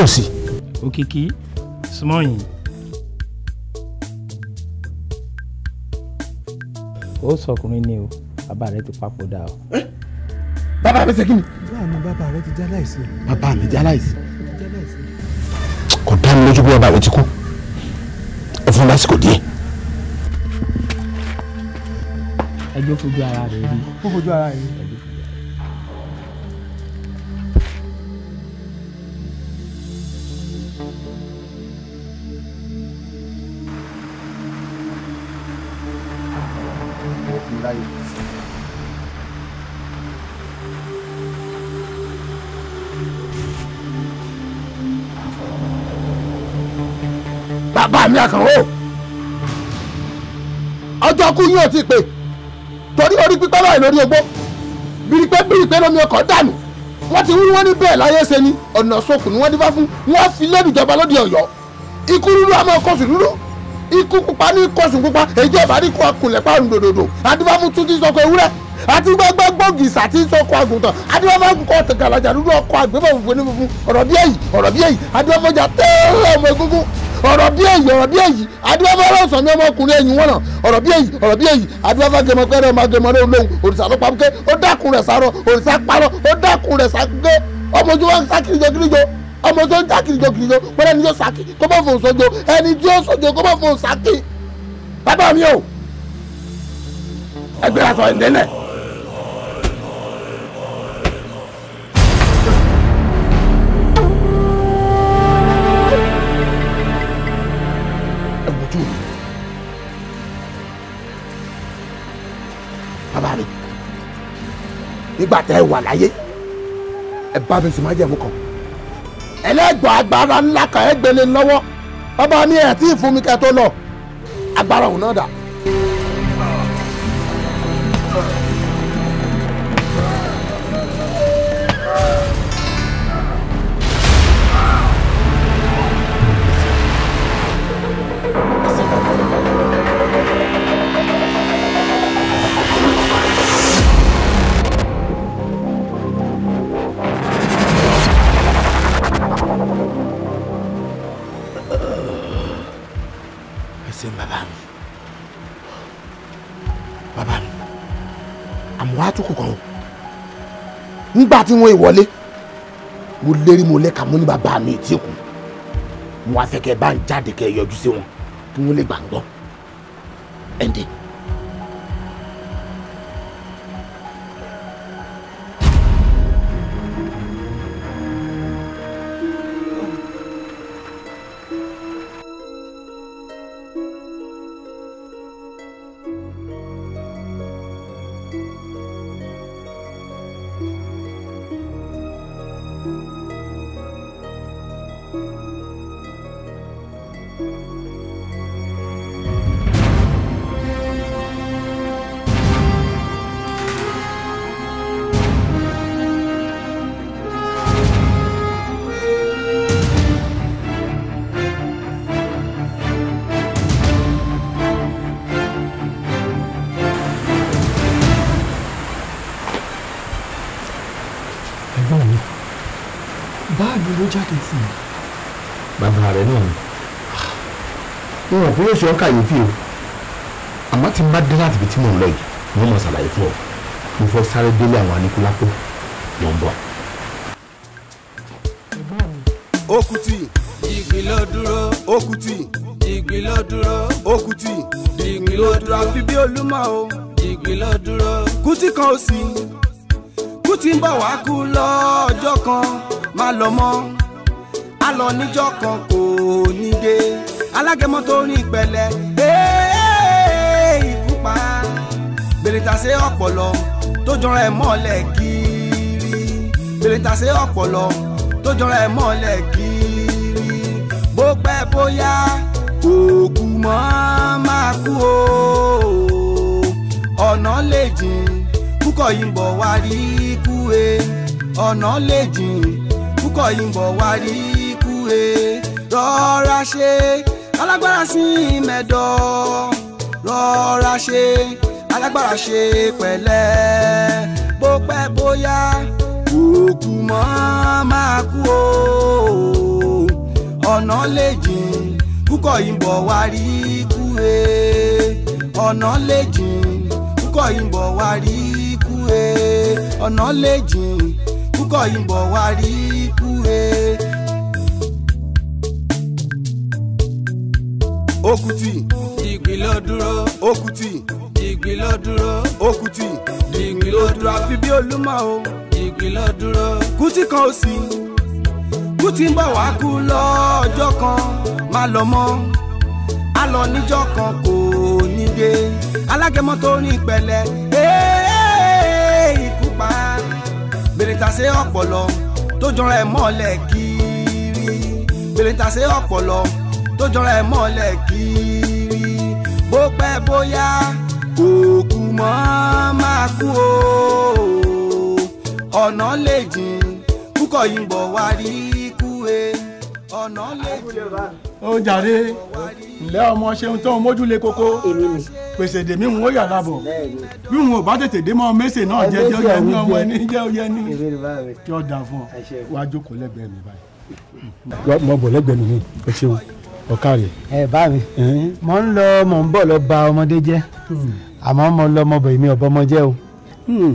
kábíyèsí. òkìkí súnmọ́ yìí. ó sọkùnrin ni o bàbá rẹ ti papòdà o. Eh, bàbá mi ṣe kí ni. báàmì bàbá rẹ ti jáláìsí. bàbá mi jáláìsí. kò dá mi lójú pé bàbá rẹ ti kú ẹ fún lásìkò díẹ̀. ẹjọ́ fojú ara rẹ̀ rí. fojú ara rẹ̀ rí. àmì àkànwó ọjọ́ kú yín ò ti pè torí orí pípẹ́ báyìí lórí ogbó bìrìpẹ́ bìrìpẹ́ lómi ọkọ̀ dànù wọ́n ti wí wọ́n ní bẹ́ẹ̀ láyé ṣe ni ọ̀nà sokùn ni wọ́n dífá fún wọ́n fi lẹ́nu ìjọba lóde ọ̀yọ́ ikú rúru àmọ́ kọ̀sùn rúru ikú pupa ní kọ̀sùn pupa èjì ọ̀bà ní kó akunlẹ̀ pàrọ̀ dòdòdò adífáfú tún ti sọkọ ewúrẹ́ àti gbẹgbẹ gbòógì sàtí sọkọ àgùntàn adífáfú kọ tẹgàlàjà rúru ọkọ àgbẹ̀bọ̀ funfun ní funfun ọ̀rọ̀ bí èyí ọ̀rọ̀ bí èyí adífáfú ọjà tẹ́ẹ̀rẹ̀ ọmọ egungun ọ̀rọ̀ bí èyí ọ̀rọ̀ bí èyí adúláfà ọlọ́sàn ní ọmọkùnrin ẹ̀yìn wọn náà ọ̀rọ̀ bí èyí ọ̀rọ̀ bí èyí adúláfà gẹmọkẹ́rẹ́ ọmọ agẹmọ náà lóhùn òrìṣà ló pamukẹ́ ó dákun rẹ̀ sárọ̀ òrìṣà parọ́ ó dákun rẹ̀ sàkúkẹ́ ọmọ ojú wa ń sá kìrìjọ kìrìjọ ọmọ tó ń já kìrìjọ kìrìjọ pẹ̀lú ẹni tó kó má fòun nígbà tẹ́ ẹ wà láyé ẹ bá mi sì má jẹ̀mú kan ẹlẹ́gbọ̀n agbára ńlá kan ẹ gbélé lọ́wọ́ bàbá mi ẹ̀ tí ì fún mi kẹ́ tó lọ agbára òun náà dà. ngbà tí wọ́n ìwọlé mo lérí mo lẹ́ka mo ní bàbá mi tí kù mo wá fẹ́ kẹ́ bá ń jáde kẹ́ yọjú sí wọn kí wọ́n lè gbà ń fún yóò ṣe ọ́ kàyéfì o àmọ́ tí n bá láti ibi tí mò ń lọ yìí mo ṣàlàyé fún ọ mo fẹ́ sáré délé àwọn Aníkúlápó ló ń bọ̀. Òkùtì ìgbín ló dúró Òkùtì ìgbín àfi bí olúmọ o ìgbín ló dúró Kútì kan ó sì kuti ń bọ̀ wá kú lọ́jọ́ kan má lọ mọ́ a lọ níjọ́ kan kò ní dé alágẹmọ tó ní ìpẹ̀lẹ́ ìfúnpá bèrètàsé ọpọlọ tó jọra ẹ mọ́lẹ̀ kiri bèrètàsé ọpọlọ tó jọra ẹ mọ́lẹ̀ kiri bó pẹ́ bóyá òkú mọ́ máa kú o ọ̀nà lè jìn kúkọ̀ yìí ń bọ̀ wá rí kú e ọ̀nà lè jìn kúkọ̀ yìí ń bọ̀ wá rí kú e rọra ṣe alágbára sí mẹ́dọ̀ rọra ṣe alágbára ṣe pẹ̀lẹ́ bó pẹ́ bóyá òkú mọ́ máa kú o ọ̀nà lè jìn púpọ̀ ìbọ̀ wá rí kú e ọ̀nà lè jìn púpọ̀ ìbọ̀ wá rí kú e ọ̀nà lè jìn púpọ̀ ìbọ̀ wá rí kú e. Okuti. Jìgbì ló dúró. Okuti. Jìgbì ló dúró. Okuti. Jìgbì ló dúró. Àfi bí Olúmọ o. Jìgbì ló dúró. Kútì kan ó sì. Kútì ń bọ̀ wá kú lọ́jọ́ kan. Má lọ mọ́. A lọ níjọ́ kan kò ní dé. Alágẹmọ tó ní ìpẹ̀lẹ̀. Ikú pa. Bèrè tàṣe ọ̀pọ̀lọ tó jọra ẹ̀ mọ́lẹ̀ kiri. Bèrè tàṣe ọ̀pọ̀lọ tó jọra ẹ̀ mọ́lẹ̀ kiri bó pẹ́ bóyá òkú mọ́ máa kú o ọ̀nà lè jìn púpọ̀ yìí bọ̀ wá rí kú e ọ̀nà lè jìn. E. ó jàre ǹlẹ́ ọmọ ṣeun tó ń mójúlé kókó pèsè dèmí ń wó yàrá bọ̀ bí wọn ò bá tètè dé mọ́ mẹ́sẹ̀ náà jẹ́ jẹ́ oyẹ ní ọmọ ẹni jẹ́ oyẹ ní kí ọ fún ọ wá jókòó lẹ́gbẹ̀ẹ́ mi báyìí. mo bọ̀ lẹ́gbẹ̀ẹ́ mi ni o ṣeun ọ̀kàrẹ̀. ẹ bá mi mo ń lọ mo ń bọ̀ lọ ba ọmọdé jẹ́ hmm. àmọ́ mo lọ mo bẹ̀ mi ọ̀bọ ọmọ jẹ́ o hmm.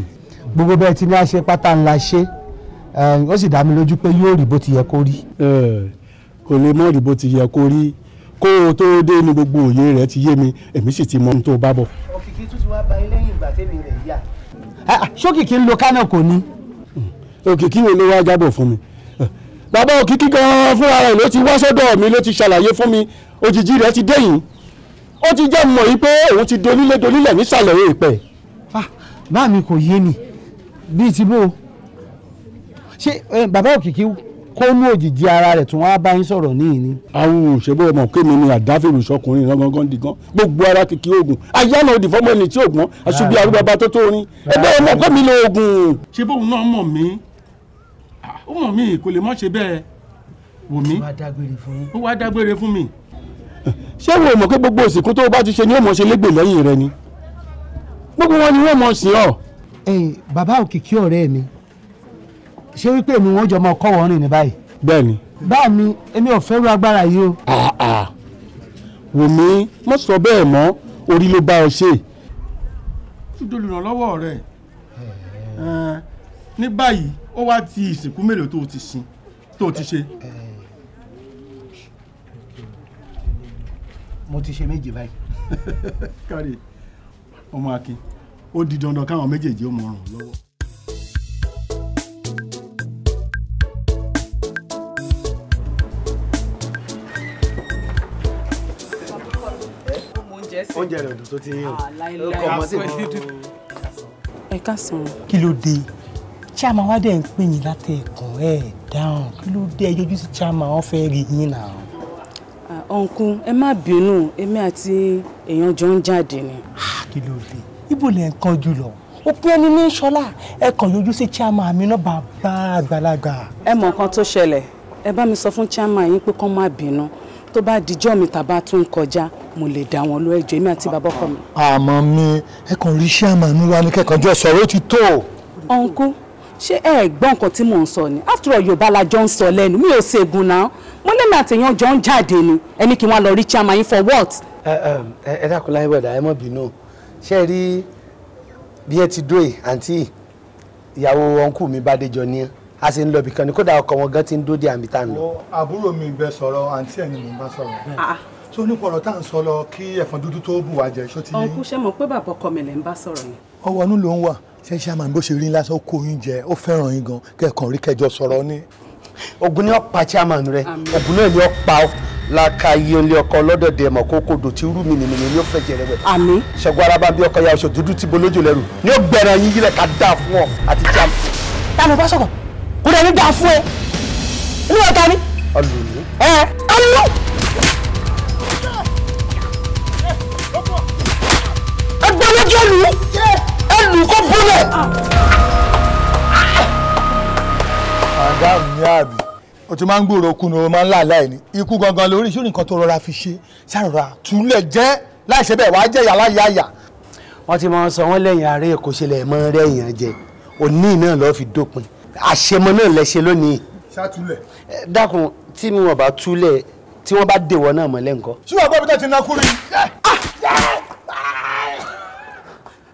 gbogbo bẹ́ẹ̀ tí ní a ṣe pátá ńlá ṣe ó sì dá mi lójú pé yóò rí bó ti yẹ kó rí. kò lè mọ̀ rí bó ti yẹ kó rí kó o tó dé ní gbogbo òye rẹ ti yé mi èmi sì ti mọ ohun tó o bá bọ̀. òkìkí tún ti wá ba ilé yìí ìgbà tẹ́mi rẹ̀ yá. Ah, ah, ṣókìkí ń lo kánà kò ní. Hmm. òkìkí wo ló wá jábọ̀ fún mi bàbá òkìkí gan fúnra rẹ̀ ló ti wá sọ́dọ̀ mi ló ti ṣàlàyé fún mi òjijì rẹ̀ ti dé yìí ó ti jẹ́ mọ̀ yìí pé òun ti donílé donílẹ̀ nísàlẹ̀ èèpẹ̀. Ah, bá mi kò yé ni bíi ti bó ṣé bàbá òkìkí kó mú òjijì ara rẹ̀ tún wá bá yín sọ̀rọ̀ níyì ni. àwọn òṣèbó ọmọ kémi ni àdáfèrè ìṣọkùnrin rọgọngàn dìgan gbogbo ara kìkì oògùn ayé náà òdì fọmọ ẹni tí oògùn àṣùbí arúgbó bá orin ẹgbẹ́ ọmọ kọ́ mi lo oògùn. ṣé bóun náà mọ̀ mí ó mọ̀ mí kò lè mọ̀ ṣe bẹ́ẹ̀ wò mí ó wá dágbére fún mi. ṣé wo mọ̀ pé gbogbo òsìnkú tó o bá ti ṣe ni ó mọ̀ ṣe légbè lẹ́yìn rẹ ni gbogbo wọn ni wọ́n mọ̀ sí ọ. bàbá òkìkí ọ̀rẹ́ mi ṣé wípé èmi wọn jọ máa kọ́ wọn rìn ní báyìí. bẹ́ẹ̀ni. báà mi èmi ò fẹ́ ru agbára yìí o. wò mí mo sọ bẹ́ẹ̀ mọ́ orí ló bá ọ ṣe. ṣùgbọ́n olùrànlọ́wọ́ rẹ̀ ní báyìí ó wá ti ìsìnkú mélòó tó ti sin tó ti ṣe. Eh, mo ti ṣe méje báyìí. kárí ọmọ akin ó di dandan káwọn méjèèjì ó mọ ọrùn lọ́wọ́. oúnjẹ rẹ̀ dùn tó ti yín o. Ah, ẹ ká sàn. kí ló dé Chama wa dẹ̀ ń pè yín látẹ̀kùn ẹ̀ dáhùn kí ló dé yọjú sí chairman wọn fẹ́ rí yín náà. ọ̀nkun ah, ẹ má bínú èmi àti èèyàn jọ ń jáde ni. kí ló dé ibo lẹ ń kan jù lọ ó pé ẹni ní sọlá ẹ kàn yọjú sí chairman mi náà bàbá àgbàlagbà. ẹ mọ nǹkan tó ṣẹlẹ̀ ẹ bá mi sọ fún chairman yín pé kán má bínú tó bá dijọ́ mi tàbá tún kọjá mo lè dá wọn lọ ẹjọ́ èmi ati bàbá ọkọ mi. àmọ́ mi ẹ kàn rí chairman wa ní kẹ́kànjọ́ sọ̀rọ̀ ó ti tó. ọ̀nkú ṣé ẹ gbọ́ nǹkan tí mò ń sọ ni after all yorùbá la jọ ń sọ lẹ́nu mi ò ṣègùn náà mo lẹ́nu àtẹ̀yàn jọ ń jáde ni ẹni kí wọ́n lọ rí chairman yín for what. ẹ dákun láyé wẹ̀dà ẹ mọ̀ bínú ṣe rí bí ẹ ti dó e àǹtí ìyàwó ọ̀nkù mi Bádéjọ ní a sì ń lọ ibìkan ni kódà ọkọ wọn gan ti ń dó dé àmì tá à ń lọ. àbúrò mi gbẹ sọ̀rọ̀ àǹtí ẹ̀ ni mò ń bá sọ̀rọ̀ bẹ́ẹ̀ tó ah. nípa ọ̀rọ̀ tá à ń sọ lọ kí ẹ̀fọn dúdú tó bù wá jẹ ṣó ti yé. ọ̀nkú ṣe mọ̀ pé bàbá ọkọ mi lè ń bá sọ̀rọ̀ yẹn ọwọ́ inú ló ń wà ṣe ṣàmà bó ṣe rí lásán ó kó yín jẹ ó fẹ́ràn yín gan kẹ́kàn rí kẹjọ sọ̀rọ̀ ni. ogun ni ó pa chairman rẹ ogun náà ni ó pa ọ laka iye ilé ọkọ lọdọdẹ mọ kó kodò tí rú mi nìyẹn ni ó fẹ́ jẹrẹ rẹ. àmín. ṣẹ́gun araba bí ọkọ ya oṣù dúdú tí bolójó lẹ́rù ni ó gbẹ̀rẹ̀ yín yílẹ̀ ká dáa fún ọ àti jam. táwọn bá sọ̀rọ̀ kó dáa fún ẹ inú ọ̀tá ni. ọlùmí. ẹ ọlùmí. lẹ̀. madam ní àbí o ti máa ń gbòòrò okùn ni o máa ń là láì ní ikú gangan lórí ìṣòro nǹkan tó rọra fi ṣe ṣàrọ̀ra túlẹ̀ jẹ́ láìṣe bẹ́ẹ̀ wàá jẹ̀yà láyé àyà. wọ́n ti máa ń sọ wọ́n lẹ́yìn ààrẹ èkó ṣẹlẹ̀ mọ́ rẹ́yìn jẹ òní náà lọ́ọ́ fi dópin àṣemọ náà lẹ́ṣẹ̀ lónìí. ṣàtúlẹ̀. dákun tí wọn bá túlẹ̀ tí wọ́n bá dèwọ́ náà mọ́lẹ́ nǹkan. ṣé wàá gbọ́ bí tẹ́ ti nakú rí. Ah!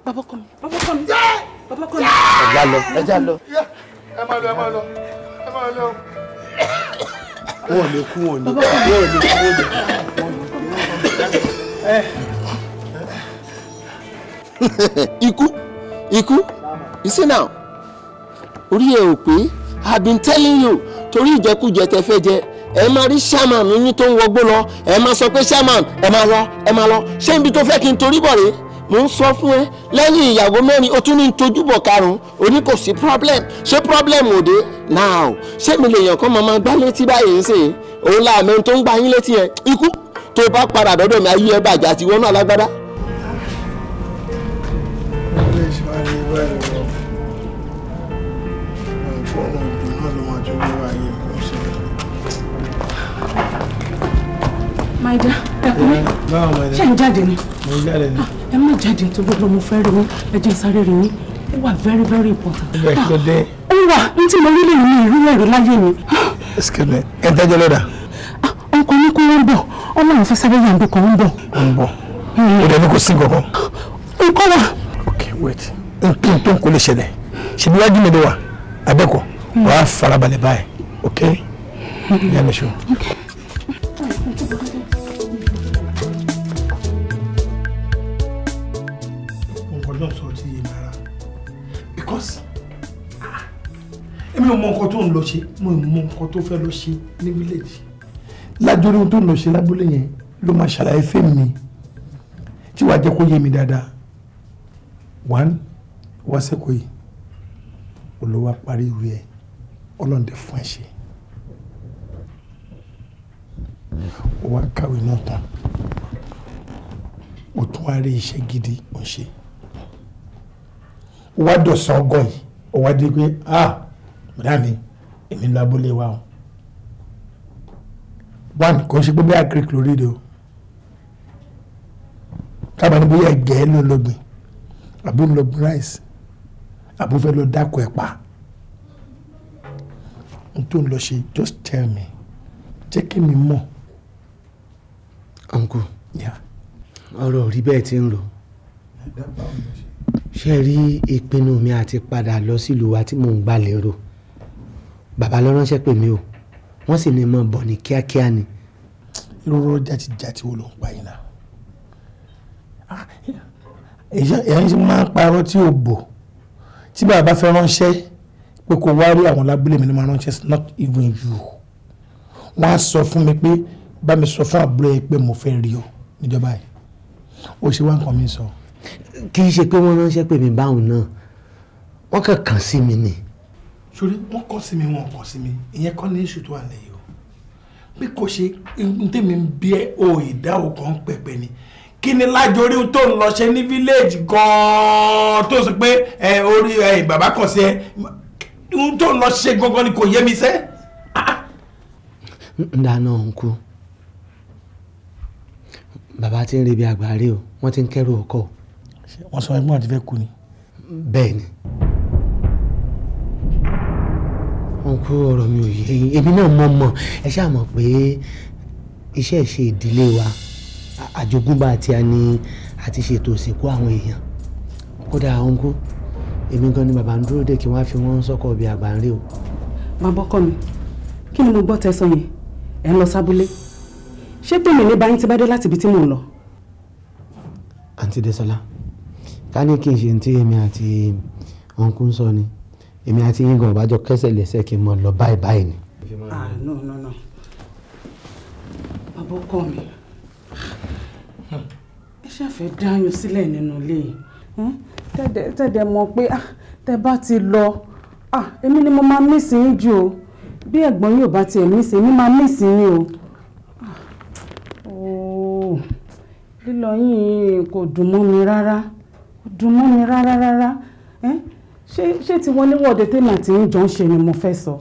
Baba kọ mi bàbá kọ mi bàbá kọ mi. ẹja lọ ẹja lọ. ẹ máa lọ ẹ máa lọ ẹ máa lọ. wọn ò lè kú wọn ò lè kú wọn ò lè kú wọn ò ikú ikú you see now orí ẹ ò pé i been telling you torí ìjẹkújẹ tẹ fẹ́ jẹ ẹ máa rí chairman yín tó ń wọgbó lọ ẹ máa sọ pé chairman ẹ máa lọ ẹ máa lọ ṣé ibi tó fẹ́ kí n torí bọ̀ rèé mo ń sọ fún ẹ lẹ́yìn ìyàwó mẹ́rin o tún ní tojúbọ̀ karùn-ún o ní kò sí problem ṣé problem ò dé now ṣé mi lè yàn kán máa gbá létí báyìí ń sè é òun làmẹ́ni tó ń gbá yín létí yẹn ikú tó bá padà dọ́dọ̀ mi ayé ẹ bàjẹ́ àti ìwọ náà Maida, ẹkùnrin. Báwo Maida? Ṣé ń jáde ni? Mo ń jáde ni. Ah, ẹ má jáde nítorí gbogbo mo fẹ́ rí yín, ẹ jẹ́ sáré rí yín. Ó wà very very important. Ẹ kò dé. Ah, ó wà ní tí mo rí lè ní ìrírí ẹ̀rí láyé mi. Excuse me, ẹ dájọ́ lọ́dà. Ah, ọkọ ní kó ń bọ̀, ọlọ́run fẹ́ sáré yàǹdó kan ń bọ̀. Ń bọ̀, hmm. ó dẹ̀ ní kò sí kankan. Nǹkan wà. Ok wait, nǹkan tó ń kó lè ṣẹlẹ̀, ṣèbí wájú mi ló wà, abẹ́kọ̀, hmm. wàá farabalẹ̀ báyìí, ok? Hmm. Yẹ́n mi ṣó. Okay. èmi ò mọ nǹkan tó ń lọ ṣe mo ò mọ nǹkan tó fẹ́ lọ ṣe ní village lájọ́rí tó ń lọ ṣe lábúlé yẹn ló máa ṣàlàyé fẹ́mi mi tí wàá jẹ́ kó yé mi dáadáa one wáṣẹ́kọ̀ yìí olówó parí ìwé ẹ̀ ọlọ́ọ̀dẹ fún ẹ ṣe ó wá kàwé náà tán ó tún wá rí iṣẹ́ gidi ó ń ṣe wá dọ̀sán ọgọ́ yìí ó wá dé pé ah bọ̀dá mi èmi ń lọ abúlé wa o one kò ń ṣe pé bóyá greek lórí rẹ o kábà ní bóyá ẹ̀gẹ́ ló lọ́gbìn àbó ń lọ́gbìn rice àbó fẹ́ lọ dáko ẹ̀pà n tó ń lọ ṣe just tell me jẹ́ kí mi mọ̀. uncle ọ̀rọ̀ rí bẹ́ẹ̀ ti ń rò ṣe rí ìpinnu mi àti padà lọ sílùú wa tí mò ń gbà lérò bàbá ló ránṣẹ́ pè mí o wọ́n sì ní mọ̀ bọ̀ ní kíákíá ni. irúurú jàtijàti wo ló ń pa yín náà èyí ah, ṣe máa ń parọ́ tí ò bò tí bàbá fẹ́ ránṣẹ́ pé kò wá rí àwọn lábúlé mi ló máa ránṣẹ́ not even you wọ́n á sọ fún mi pé bá mi sọ fún àbúrò yẹn pé mo fẹ́ rí ọ níjọba yìí ó ṣe wá nǹkan mi sọ. kì í ṣe pé wọ́n ránṣẹ́ pè mí báwọn náà wọ́n kàn kàn sí mi ni. So sori wọn kọ sí mi wọn kọ sí mi ìyẹn kọ́ ní iṣu tó wà lẹ́yìn o bí kò ṣe n tèmi ń bí o ìdáwó kan pẹpẹ ni kí ni lájorí tó ń lọ ṣe ní village gan-an tó sọ pé ẹ orí ẹ bàbá kàn sí ẹ n tó ń lọ ṣe gangan ni kò yé mi sẹ́. ń dáná òǹkú bàbá ti ń rebi àgbáre o wọ́n ti ń kẹ́rù ọkọ̀. wọ́n sọ ẹgbọ́n àti fẹ́ kú ni. bẹ́ẹ̀ ni ọkọ ọ̀rọ̀ mi ò yé èmi náà mọ̀ mọ̀ ẹ ṣáà mọ̀ pé iṣẹ́ ìṣe ìdílé wa àjogúnbá àti àní àti ṣètò òsìnkú àwọn èèyàn kódà ọ̀nkú èmi gan ni bàbá ń dúró dè kí wọ́n á fi wọ́n sọ́kọ̀ ọ̀bì àgbà ń rí o. bàbá ọkọ mi kí ni mo gbọ́ tẹ́ sọ yẹn ẹ̀ ń lọ sábúlé ṣé tèmi ní báyìí ti bá dé láti ibi tí mò ń lọ. àǹtí Désọlá ká ní kí n ṣe ní tí èmi àti ọ̀nkú ń sọ ni èmi àti yín gan ọbàjọ kẹsẹ̀ lẹ́sẹ̀ kí n mọ lọ báyìí báyìí ni. ah no no no bàbá ọkọ mi ẹ ṣàfẹ́ dáyún sílẹ̀ nínú ilé yìí tẹ́tẹ́ hmm? mọ̀ pé ah, tẹ́ bá ti lọ ah, èmi ni mo máa mísì yín jù o bí ẹ̀gbọ́n yóò bá tiẹ̀ mísì èmi máa mísì yín o ah, oh, lílọ yín kò dùn mọ́ mi rárá dùn mọ́ mi rárá rárá. Eh? ṣé ṣé ti wọlé wọ̀de tèmi àti yín jọ ń ṣe ni mo fẹ́ sọ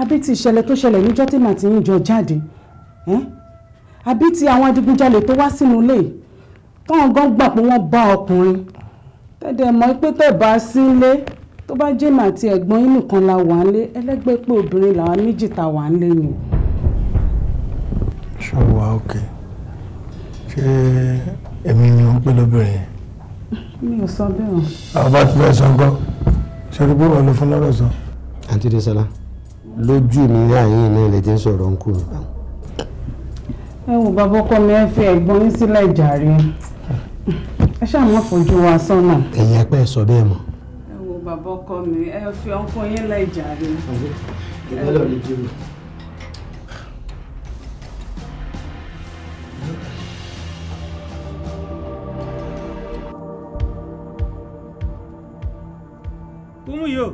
àbí ti ìṣẹ̀lẹ̀ tó ṣẹlẹ̀ níjọ́ tèmi àti yín jọ jáde àbí ti àwọn adigunjalè tó wá sínú ilé táwọn gan gbà pé wọ́n bá ọkùnrin tẹ́tẹ́ mọ̀ pé tẹ́ bá sílé tó bá jẹ́mi àti ẹ̀gbọ́n yín nìkan la wà ń lé ẹlẹ́gbẹ́ pé obìnrin làwọn méjì ta wà ń lé ni. ṣé o òkè ṣé èmi ni wọ́n pè lóbìnrin yẹn. mi ò sọ bẹ́ẹ̀ o. àwọn bá ti fẹ́ sọ nǹkan ṣàdúgbò wà ló fún lọ́rọ̀ sọ. àǹtí Désọlá lójú mi àyìn náà lè jẹ́ sọ̀rọ̀ ń kú mi. ẹ wo bàbá ọkọ mi ẹ fi ẹ̀gbọ́n yín sílẹ̀ jàre ẹ ṣáà má fojú wa sọ́nà. ẹ̀yin apẹ́ ẹ̀ sọ bẹ́ẹ̀ mọ́. ẹ wo bàbá ọkọ mi ẹ fi ọkọ yín lẹ̀ jàre. ẹ lọ lè jẹun. kúmú yìí o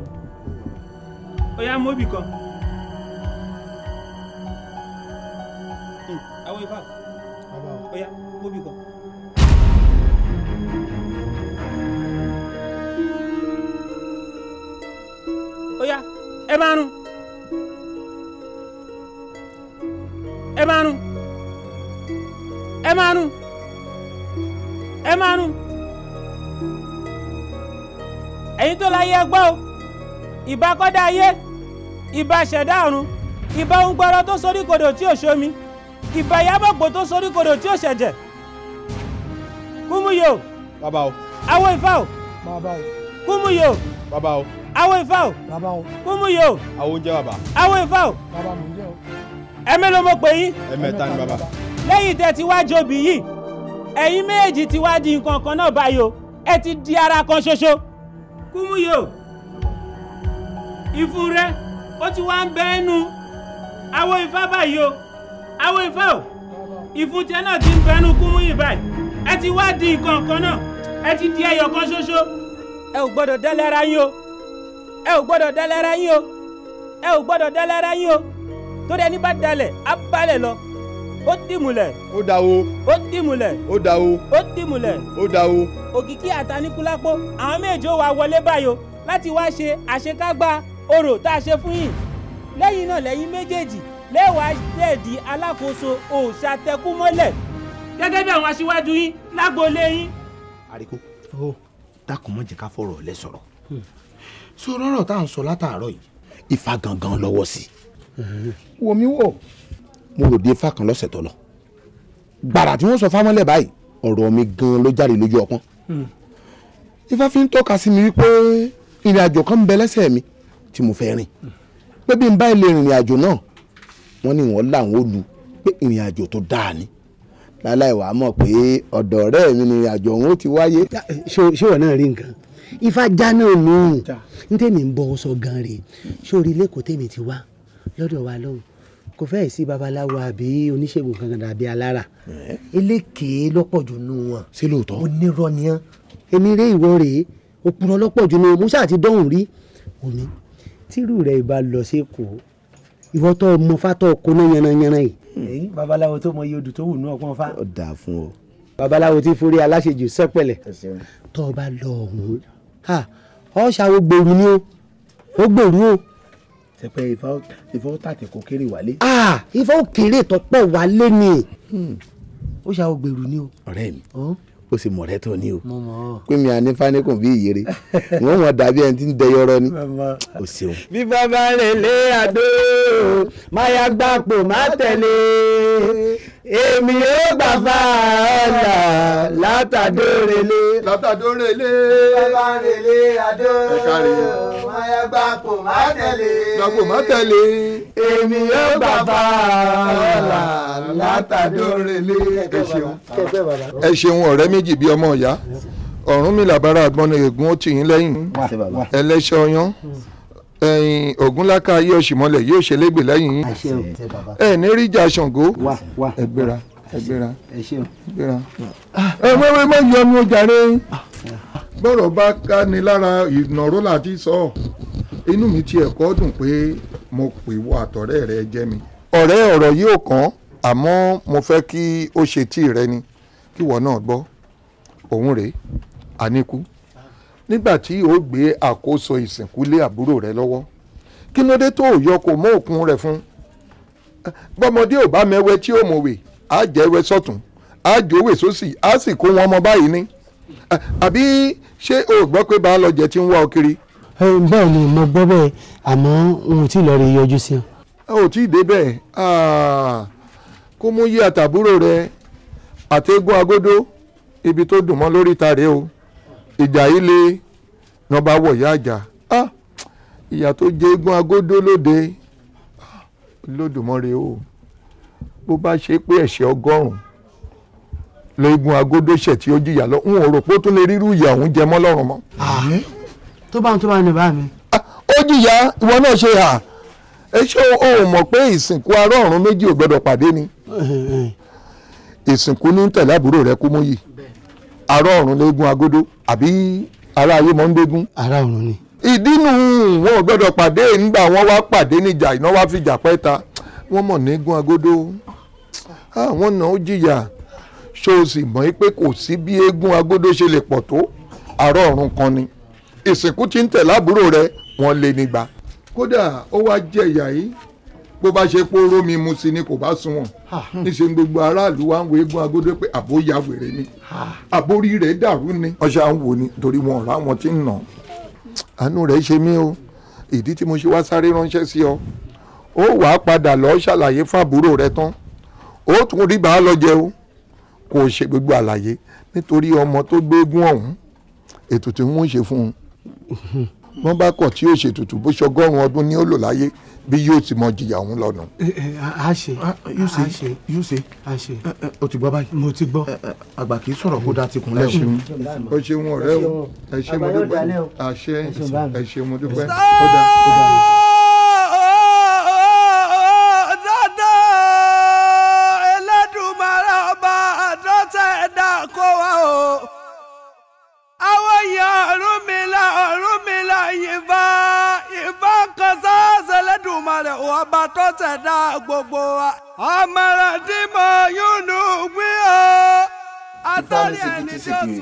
ó yá móbì kan. àwọn hmm, ifá ó yá móbì kan. ó yá ẹ bá nu ẹ bá nu ẹ má nu ẹ má nu ẹ̀yin tó láyé ẹ gbọ́ o ìbá kọ́dá ayé ìbá ṣẹ̀dá ọ̀run ìbá ohun gbọ́rọ̀ tó sorí kodò tí ò ṣomi ìbá ìyábọ̀gbò tó sorí kodò tí ò ṣẹ̀jẹ̀ kúmúyò. o. awo ifá o. o. kúmúyò. bàbá o. awo ifá o. o. kúmúyò. awo ń bàbá. awo ifá o. bàbá mo ń jẹ o. ẹ̀mẹ́ ló mo pè yín. ẹ̀mẹ́ta ni bàbá. lẹ́yìn tẹ́ ti wá jobi yìí ẹ̀yin méjèèjì ti wá di nǹkan kan náà báyìí o ẹ ti di ara kan ṣoṣo kúmúyò ìfun rẹ ó ti wá ń bẹ ẹnu awo ifá báyìí o awo ifá o ìfun tiẹ̀ náà ti ń bẹ ẹnu kúmúyì báyìí ẹ ti wá di nǹkan kan náà ẹ ti di ẹyọ kan ṣoṣo ẹ ò gbọ́dọ̀ dẹ́lẹ́ra yín o ẹ ò gbọ́dọ̀ dẹ́lẹ́ra yín o ẹ ò gbọ́dọ̀ dẹ́lẹ́ra yín o torí ẹni bá dalẹ̀ á balẹ̀ lọ ó dìmùlẹ̀. ó dáwó. ó dìmùlẹ̀. ó dáwó. ó dìmùlẹ̀. ó dáwó. òkìkí àtaníkúlápó àwọn méje ó wá wọlé báyò láti wá ṣe àṣekágbá orò tá a ṣe fún yín lẹ́yìn náà lẹ́yìn méjèèjì lẹ́wàá dẹ̀ẹ̀dì alákòóso òòṣà tẹkú mọ́lẹ̀ gẹ́gẹ́ bí àwọn aṣíwájú yín lágboolé yín. àríkó dákun mọ̀ jẹ́ ká fọ̀rọ̀ ọ̀lẹ́ sọ̀rọ̀ sọ̀rọ̀ ọ̀rọ̀ tá à ń sọ látàárọ̀ yìí Ifá gangan lọ́wọ́ sí. wòmí wò mo ròde ifá kan lọ́sẹ̀ tó lọ gbàrà tí wọ́n sọ fámọ́lẹ̀ báyìí ọ̀rọ̀ mi gan ló jáde lójú ọpọ́n hmm. ifá fi ń tọ́ka sí mi wípé ìrìn àjò kan bẹ lẹ́sẹ̀ mi tí mo fẹ́ rìn hmm. pé bí n bá ilé ìrìn àjò náà wọ́n ní wọ́n làwọn ó lu pé ìrìn àjò tó dáa ni láláì wàá mọ̀ pé ọ̀dọ̀ ọ̀rẹ́ mi ni ìrìn àjò òun ó ti wáyé. ṣé wọn náà rí nǹkan ifá já náà nù ún ní tèmi ń bọ́ ọ sọ gan rè ṣé orí ilé kò tèmi ti wá lọ́dọ̀ wa lọ́hùn kò fẹ́ẹ̀ sí babaláwo àbí oníṣègùn kankan dàbí alára eh? eléke lọ́pọ̀ jù nù wọn. ṣé lóòótọ́ ó nírọ́ ni án èmi rẹ ìwọ rèé ó purọ́ lọ́pọ̀ jù nù wọn mo ṣáà ti dọ́hùn rí omi tírù rẹ ìbá lọ sí èkó ìwọ tó mọ fátọ kóná yanayana yìí. Hmm. èyí babaláwo tó mọ iye odò tó wù ní ọpọ́n fa. ó dáa fún ọ. babaláwo ti forí aláṣejù sẹpẹlẹ tó o bá lọ ọhún ọ ṣàwọ gbèrú ni o ó gbèrú o sẹpẹ ìfọ tàtẹ kò kéré wálé. ìfọ ò kéré tọpọ wálé ni hmm. ó ṣàwọ gbèrú ni o. ọ̀rẹ́ mi ó sì mọ̀rẹ́ tó ní o pé mi à ní fáníkùn bí ìyèrè wọ́n mọ̀ dàbí ẹni tí ń dẹyọrọ ni o ṣeun. bí bàbá rẹ̀ lé àdó máyà gbàpò má tẹ̀lé èmi ò gbà ọ̀là látàdórele. látàdórele. bàbá rẹ̀ lé àdó gbà kò má tẹ̀lé. gbà kò má tẹ̀lé. èmi yóò gbà bá ọ̀la látàdórele. ẹ ṣeun ẹ ṣeun ọ̀rẹ́ méjì bíi ọmọ ìyá ọ̀run mi làbára àgbọ̀nà ègún ó tì yín lẹ́yìn ẹlẹ́ṣẹ̀ ọyán ẹyin ògúnláka ayé ọ̀ṣìmọ́lẹ̀ yóò ṣe lẹ́gbẹ̀ẹ́ lẹ́yìn yín ẹ ní rí ìjà ṣàngó ẹgbẹ́ra ẹgbẹ́ra ẹgbẹ́ra ẹ wẹ́wẹ́ má yọ ọmọ ọjà bọ́rọ̀ bá ká ni lára ìnàró láti sọ inú mi tiẹ̀ kọ́ dùn pé mo pè wọ àtọ̀rẹ́ rẹ jẹ́ mi. ọ̀rẹ́ ọ̀rọ̀ yìí ò kàn àmọ́ mo fẹ́ kí ó ṣe tí rẹ ni kí wọ́n náà gbọ́ òun rèé àníkú nígbà tí ó gbé àkóso ìsìnkú lé àbúrò rẹ lọ́wọ́ kí ló dé tó yọ kó mọ́ òkun rẹ̀ fún bọ́mọdé ò bá mẹ́wẹ́ tí ó mọ̀wé á jẹ́wẹ́ sọ́tún á jòwé sósì á sì kó wọn ọmọ báyìí ní àbí ṣé o gbọ́ pé bá a lọ jẹ tí ń wá ọ kiri. bẹ́ẹ̀ ni mo gbọ́ bẹ́ẹ̀ àmọ́ n ò tí ì lọ rí yọjú sí ọ. ò tí ì débẹ̀ kó mú yí àtàbúrò rẹ àtẹ́gùn agodo ibi tó dùn mọ́ lórí ta rèé o ìjà yìí lè nọba wọ̀yá àjà ìyà tó jẹ eégún agodo lóde lódùmọ́re o bó bá ṣe pé ẹ̀ṣẹ̀ ọgọ́rùn-ún lẹ́gùn agodo tí ó jìyà lọ n rò pé ó tún lè rírú ìyà òun jẹ mọ́ lọ́rùn mi. ó jìyà ìwọ náà ṣe hà ẹ o mọ̀ pé ìsìnkú ará méjì ò gbọ́dọ̀ pàdé ni ìsìnkú ní tẹ̀lé àbúrò rẹ kú mú yìí ará ọ̀run àbí ará ayé mọ́ ará ni. ìdí nu wọn ò gbọ́dọ̀ pàdé nígbà wọn wá pàdé níjà ṣó o sì mọ̀ pé kò sí bí eégún agodo ṣe lè pọ̀ tó àárọ̀ ọ̀run kan ni ìsìnkú tí ń tẹ̀ lábúrò rẹ wọ́n lé nígbà. kódà ó wá jẹ ìyà yìí bó bá ṣe pé oró mi mu sí ni kò bá sunwọ̀n níṣẹ́ ni gbogbo aráàlú wa ń wo eégún agodo pé àbó wèrè ni àbórí rẹ̀ dàrú ni. wọ́n ṣe à ń wò ni torí wọn ọ̀rá wọn ti ń nà àánú rẹ̀ ṣe mí o ìdí tí mo ṣe wá sáré ránṣẹ́ sí ọ ó wàá padà lọ́ọ́ ṣàlàyé fábúrò rẹ tán ó tún rí bàá lọ jẹun kó o ṣe gbogbo àlàyé nítorí ọmọ tó gbégún ọ̀hún ètò tí wọ́n ṣe fún un wọ́n bá kọ̀ tí yóò ṣètùtù bó ṣọgọ́rùn-ún ọdún ni ó lò láyé bí yóò ti mọ jìyà òun lọ́nà. Eh, eh, eh, a ṣe ah, a ṣe yóò ṣe a ṣe o ti gbọ́ báyìí. mo ti gbọ́. àgbà kì í sọ̀rọ̀ kó dá tikun lẹ́kùn. o ṣeun ọ̀rẹ́ o ẹ ṣé mo dúpẹ́ àṣẹ ẹ ṣé mo dúpẹ́ ó dá ó dá. ọ̀rúnmìlà ọ̀rúnmìlà ìfà ìfà kan sáàsẹ̀ lẹ́dùnmọ̀lẹ̀ ọba tó gbogbo wa. àmàlà tí mo yúnú gbé o. ìfàmì sèkìtì sèkìrì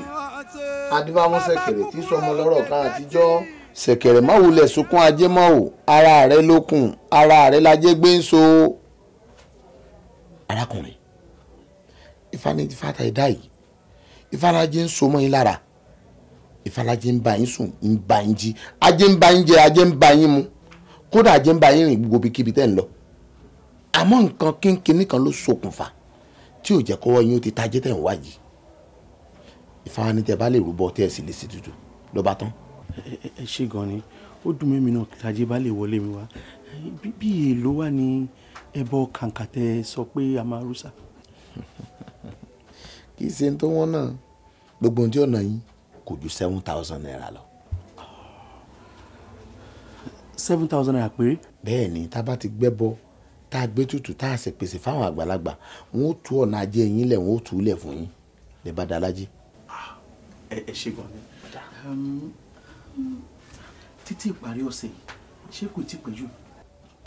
adébámú sẹkẹrẹ tí sọmọ lọ́rọ̀ kan àtijọ́ sẹkẹrẹ má wulẹ̀ sunkún ajé mọ́ o ara rẹ lókun ara rẹ lajẹ gbé ń so. arákùnrin ìfàní ìfàtà ẹ̀dá yìí ìfànàjẹ́ ń so mọ́ yín lára ìfarajẹ ń bá yín sùn ń bá yín jí ajé ń bá yín jẹ ajé ń bá yín mu kódà ajé ń bá yín rìn gbogbo ibikíbi tẹ́ ń lọ àmọ́ nǹkan kínkínní kan ló ṣokùnfà tí ò jẹ́ kọ́wọ́ yín ó ti tajé tẹ̀ ń wá yìí ìfarani tẹ bá lè rúbọ tẹ ẹ sì lè sí tutù ló bá tán. ẹ ṣe gan ni ó dùn mẹ́mi náà tajé bá lè wọlé mi wá bí èèló wà ní ẹbọ kàǹkà sọ pé a máa rúṣà. kì í ṣe ń tó wọ́n náà gbogbo ohun tí ọ̀nà kò ju seven thousand naira lọ. seven thousand naira péré. bẹ́ẹ̀ ni tá a bá ti gbẹ́bọ tá a gbé tutù tá a sì pèsè fáwọn àgbàlagbà wọn ó tú ọ̀nà ajé yín lẹ̀ wọn ó tú lẹ̀ fún yín lè bá dalájí. Ah, ẹ ẹ ṣe gan ni títí ìparí ọ̀sẹ̀ ṣé kò tí pẹ́ jù.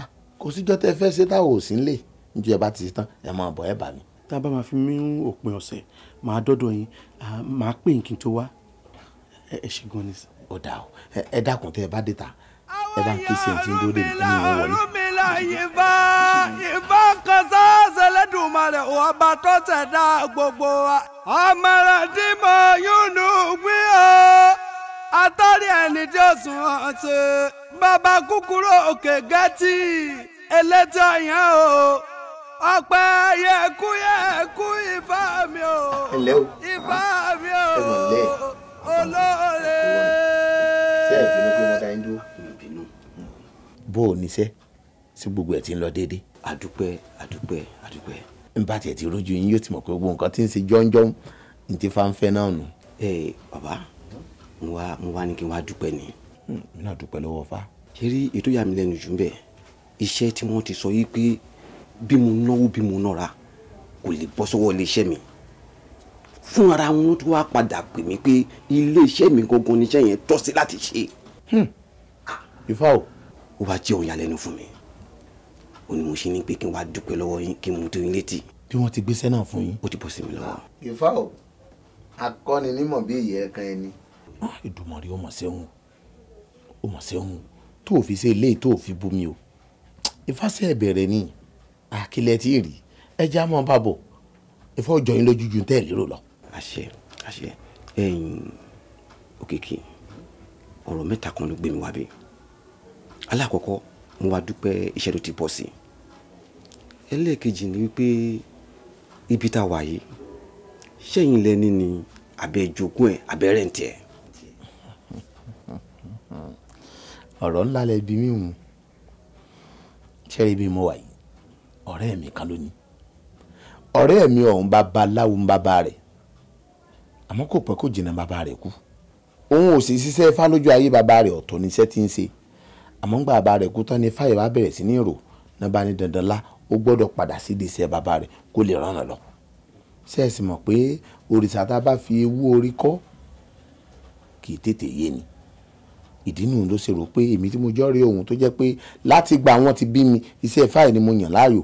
Ah, kò síjọ́ tẹ fẹ́ ṣe táwọn ò sí nílé níjọ́ ẹ bá ti ṣe tán ẹ máa bọ̀ ẹ bà mí. tá a bá máa fi mí òpin ọ̀sẹ̀ máa dọ́dọ̀ yín ah, máa pè yín kí n tó wá ẹ ṣe gan ni ọ̀dà o ẹ dákun tẹ ẹ bá dé ta ẹ bá ń ké sí ẹ tí dé ní ìwọ wọlé. yìnbá yìnbá kan sáàsì lẹ́dùnmarè wà bá tó ṣẹ̀dá gbogbo wa. àmàlà tí mo yúnú gbé o e. àtàrí ẹni tí ó sùn ọ̀sẹ̀ bàbá kúkúrú òkè gẹ́tì elétò yẹn o ọpẹ́ yẹkú yẹkú ìfà mi o ìfà mi o olóore. ṣé ẹ bínú pé wọ́n dá yín dúró. bó o níṣẹ́ sí gbogbo ẹ̀ ti ń lọ déédéé. àdúpẹ́ àdúpẹ́ àdúpẹ́. n bá tiẹ̀ ti rójú yín yóò ti mọ̀ pé gbogbo nǹkan ti ń ṣe jọ́njọ́n ní ti fáńfẹ́ náà nù. ẹ bàbá mo wá mo wá ní kí n wá dúpẹ́ ni. mi náà dúpẹ́ lọ́wọ́ fa. ṣeré ètò ìyá mi lẹ́nu jù ń bẹ̀ iṣẹ́ tí wọ́n ti sọ yìí pé bí mo náwó bí mo nọ́ra kò lè bọ́ sọ́wọ́ iléeṣẹ́ mi fún ara wọn tó wá padà pè mí pé iléeṣẹ́ mi gangan níṣẹ́ yẹn tọ́ sí láti ṣe. Hmm. ifá o. ó wá jẹ́ òun yàlẹ́nu fún mi ó ní mo ṣe ní pé kí n wá dúpẹ́ lọ́wọ́ yín kí n mú tó yín létí. bí wọ́n ti gbéṣẹ́ náà fún yín. ó ti bọ́ sí mi lọ́wọ́. ifá o akọni nímọ̀ bí èyí ẹ̀kan ẹni. ìdùmọ̀rí ó sẹ́hùn ó sẹ́hùn tó o fi ṣe eléyìí tó o fi bú mi o ìfásẹ̀ bẹ̀rẹ̀ ni àkìlẹ̀ tí ì rí ẹja mọ́ bàbọ̀ ìfọ́ jọyìn lójú ju tẹ́ẹ̀ lérò lọ àṣẹ àṣẹ ẹ̀yin òkìkí ọ̀rọ̀ mẹ́ta kan ló gbé mi wá bí alákọ̀ọ́kọ́ mo wá dúpẹ́ iṣẹ́ tó ti bọ̀ sí ẹlẹ́ẹ̀kejì ni wípé ibi tá a wà yìí ṣẹ́yìn lẹ́ni ni abẹ́ jogún ẹ̀ abẹ́rẹ́ ń ọ̀rọ̀ ńlá lẹ bí mi hùn ṣẹ́rí bí mo wà yìí ọ̀rẹ́ mi kan lónìí ọ̀rẹ́ mi ọ̀hún bàbá aláwo ń bàbá rẹ̀ àmọ́ kò pẹ́ kò jìnnà bàbá rẹ̀ kú òun ò sì ṣiṣẹ́ ifá lójú ayé bàbá rẹ̀ ọ̀tọ̀ níṣẹ́ tí ń ṣe àmọ́ ń gba bàbá rẹ̀ kú tán ni ifá ìbá bẹ̀rẹ̀ sí ní rò náà bá ní dandan lá ó gbọ́dọ̀ padà sídìí iṣẹ́ bàbá rẹ̀ kó lè rànà lọ. ṣé ẹ sì mọ̀ pé òrìṣà tá a bá fi ewú orí kọ́ kì í tètè yé ni ìdí nù ló ṣe rò pé èmi tí mo jọ́ rí ohun tó jẹ́ pé láti gba àwọn ti bí mi iṣẹ́ ifá ni mo yàn láàyò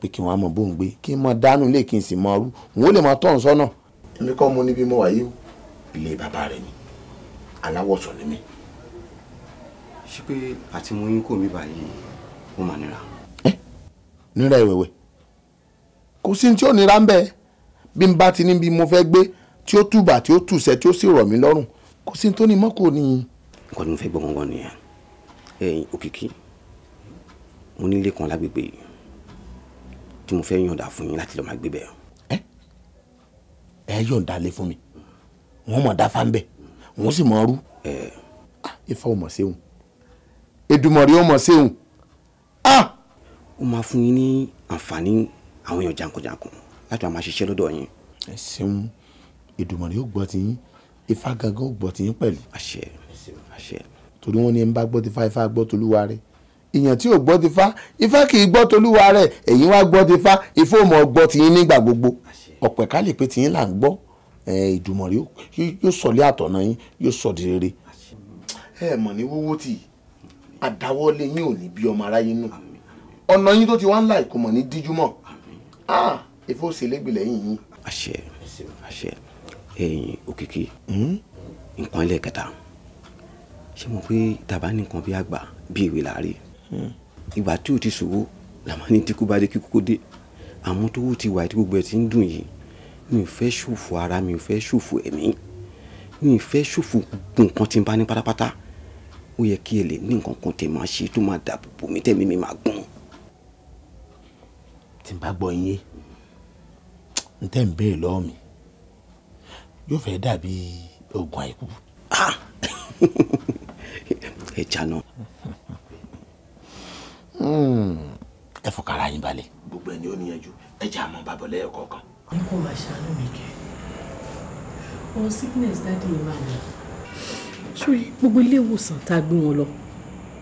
pé kí wọ́n á mọ bóun gbé kí n dánú lè kí n sì mọ ọrú òun ó lè mọ tọ́hún sọ́nà èmi kọ́ mo níbi mo wà yìí o ilé bàbá rẹ̀ ni aláwọ̀sọ̀ ni mí. ṣé pé àti mo yín kò mí báyìí ó mà nira. ẹ nira ìwẹ̀wẹ̀ kò sí tí ó nira ń bẹ́ẹ̀ bí n bá ti níbi mo fẹ́ gbé tí ó túbà tí ó tùsẹ̀ tí ó sì rọ̀ mí lọ́rùn kò sí tó ní mọ́kò ni. nǹkan tí mo fẹ́ gbọ́ gangan nìyẹn ẹ̀yin òkìkí mo nílé kan lágbègbè yìí tí mo fẹ́ yànda fún yín láti lọ́ọ́ máa gbé bẹ́ẹ̀ ẹ yọ̀ǹda lé fún mi wọ́n mọ̀ dáfá ń bẹ̀ wọ́n sì mọ̀ ọ́rú ah, ifá ò mọ̀ séhùn Èdùmàrè ò mọ̀ séhùn. Ah! ó máa fún yín ní àǹfààní àwọn èèyàn jankunjankun láti wàá máa ṣiṣẹ́ lọ́dọ̀ yín. ẹ ṣeun Èdùmàrè ó gbọ́ ti yín ifá gangan ó gbọ́ ti yín pẹ̀lú. àṣẹ àṣẹ. torí wọ́n ní ń bá gbọ́ ti fá ifá gbọ́ tolúwa rẹ̀ èèyàn tí ò gbọ́ ti fá ifá kì í gbọ́ tolúwa rẹ̀ ẹ̀yin wá gbọ́ ti fá ifá ò mọ̀ gbọ́ ti yín nígbà gbogbo ọ̀pọ̀ ẹ̀ka lè pé tiyín là ń gbọ́ ìdùmọ̀rí yóò sọlé àtọ̀nà yín yóò sọ di rere. ẹ mọ̀ ní wọ́wọ́ tí àdáwọ́lé yín ò ní bí ọmọ aráyé nù ọ̀nà yín tó ti wá ń la ìkùmọ̀ ní díjú mọ́ èfó ṣèlégbè lẹ́yìn yín. àṣẹ àṣẹ ẹ̀yin òkìkí hmm? nǹkan ilé kẹta ṣé mo pé tàbá nìkan bí àgbà bí èwe làárí hmm. ìgbà tí o ti ṣòwò làmọ́ ní díkú bá dé kíkú kó dé àwọn tó wù ti wà tí gbogbo ẹ ti ń dùn yìí mi ò fẹ́ ṣòfò ara mi ò fẹ́ ṣòfò ẹ̀mí mi ò fẹ́ ṣòfò gbogbo nǹkan tí n bá ní pátápátá ó yẹ kí ẹ lè ní nǹkan kan tẹ̀ máa ṣe tó máa dàbò bò mí tẹ̀mí mi máa gbọ́n. tí n bá gbọ́ yín n tẹ́ ń béèrè lọ́wọ́ mi yóò fẹ́ dàbí oògùn àìkú. ẹ jà náà hmm, ẹ fọkàrà yín balẹ̀ gbogbo ẹni ó níyanjú ẹjẹ àmọ́ bàbọ lẹ́yọ kọ̀ọ̀kan. ẹ kò máa ṣàánú mi kẹ ọ̀rọ̀ sickness dáàdi yìí máa ní. sórí gbogbo ilé ìwòsàn tá a gbé wọn lọ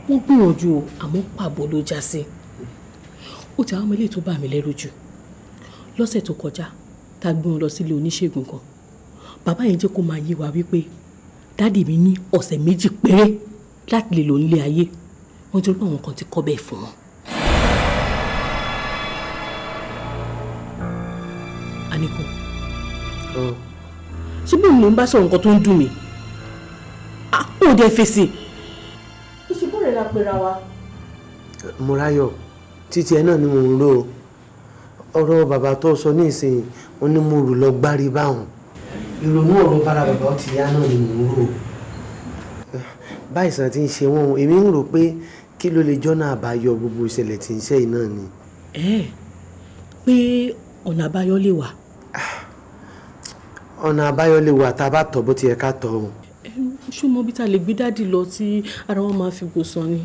wọ́n gbìyànjú o àmọ́ pàbó ló já sí ó ti àwọn ọmọ ilé tó bà mí lẹ́rù jù lọ́sẹ̀ tó kọjá tá a gbé wọn lọ sílé oníṣègùn kan bàbá yẹn jẹ́ kó máa yé wa wípé dáàdi mi ní ọ̀sẹ̀ méjì péré láti lè lò nílé ayé wọ́n jẹ́ pé àwọn kan ti kọ́ bẹ́ẹ̀ fún wọn. lẹ́kọ̀ọ́ ṣé bí mo ń bá sọ̀rọ̀ nǹkan tó ń dùn mí ó dẹ fèsì. ìṣubú rẹ̀ la pera wa. Mọ́ráyọ̀ títí ẹ náà ni mò ń rò ó ọ̀rọ̀ bàbá tó sọ ní ìsìn ó ní mo rò lọ gbárí báwọn ìrònú ọ̀rọ̀ bára bàbá ó ti yá náà ni mò ń rò ó báyìí ti ń ṣe wọn èmi ń rò pé kí ló lè jọ́nà àbáyọ gbogbo ìṣẹ̀lẹ̀ tí ń ṣe yìí náà ni. ẹ pé ọ̀nà àbáyọ lè wà ọ̀nà àbáyọ lè wà tá a bá tọ̀ bó ti yẹ ká tọ̀ o. ṣé mo bí ta lè gbé dáàdì lọ tí ara wọn máa fi gbòsàn ni.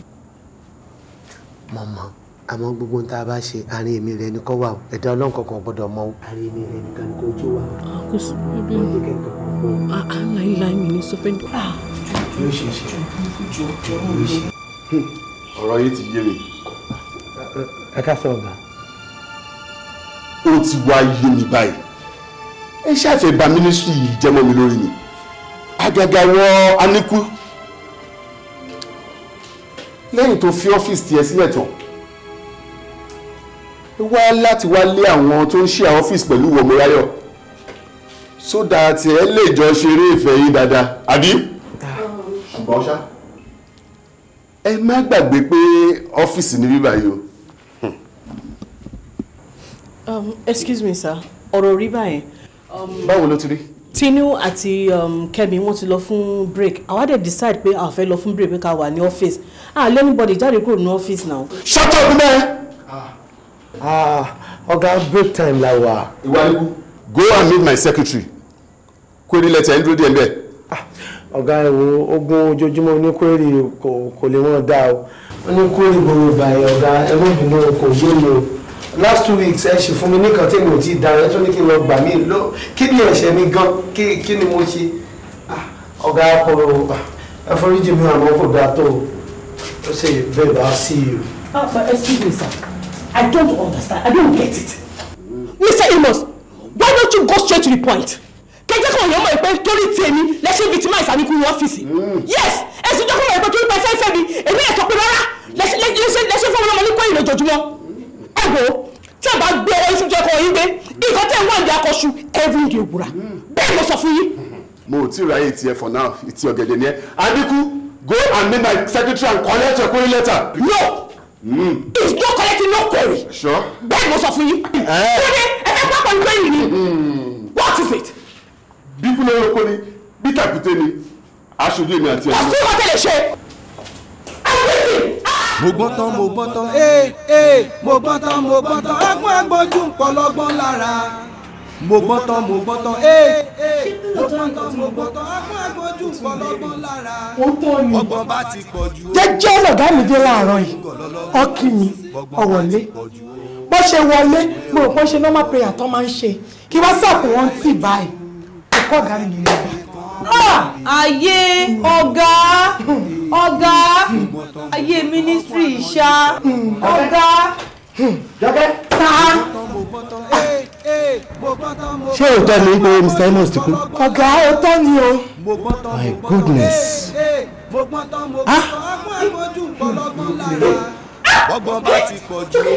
mọ̀mọ́ àmọ́ gbogbo ohun tá a bá ṣe àárín èmi rẹ ni kó wà o ẹ̀dá ọlọ́run kankan gbọ́dọ̀ mọ́ o. àárín èmi rẹ nìkan ni kò jó wa. Ah, kò sí ọdún ọdún kẹkọọ. láìláì mi ní sọfẹ́ndì. Ah. Hm. ọ̀rọ̀ yìí ti yé mi. ẹ ká sọ̀rọ̀ gan. ó ti wá yé mi báyìí ẹ ṣàfẹ́ ba mínísírì yìí jẹ́mọ́ mi lórí ni àgàgà wọ aníkú lẹ́yìn tó fi ọ́fíìsì tiẹ̀ sílẹ̀ tán wá láti wá lé àwọn tó ń ṣe ọ́fíìsì pẹ̀lú wọ̀mọ́ráyọ̀ so that ẹ lè jọ ṣeré ìfẹ́ yín dáadáa àbí. ṣùgbọ́n ṣá. ẹ má gbàgbé pé ọ́fíìsì ni bíbá yìí o. Um, excuse me sir ọ̀rọ̀ rí báyẹn Um, báwo ló ti rí. Tinu àti um, Kẹ́mi wọ́n ti lọ fún break àwa dẹ̀ decide pé a fẹ́ lọ fún break pé ká wà ní office ah let anybody jáde kúrò ní office now. shut up ah. ah, ọ̀gá break time la wà. ìwà ikú. go and meet my secretary query letter ẹ̀ ń dúró díẹ̀ bẹ́ẹ̀. Ah, ọ̀gá ìwò ogun ojoojúmọ́ ní query kò lè wọ́n dá o. ó ní query gbogbo ìgbà yẹn ọ̀gá ẹgbẹ́ ìbínú kò yé mi o last two weeks ẹ ṣì fún mi nìkan tí mi ò ti dára ẹ tún ní kí n lọ gbà mí lọ kí ni ẹ̀ṣẹ̀ mi gan kí ni mo ṣe ah, ọ̀gá akọrọ ẹforíjì ah, mi àmọ́ kò dáa tó ó ṣe bẹ́ẹ̀ bá sí i. Ah, excuse me sir i don't understand i don't get it. mr amos why don't you go straight to the point kẹjẹ kan yẹn mọ ìpè torí tèmi lẹsẹ victimize àníkú ní ọ́fíìsì. Hmm. yes ẹsùn tó kọ mọ ìpè torí pẹ fẹfẹ mi èmi ẹ sọ pé rárá lẹsẹ fọwọ́n ọmọ ní kọ́yìn lójoojúmọ́ ẹ wò ó tí a bá gbé ọwọ́ ìṣúnjẹ kan yín gbé nǹkan tẹ́ ń wá ìjà kọṣu every day òwúra bẹ́ẹ̀ mo sọ fún yín. mo ò tí ì ráyè tiẹ̀ for now ìtì ọ̀gẹ̀dẹ̀ ni ẹ adiku go and meet my secretary and collect your query letter. no mm. it's no collecting no query. sure. bẹ́ẹ̀ mo sọ fún yín. Eh. kúndé ẹ fẹ́ pápá ìgbẹ́ yìí ni. Hmm. what is it. bí kúlẹ̀ lóko ni bí tàkùté ni aṣojú èmi àti ẹ̀. ọ̀sùn ìwọ́tẹ̀lẹ̀ ṣe mo gbọ́n tán mo gbọ́n tán ee ee mo gbọ́n tán mo gbọ́n tán agbọ́n agbọ́njú pọlọ́gbọ́n lára mo gbọ́n tán mo gbọ́n tán ee ee mo gbọ́n tán mo gbọ́n tán agbọ́n agbọ́njú pọlọ́gbọ́n lára ọgbọ́n bá ti pọ̀ jù. jẹ́jẹ́ lọ̀gá mi dé láàárọ̀ yìí ọkì mi ọ̀wọ́lé bó ṣe wọlé mo rò pé ó ṣe normal prayer tó máa ń ṣe kí wọ́n sàkó wọn tì báyìí ọkọ̀ ọ̀gá mi nìyẹn ayé ọ̀gá ọ̀gá ayé mínísírì ìṣá ọ̀gá. jọ́kẹ́. sá. ṣé òótọ́ ni pé Mr. Amos ti kú. ọ̀gá òótọ́ ni o. my goodness. ah bọ́gbọ́n bá ti pọ̀ jù ó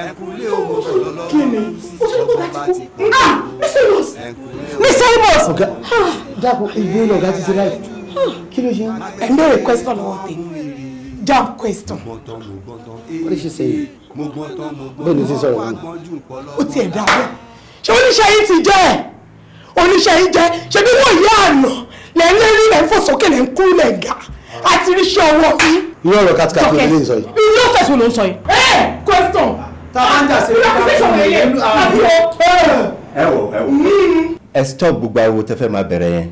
ẹ̀kúlé owó lọ́lọ́run bọ́gbọ́n bá ti pọ̀ jù ó ẹ̀kúlé ah, owó. mr ibos ọ̀gá dàpọ̀ ìgbé ní ọ̀gá ti ti ráì ah. kí ló ṣe ń. ẹ̀ ń bèrè question lọ́wọ́ tèmi dumb question. what did she say? Eh, bẹ́ẹ̀ ni ti sọ̀rọ̀ wọn. ó tiẹ̀ dáwọ́ ṣé oníṣẹ́ yìí ti jẹ́ ẹ̀ oníṣẹ́ yìí jẹ́ ṣé bí wọ́n yá àná lẹ́ńlẹ́rí lẹ́ ń fò sókè lẹ́ ń kú lẹ́ ń ga àti iṣẹ́ ọwọ́ yín. irú ọ̀rọ̀ kàtìkàtì ò lè sọ yìí. irú ọ̀fẹ́sì ló ń sọ yìí. ẹ eh! question. tàbáńdà ṣe é ká fún mi yẹn àbí o. Eh! ẹ wò ẹ wò. Hmm. ẹ stop gbogbo ariwo tẹ fẹ́ máa bẹ̀rẹ̀ yẹn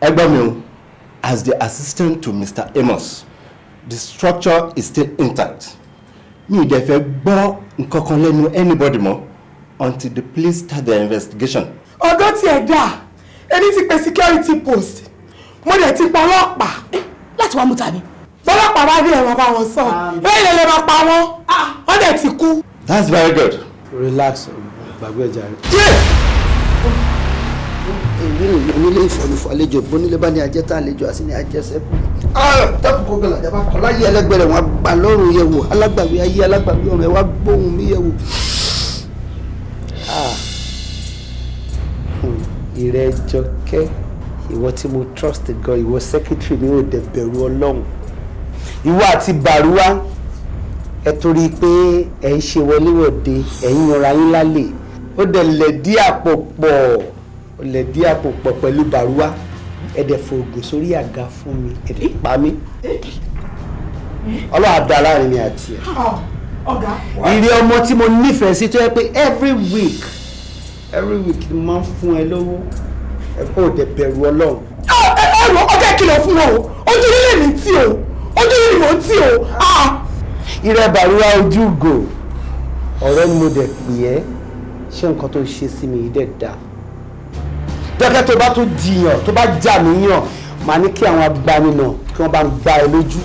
ẹ gbọ́ mi o as the assistant to Mr. Amos the structure is still intact mi ì dẹ̀ fẹ́ gbọ́ nǹkan lẹ́nu anybody mọ́ until the police start their investigation. ọ̀dọ́ tiẹ̀ dáa ẹni tí pe security post mo dẹ̀ ti pa ọlọ́pàá. láti wá mú ta ni. ọlọ́pàá bá dé ẹ̀rọ bá wọn sọ bẹ́ẹ̀ lè lè máa pa wọn ah. wọ́n dẹ̀ ti kú. that's very good. relax gbàgbé ẹja rẹ. èyí ni onílé ìfọ̀lùfọ̀ àlejò ìbónílé bá ní ajẹ́ta àlejò àti ní ajẹ́sẹ́kù. Ah, tábù kó gbẹ̀lá jábá kọ́ láyé ẹlẹ́gbẹ̀rẹ̀ wọn gbà lọ́rùn yẹ̀ wò alágbàwí ayé alágbàwí ọ̀run ẹ̀ wá gbóhùn mí yẹ̀ wò. Ah. Hmm, ìrẹ́jọkẹ́ ìwọ tí mo trust gan ìwọ secretary mi ò dẹ̀ bẹ̀rù ọlọ́run ìwọ àti bàrúwá ẹ torí pé ẹ ń ṣe wọléwọ̀de ẹ ń yanra yín lálẹ́ ó dẹ̀ lẹ̀dí àpò pọ̀ lẹ̀dí àpò pọ̀ pẹ̀lú bàrúwá ẹ dẹ̀ fògùn sórí àga fún mi ẹ dẹ̀ pa mí ọlọ́run àdá láàrin mi àti ẹ ìrì ọmọ tí mo nífẹ̀ẹ́ sí tó yẹ pé every week every week ni mo máa ń fún ẹ lówó ó dẹ̀ bẹ̀rù ọlọ́run. ẹ̀rọ ọjọ́ ìkìlọ̀ fún wọn o ojú lílé mi tí o ojú lílé mi ò tí o. ìrẹ̀bàrúwá ojú gò ọ̀rẹ́ ni mo dẹ̀ pè ẹ́ ṣé nǹkan tó ṣe sí mi yìí dẹ̀ dáa jẹ́kẹ́ tó bá tó jiyàn tó bá jà níyàn màá ní kí àwọn agbanina kí wọ́n bá ń gba ẹ lójú.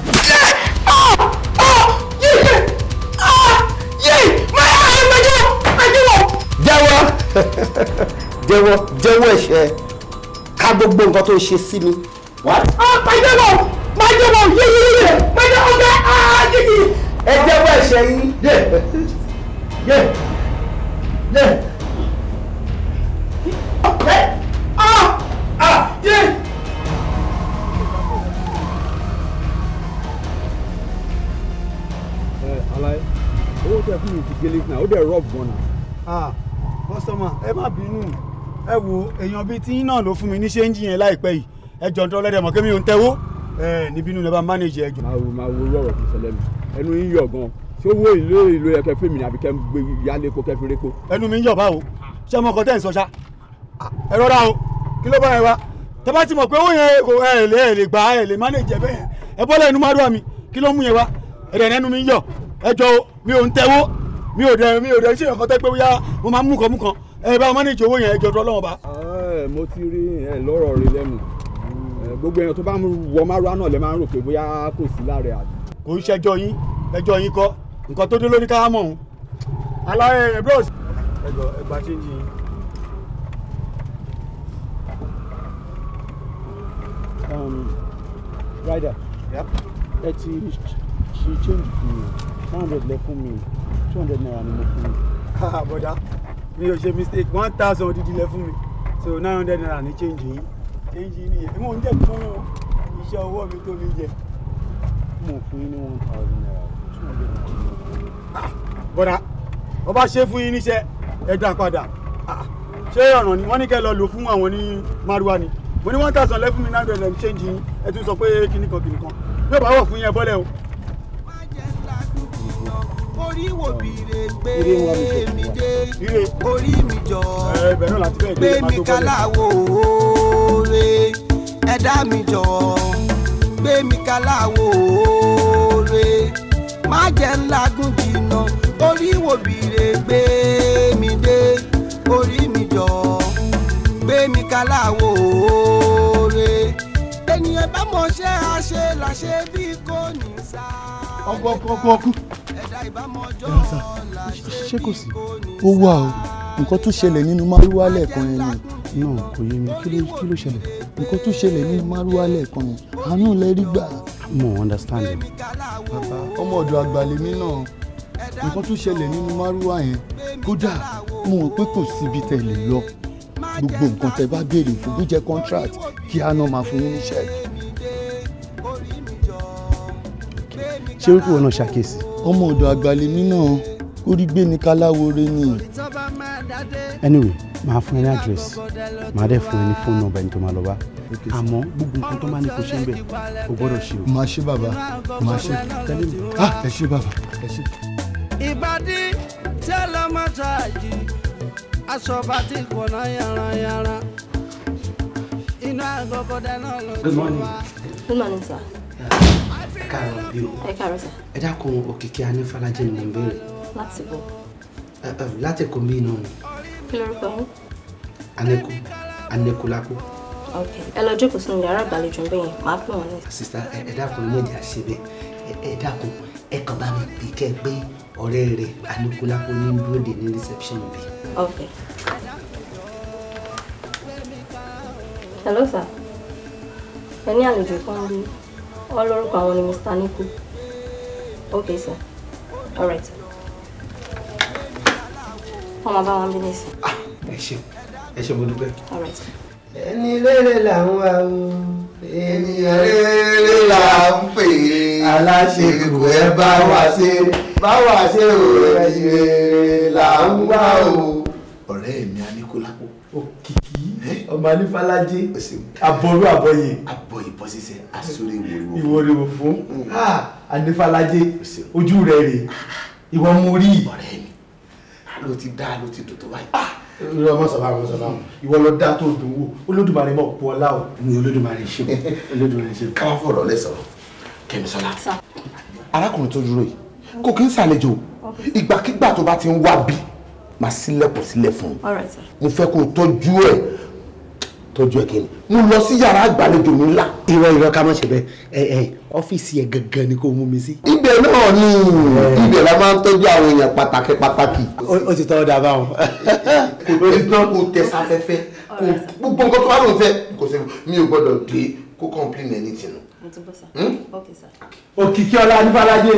jẹ́wọ́ jẹ́wọ́ jẹ́wọ́ ẹ̀ṣẹ̀ ka gbogbo nǹkan tó ṣe sí mi. pàdé lọ pàdé lọ yéyéyé pàdé ọgá yéyé. ẹ jẹ́wọ́ ẹ̀ṣẹ̀ yín. yé yé yé. ah ah yé. alaye owó tẹ fún mi ti gélé fún mi ó dẹ rọb gan na. ah kọ́sọ́mà ẹ má bínú ẹ wo èèyàn bíi tí náà ló fún mi ní ṣéǹjì yẹn láìpẹ́ yìí ẹ jọ ń tọ́ lẹ́dẹ̀ mọ́ kémi ò ń tẹ́wó ẹ níbi inú lẹ́bàá mánéjì ẹ jọ. máa wo máa wo irú ọ̀rọ̀ tó sọ lẹ́nu ẹnu yín yọ̀ gan ṣé owó ìlú ìlú yẹ kẹ fún mi àbí kẹ gbé yálé kó kẹ fi rékó. ẹnu mi ń yọ̀ báwo ṣé ọmọ kan tẹ̀ ń sọ ṣá ẹ rọra o kí ló bá yẹn wá tẹ ti mọ̀ pé ó yẹn ẹ lè ẹ lè gbà ẹ lè mánéjì ẹ bẹ́ẹ̀ ẹ bọ́lá ẹnu máa rú àmì kí ló mú yẹn wá ẹ̀rẹ̀ ẹnu mi ń yọ̀ ẹ jọ mi ò ń tẹ́wó mi ò dẹ mi ò dẹ ṣe nǹkan tẹ́ pé bóyá mo máa mú kan mú kan ẹ bá wọn ní ìjòwó yẹn ẹjọ́ tó ọlọ́wọ́n bá. mo ti rí ẹ lọ́rọ̀ rẹ lẹ́nu gbogbo èèyàn tó bá wọ márùá náà lè máa ń rò pé bóyá kò sí láàrẹ àti. kò ń ṣẹjọ́ yín ẹjọ́ yín kọ́ nǹkan tó dé lórí káwá òun. aláyẹ ẹ bros. ẹjọ ẹgbàá ṣe ń jìn yín. Um, rider ẹ ti ṣe change fún mi one hundred lẹ fún mi two hundred naira ni mo fún mi. Ah, bọ̀dá mi ò ṣe mistake 1000 thousand odidi lẹ fún mi so nine hundred naira ní change yìí change yìí nìyẹn mo ń jẹ́ kí wọ́n iṣẹ́ ọwọ́ mi tó mi jẹ. mo fún yín ní one thousand naira two hundred naira. Ah, bọ̀dá ọba ṣe fún yín níṣẹ́ ẹ dá padà ah, ṣé ọ̀ràn ni wọ́n ní kẹ́ lọ lò fún àwọn ní márúwá ni mo ní one thousand lẹ fún mi nine hundred naira change yìí ẹ tún sọ pé kíníkan kíníkan yóò bá wọ̀ fún yín ẹ bọ́lẹ̀ o orí wo bìrè gbé mi dé orí mi jọ gbé mi kaláwo oore ẹ̀dá mi jọ gbé mi kaláwo oore má jẹ́ ńlá gùn jìnnà orí wo bìrè gbé mi dé orí mi jọ gbé mi kaláwo oore ènìyàn bá mọ̀ ṣe àṣe làṣe bí kò ní sáà ọkọ ọkọ ọkọ ọkú. ẹ̀rọ̀sà ṣé kò sí. ó wà o nǹkan tó ṣẹlẹ̀ nínú márúwá lẹ́ẹ̀kan yẹn ni. náà kò yé mi kí ló ṣẹlẹ̀. nǹkan tó ṣẹlẹ̀ nínú márúwá lẹ́ẹ̀kan yẹn àánú lẹ rí gbà. mo understand bàbá ọmọ ọ̀dọ̀ àgbàlémí náà nǹkan tó ṣẹlẹ̀ nínú márúwá yẹn kódà mo mọ̀ pé kò síbi tẹ̀lé lọ gbogbo nǹkan tẹ bá béèrè fún bó jẹ́ contract kí á máa fún yín ní ṣẹ́ẹ̀kì ṣé wọn náà ṣàkíyèsí. ọmọ ọ̀dọ̀ àgbàlémí náà orí gbé ní káláwore ni. anyway màá fún ẹ ní address màá dẹ̀ fún ẹ ní phone number ẹni tó máa lọ bá àmọ́ gbogbo nǹkan tó máa ní kó ṣe ń bẹ̀ o gbọ́dọ̀ ṣe o. màá ṣe bàbá màá ṣe tẹ́lẹ̀ mi ah ẹ ṣe bàbá ẹ ṣe. ìbàdí tẹ́lẹ̀ mọ́tò àjì aṣọba ti kùnà yaranyaran inú àgọ́gọ́dá náà ló good morning. good morning sir ẹ káàárọ̀ bí o ẹ káàárọ̀ sà ẹ dákun òkìkí anífàlájì ni mo ń béèrè. láti bọ̀. láti kò mí inú ni. kí lorúkọ yín. anẹ́kù anẹ́kù lákù. ok ẹ lọ jókòó sínú yàrá ìgbàlejò ń bẹ̀yẹn màá pè wọ́n ní. sista ẹ dákun ẹ mọ̀jà ṣe bẹ́ẹ̀ ẹ dákun ẹ kàn bá mi pè kẹ́ gbé ọ̀rẹ́ rẹ̀ anẹ́kù lákù ní dúró ní reception bi. ok. hello sir ẹ ní àlejò kan rí wọ́n lórúkọ àwọn ni Mr. Niku ok sir alright wọ́n máa bá wọn bí nísìn. Ah, ẹ ṣe ẹ ṣe mo dúpẹ́. ẹni rere là ń wá o ènìyàn rere là ń pè é aláṣẹ kò ẹ bá wa ṣe bá wa ṣe o ẹ̀yìn là ń wá o. ọmọ anífàlájé àbọ̀rú àbọ̀yè àbọ̀yè bọ́ sísẹ́ àsórí ìwòrìwò fún ìwòrìwò fún mm. anífàlájé ojú rẹ̀ rè ìwọ mo rí ọ̀rẹ́ mi ló ti dá ló ti dòdò báyìí lọ mọ sọba mọ sọba ìwọ lọ dá tó dùn wò olódùmarè mọ pọ ọlá o. ni olódùmarè ṣe olódùmarè ṣe. káwá fọ̀rọ̀ lẹ sọ̀rọ̀ kẹ́misọ́lá arákùnrin tó dúró yìí kò kí ń ṣàlejò ìgbàkigbà tó bá ti ń wá bí màá ṣílẹ̀kùn sílẹ̀ fún un mo fẹ́ kó o tọ́jú ẹ̀ tọ́jú ẹ kí ni mo lọ sí yàrá àgbàlejò mi ńlá. irọ́ irọ́ ká má ṣe bẹ́ẹ̀ ẹ ẹ ọ́fíìsì ẹ gangan ni kò mú mi sí. ibẹ̀ náà ni ibẹ̀ la máa ń tọ́jú àwọn èèyàn pàtàkì pàtàkì. ó ti tọ́ da báwọn. kò lórí náà kò tẹ̀sán afẹ́fẹ́ kò gbogbo nǹkan tó bá lóun fẹ́ kò sí mi ò gbọ́dọ̀ dé kó complain anything hmm? òkìkí ọlá nípalájẹ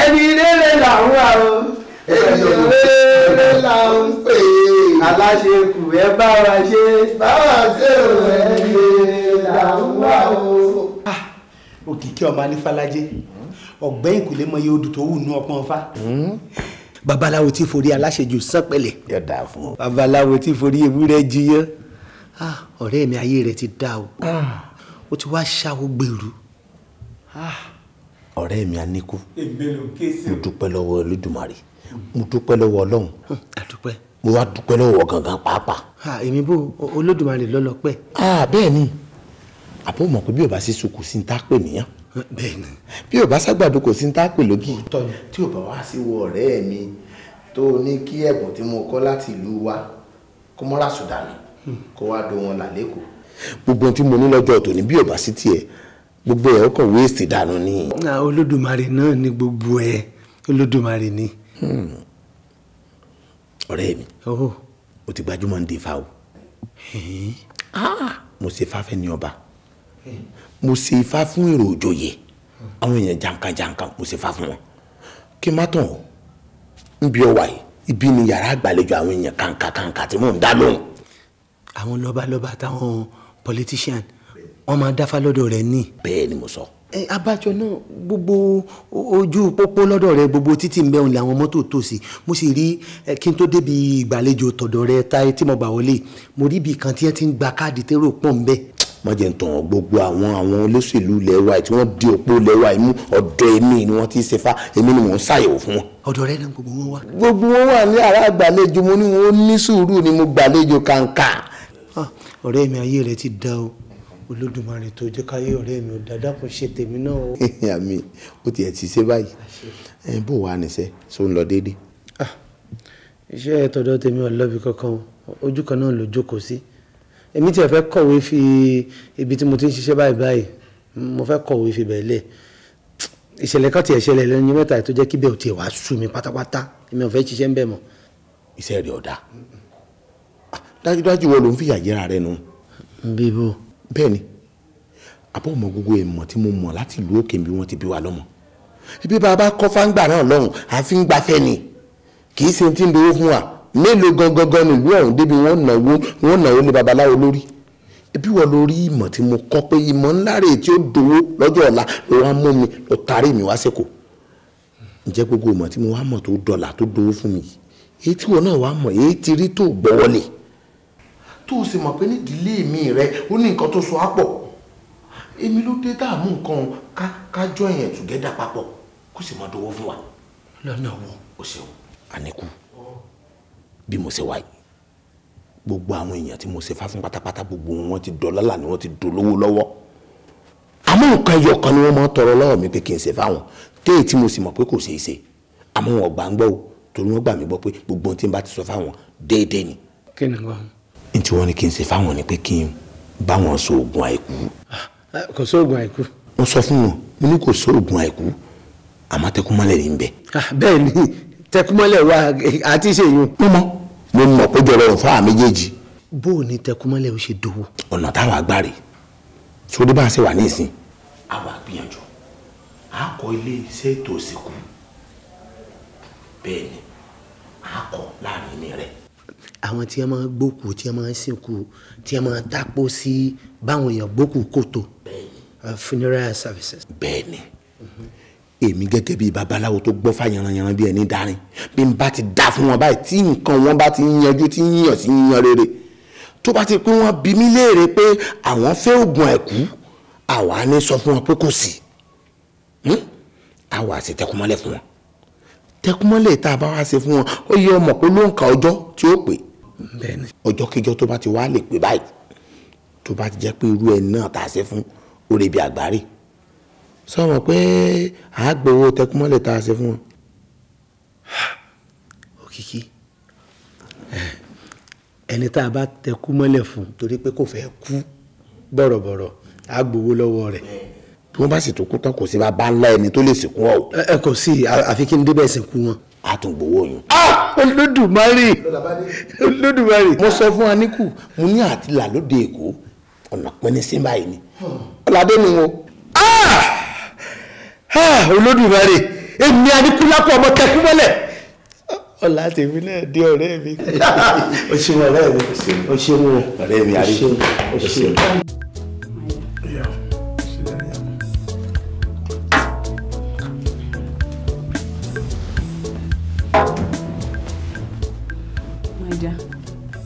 ẹni ilé rẹ làwọn àrùn ènìyàn rere là ń pè é. aláṣekù ẹ bá ah, wa ṣe. báwa ṣe ò ẹni la ń wá o. òkìkí ọmọ anífàlájẹ ọgbẹ́ ìkùlé mọ iye odò tó wù nú ọpọ́n fa hmm? babaláwo tí forí aláṣejù sánpẹlẹ babaláwo tí forí ewúrẹ́ jiyán ah, ọ̀rẹ́ mi ayé rẹ ti dá o ah. ó ti wá ṣàwọ gbèrú. ọ̀rẹ́ mi aníkú mo dúpẹ́ lọ́wọ́ Olódùmarè mo dúpẹ́ lọ́wọ́ ọlọ́run mo wá dúpẹ́ lọ́wọ́ gangan pàápàá. èmi bò olódùmarè lọ́lọ́pẹ́. bẹ́ẹ̀ ni àbó mọ̀ pé bí o bá sí sùkù sí ń tá pè nìyàn bí o bá ságbàdo kò sí ń pè lógì tí o bá wá sí wọ ọ̀rẹ́ mi tó ní kí ẹ̀bùn tí mo kọ́ láti ìlú wa kó mọ́ra sùdàní hmm. kó wá do wọn làlékò. gbogbo ohun tí mo ní lọ́jọ́ tòní bí o bá sí tiẹ̀ gbogbo ẹ̀ ó kàn wéèsì dànù ni. olódùmarè náà ni gbogbo ẹ̀ olódùmarè ni. Hmm. ọ̀rẹ́ mi o ti gbajúmọ̀ ń de fa o ah! mo ṣe fa fẹ́ ní ọba mo ṣe fa fún èrò òjòyè àwọn èèyàn jàǹkàjàǹkà mo ṣe fa fún wọn kí n má tàn ọ́ ń bí ọ wà yìí ibi ni yàrá àgbàlejò àwọn èèyàn kàǹkàkàǹkà tí mò ń dá lóhùn. àwọn lọ́balọ́ba táwọn politician wọ́n máa dáfá lọ́dọ̀ rẹ̀ ní. bẹ́ẹ̀ ni mo sọ. So abájọ náà gbogbo ojú pópó lọ́dọ̀ rẹ gbogbo títì ń bẹ òun làwọn mọ́tò tò sí mo sì rí kí n tó débi ìgbàlejò tọ̀dọ̀ rẹ táyé tí mo gbà wọlé mo rí ibì kan tí wọ́n ti ń gba káàdì térò pọ̀ ń bẹ. má jẹ́ ń tàn án gbogbo àwọn àwọn olóṣèlú lẹ́wà tí wọ́n di òpó lẹ́wà imú ọ̀dọ̀ èmi ni wọ́n ti ṣe fa èmi ni mò ń ṣàyẹ̀wò fún wọn. ọ̀dọ̀ rẹ náà gbogbo wọn wà. gbogbo wọn wà olódùmarè tó jẹ́ káyé ọ̀rẹ́ mi ò dáadáa kò ṣe tèmi náà o. àmì ó tiẹ̀ ti ṣe báyìí ẹ bó wàá nìṣẹ́ tó ń lọ déédéé. Ah, iṣẹ́ tọ̀dọ̀ tèmi ọ̀lọ́bi kankan ojú kan náà ló jókòó sí èmi tiẹ̀ fẹ́ kọ̀wé fi ibi tí mo ti ń ṣiṣẹ́ báyìí báyìí mo fẹ́ kọ̀wé fi bẹ̀ẹ́ lẹ̀ ìṣẹ̀lẹ̀ kan tiẹ̀ ṣẹlẹ̀ lẹ́nu mẹ́ta tó jẹ́ kí bẹ́ẹ̀ ò tiẹ̀ wá sú mi pátápátá èmi ò fẹ́ ṣiṣẹ́ ń bẹ̀ mọ́. iṣẹ́ rẹ̀ ọ̀dà ah, dájúdájú wo ló ń fìyà jẹ́ra rẹ nu. bíbó bẹ́ẹ̀ ni àbọ̀ ọmọ gbogbo ìmọ̀ tí mo mọ̀ láti ìlú òkè bí wọ́n ti bí wa lọ́mọ ibi bàbá kọ́ fáńgbà náà lọ́hùn àfi ń gbafẹ́ ni kì í ṣe ti ń dowó fún wa mélòó gangan nílùú ọ̀hún débi wọ́n náwó wọ́n náwó lé babaláwo lórí ibi wọ́n lórí ìmọ̀ tí mo kọ́ pé ìmọ̀ ńlá rèé tí ó dowó lọ́jọ́ ọ̀la ló wá mú mi lọ tarí mi wá sẹ́kọ̀ọ́ ǹjẹ́ gbogbo ìmọ̀ tí mo wá mọ̀ tó dọ̀là tó dowó fún mi èyí tí wọn náà wá mọ̀ èyí ti rí tó gbọ́wọ́lé tó o sì mọ̀ pé nídìílé mi rẹ ó ní nǹkan tó so á pọ̀ èmi ló dé dààmú nǹkan ká ká jọ yẹn tùgẹ́dà papọ̀ kó sì mọ dọwọ́ fún wa. lọ́nà wo. o ṣeun. àníkù bí mo ṣe wá yìí gbogbo àwọn èèyàn tí mo ṣe fá fún pátápátá gbogbo wọn ti dọlọ́là ni wọ́n ti dolówó lọ́wọ́ àmọ́ nǹkan ẹyọ kan ni wọ́n máa ń tọrọ lọ́wọ́ mi pé kí n ṣe fáwọn téè tí mo sì mọ̀ pé kò ṣeé ṣe àmọ́ wọn ò gbà ń gbọ́ o torí wọ́n gbà mí gbọ́ pé gbogbo ohun tí n bá ti sọ fáwọn déédéé ni. kí ni wọn n tí wọ́n ní kí n ṣe fáwọn ni pé kí n bá wọn so oògùn àìkú. Ah, kò sóògùn àìkú. wọ́n sọ fún wọn mo ní kò sóògùn àìkú àmọ́ tẹkúmọ́lẹ̀ ní bẹ̀. Ah, bẹ́ẹ̀ ni tẹkúmọ́lẹ̀ wa àti ṣèyún. mo mọ mo mọ pé jọrọ rọ fáwọn méjèèjì. bó o ní tẹkúmọ́lẹ̀ o ṣe dòwò. ọ̀nà táwọn agbáre sórí bá a ṣe wà ní ìsìn. a wà gbìyànjú a kọ ilé iṣẹ́ ètò ìsìnkú bẹ́ẹ̀ ni a kọ láàrin ní rẹ̀ àwọn tí wọ́n máa gbókù tí wọ́n máa sìnkú tí wọ́n máa dápò sí báwọn èèyàn gbókù kòtò uh, funeral services. bẹ́ẹ̀ni mm-hmm. èmi gẹ́gẹ́ bíi babaláwo tó gbọ́ fàyànnàyànnà bíi ẹni darin bí n bá ti dá fún wọn báyìí tí nǹkan wọn bá ti yanjú tí yíyan sí yíyan rere tó bá ti pé wọ́n bi mí léèrè pé àwọn fẹ́ oògùn àìkú àwa ní sọ fún wọn pé kò sí hmm? àwa sì tẹkumọ́lẹ̀ fún wọn tẹkumọ́lẹ̀ tá a bá wá ṣe fún wọn ó yẹ ọmọ pé ló ń ka ọjọ́ tí ó pè é bẹ́ẹ̀ni. ọjọ́ kẹjọ tó bá ti wá lè pè báyìí tó bá ti jẹ́ pé irú ẹ̀ náà tà ṣe fún orèbi àgbárí sọ̀rọ̀ pé àgbòwò tẹkúmọ́lẹ̀ tà ṣe fún wọn. òkìkí ẹni tá a bá tẹkúmọ́lẹ̀ fún torí pé kò fẹ́ kú bọ̀rọ̀bọ̀rọ̀ àgbòwò lọ́wọ́ rẹ̀ tí wọ́n bá sì tún kú tán kò sí bá bá ńlá ẹni tó lè sìnkú ọ̀. ẹ kò sí àfi kí n débẹ̀ sìnkú wọn a tún gbowó yun. Ah! olódùmarè olódùmarè. mo sọ fún Aníkù mo ní àtìlà lóde èkó ọ̀nà pínlẹ̀ sí báyìí ni ọ̀làdé ni o. Ah! Ah! olódùmarè èmi Aníkù lápò ọmọ tẹkú mọ́lẹ̀ ọ̀la tèmi náà di ọ̀rẹ́ mi. o ṣeun ọ̀rẹ́ mi o ṣeun ọ̀rẹ́ mi àríkù o ṣeun.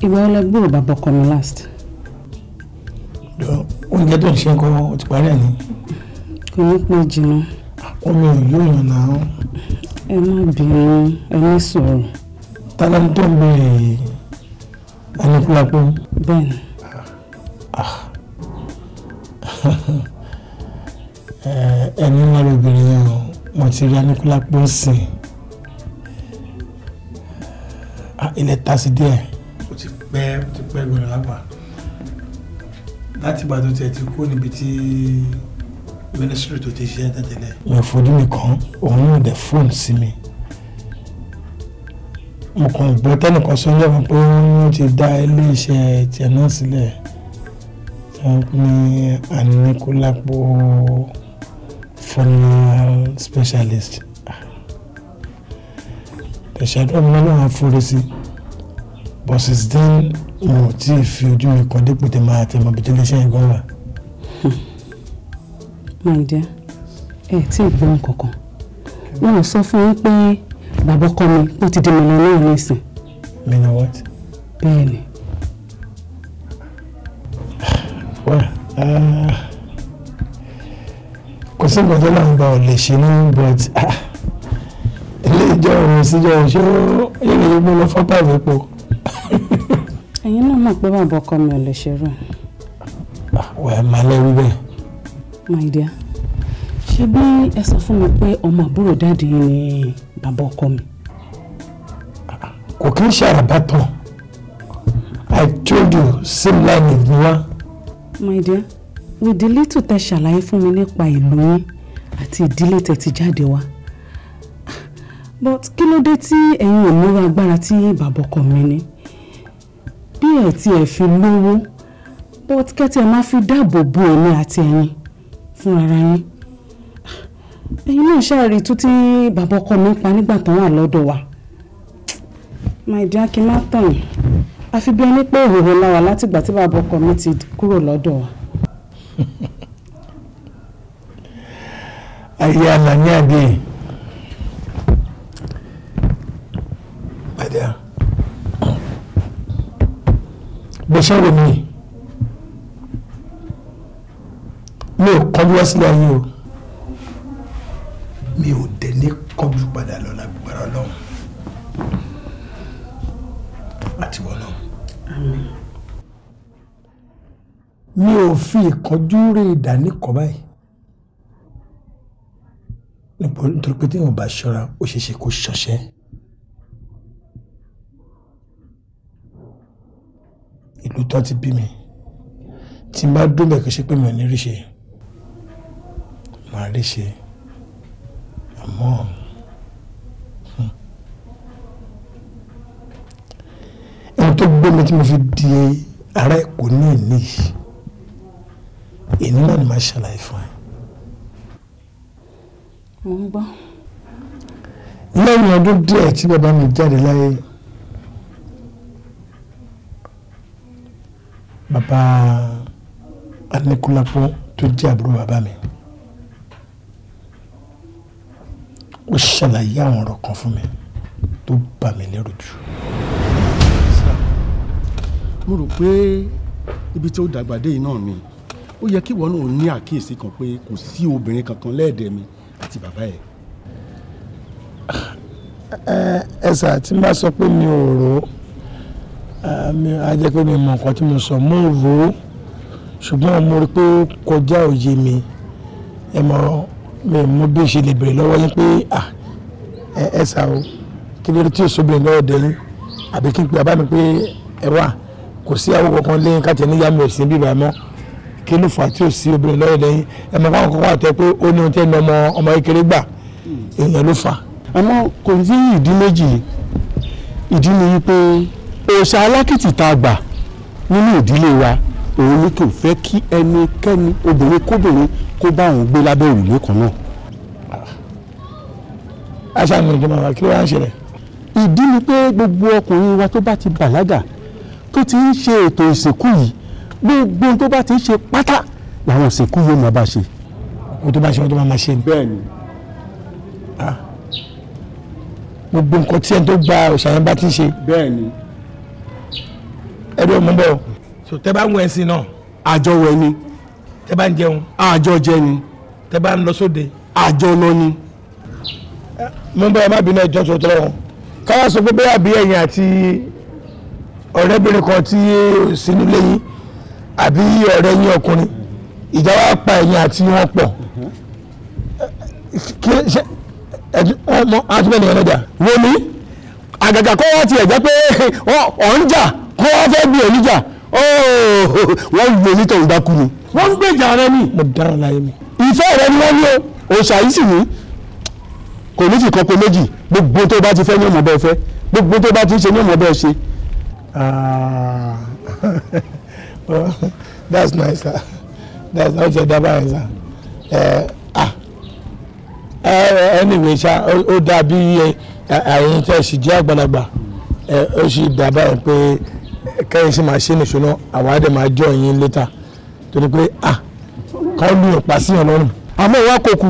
ìwà ọlẹgbọrọ bàbá ọkọ mi last. oúnjẹ tó ń ṣe nǹkan ó ti parí ẹ̀ ní. kò ní pẹ́ jìnnà. omi ò yóò yàn náà. ẹ má bínú ẹ ní sọ̀rọ̀. tálá ń tó ń bèrè e? ẹni kúlá pé. bẹ́ẹ̀ni. Ah. ẹni wọn lóbìnrin yẹn mo ti rí Aníkúlápó sìn ah, ilẹ̀ tásí díẹ̀ pẹ́ ti pẹ́ gbọ̀nà lápá láti ìgbà tó tiẹ̀ ti kú níbi tí mínísírì tó ti ṣiṣẹ́ tẹ̀tẹ̀lẹ̀. mo fojú mi kàn òun yóò dé fóònù sí mi mo kàn gbọ́ tẹ́nìkan sọ yẹ́ mi pé wọ́n ti dá iléeṣẹ́ tiẹ̀ náà sílẹ̀ wọ́n ní Aníkúlápó funeral specialist tẹ̀sán ọmọ náà wọ́n forí sí i but since then mo ti fi ojú mi kan dípò tẹ máa tẹ mọ bí tẹlẹ ṣe ń gan wà. Hmm. my dear ẹ tí ì gbọ́ nǹkankan wọn ò sọ fún yín pé bàbá ọkọ mi ó ti di mọ̀nà náà nísìn. mina what. bẹ́ẹ̀ni. well eh, kò sí nǹkan tó náà ń gba ọ̀lẹ̀ ṣe ní but ah, ilé ìjọ òun síjọ ṣé ó yẹ kí n gbọ́ lọ fọ́ pàbí po ẹ̀yin náà mọ̀ pé bàbá ọkọ mi ò lè ṣerú ẹ̀. Ah, wà á máa lẹ́rú bẹ́ẹ̀. my dear ṣé bí ẹ sọ fún mi pé ọmọ àbúrò dáàdì yìí ni bàbá ọkọ mi. Ah, kò kí n ṣàràbà tán i told you same line is the my dear with the little tẹ ṣàlàyé fún mi nípa ìlú yín àti ìdílé tẹ ti jáde wá ah, but kí ló dé tí ẹ̀yin ò múra agbára tí bàbá ọkọ mi ní ẹ̀ tiẹ̀ fi lówó but kẹ́tì ẹ̀ máa fi dáàbò bo èmi àti ẹ̀yin fún ara yín ẹ̀yin náà ṣàárẹ̀ tún tí bàbá ọkọ mi ń pa nígbà tán wà lọ́dọ̀ wa my dear kí n má tàn yín àfi bí ẹni pé ìhòòhò la wà látìgbà tí bàbá ọkọ mi ti kúrò lọ́dọ̀ wa. ayé àlàní àdéhìn. my dear. gbèsèrò mi mi ò kọjú wá sílé ayé o mi ò dẹ̀ ní kọjú padà lọ lágbára ọlọ́run àti wọn náà. mi ò fi ìkọjú rí ìdáníkọ báyìí nítorí pé tí wọn bá ṣọ́ra ó ṣeé kó ṣọṣẹ́. ìlú tó ti bí mi tí n bá dún bẹ̀ kí n ṣe pé mi ò ní rí ṣe màá rí ṣe àmọ́ hmm. ẹni tó gbé mi tí mo fi di ará Èkó ní ìní yìí èmi náà ni màá ṣàlàyé fún ẹ. mo ń gbọ́. lẹ́yìn ọdún díẹ̀ tí bàbá mi jáde láyé. bàbá Aníkúlápó tó jẹ́ àbúrò bàbá mi ó ṣàlàyé àwọn ọ̀rọ̀ kan fún mi tó bà mí lẹ́rù jù. mo rò pé ibi tí ó dàgbà dé yìí náà ni ó yẹ kí ìwọ náà ní àkíyèsí kan pé kò sí obìnrin kankan lẹ́ẹ̀dẹ̀ mi àti bàbá ẹ̀. ẹ ẹ ṣáà tí n bá sọ pé mi ò rò ó ajẹ́ pé mi mọ̀ nǹkan tí mo sọ mo rò ó ṣùgbọ́n mo rí pé ó kọjá òye mi ẹ mọ̀ mi mọ̀ bí ṣe lè bèrè lọ́wọ́ yín pé ẹ sà o kí lórí tí òṣòbìnrin lọ́wọ́ dẹ́yìn àbí kí n pè abámi pé ẹ wà kò sí àwọn kankan lẹ́yìn káàtì ní yàmù ẹ̀sìn bíbá mọ́ kí ló fà á tí ò sí obìnrin lọ́wọ́ dẹ́yìn ẹ mọ̀ fáwọn kankan àtẹ pé ó ní ohun tẹ́ ní ọmọ ọmọ kékeré gbà èèyàn ló fà. àmọ́ kò ní ìdí méjì ìdí ni wípé òòṣà alákìtì tá a gbà nínú ìdílé wa òun ni kò fẹ́ kí ẹnikẹ́ni obìnrin kóbìnrin kó bá òun gbé lábẹ́ òrùlé kan náà. Ah, àṣà mi ìjọba wa kí ló wá ń ṣẹlẹ̀. ìdí ni pé gbogbo ọkùnrin wa tó bá ti bàlágà tó ti ń ṣe ètò ìsìnkú yìí gbogbo tó bá ti ń ṣe pátá làwọn ìsìnkú yóò máa bá ṣe. kó tó bá ṣe wọn tó máa máa ṣe ni. bẹ́ẹ̀ni ah. gbogbo nǹkan tí ẹni tó gba òṣàyàn bá ti ṣe. bẹ́ẹ̀ni ẹ̀rọ mú bọ̀ so tẹ́ bá ń wẹ̀ sí náà. àjọ wẹ̀ ni. tẹ́ bá ń jẹun. àjọ jẹ ni. tẹ́ bá ń lọ sóde. àjọ lọ ni. mú bọ̀ ẹ má bínú ẹjọ́ tó tọ́lọ́ káyà sọ pé bẹ́ẹ̀ àbí ẹ̀yìn àti ọ̀rẹ́bìnrin kan tí sínú lẹ́yìn àbí ọ̀rẹ́ yín ọkùnrin ìjà wa pa ẹ̀yìn àti wọn pọ̀ àtúbẹ̀ nìyẹn lọ́jà. wo ni àgàgà kọ́ wọ́n ti ẹ̀ jẹ́ pé ọ̀ ń jà kó wá fẹ́ gbé èmi jà oh, wọ́n gbé èmi tó ń dákú ni. wọ́n ń gbèjà rẹ ni. mo dára láyé mi. ìfẹ́ rẹ ni wọ́n ní o òòṣà yìí sì ní kò ní fi kankan méjì gbogbo tó bá ti fẹ́ ní ọmọ bẹ́ẹ̀ fẹ́ gbogbo tó bá ti ṣe ní ọmọ bẹ́ẹ̀ ṣe. Ah. that's nice sir that's how you jẹ dábàá yẹn sir eh, ah. eh, anyway ṣá ó dàbí eh, àyìn tẹ̀ ṣì jẹ́ àgbàlagbà ó sì dábàá yẹn pe kẹ́yìn ṣe máa ṣe nìṣó náà àwa dẹ̀ máa jọ yín létà torí pé ah kọ́ lu ọ̀pá sí yàn lọ́rùn. àmọ́ ìwà kòkù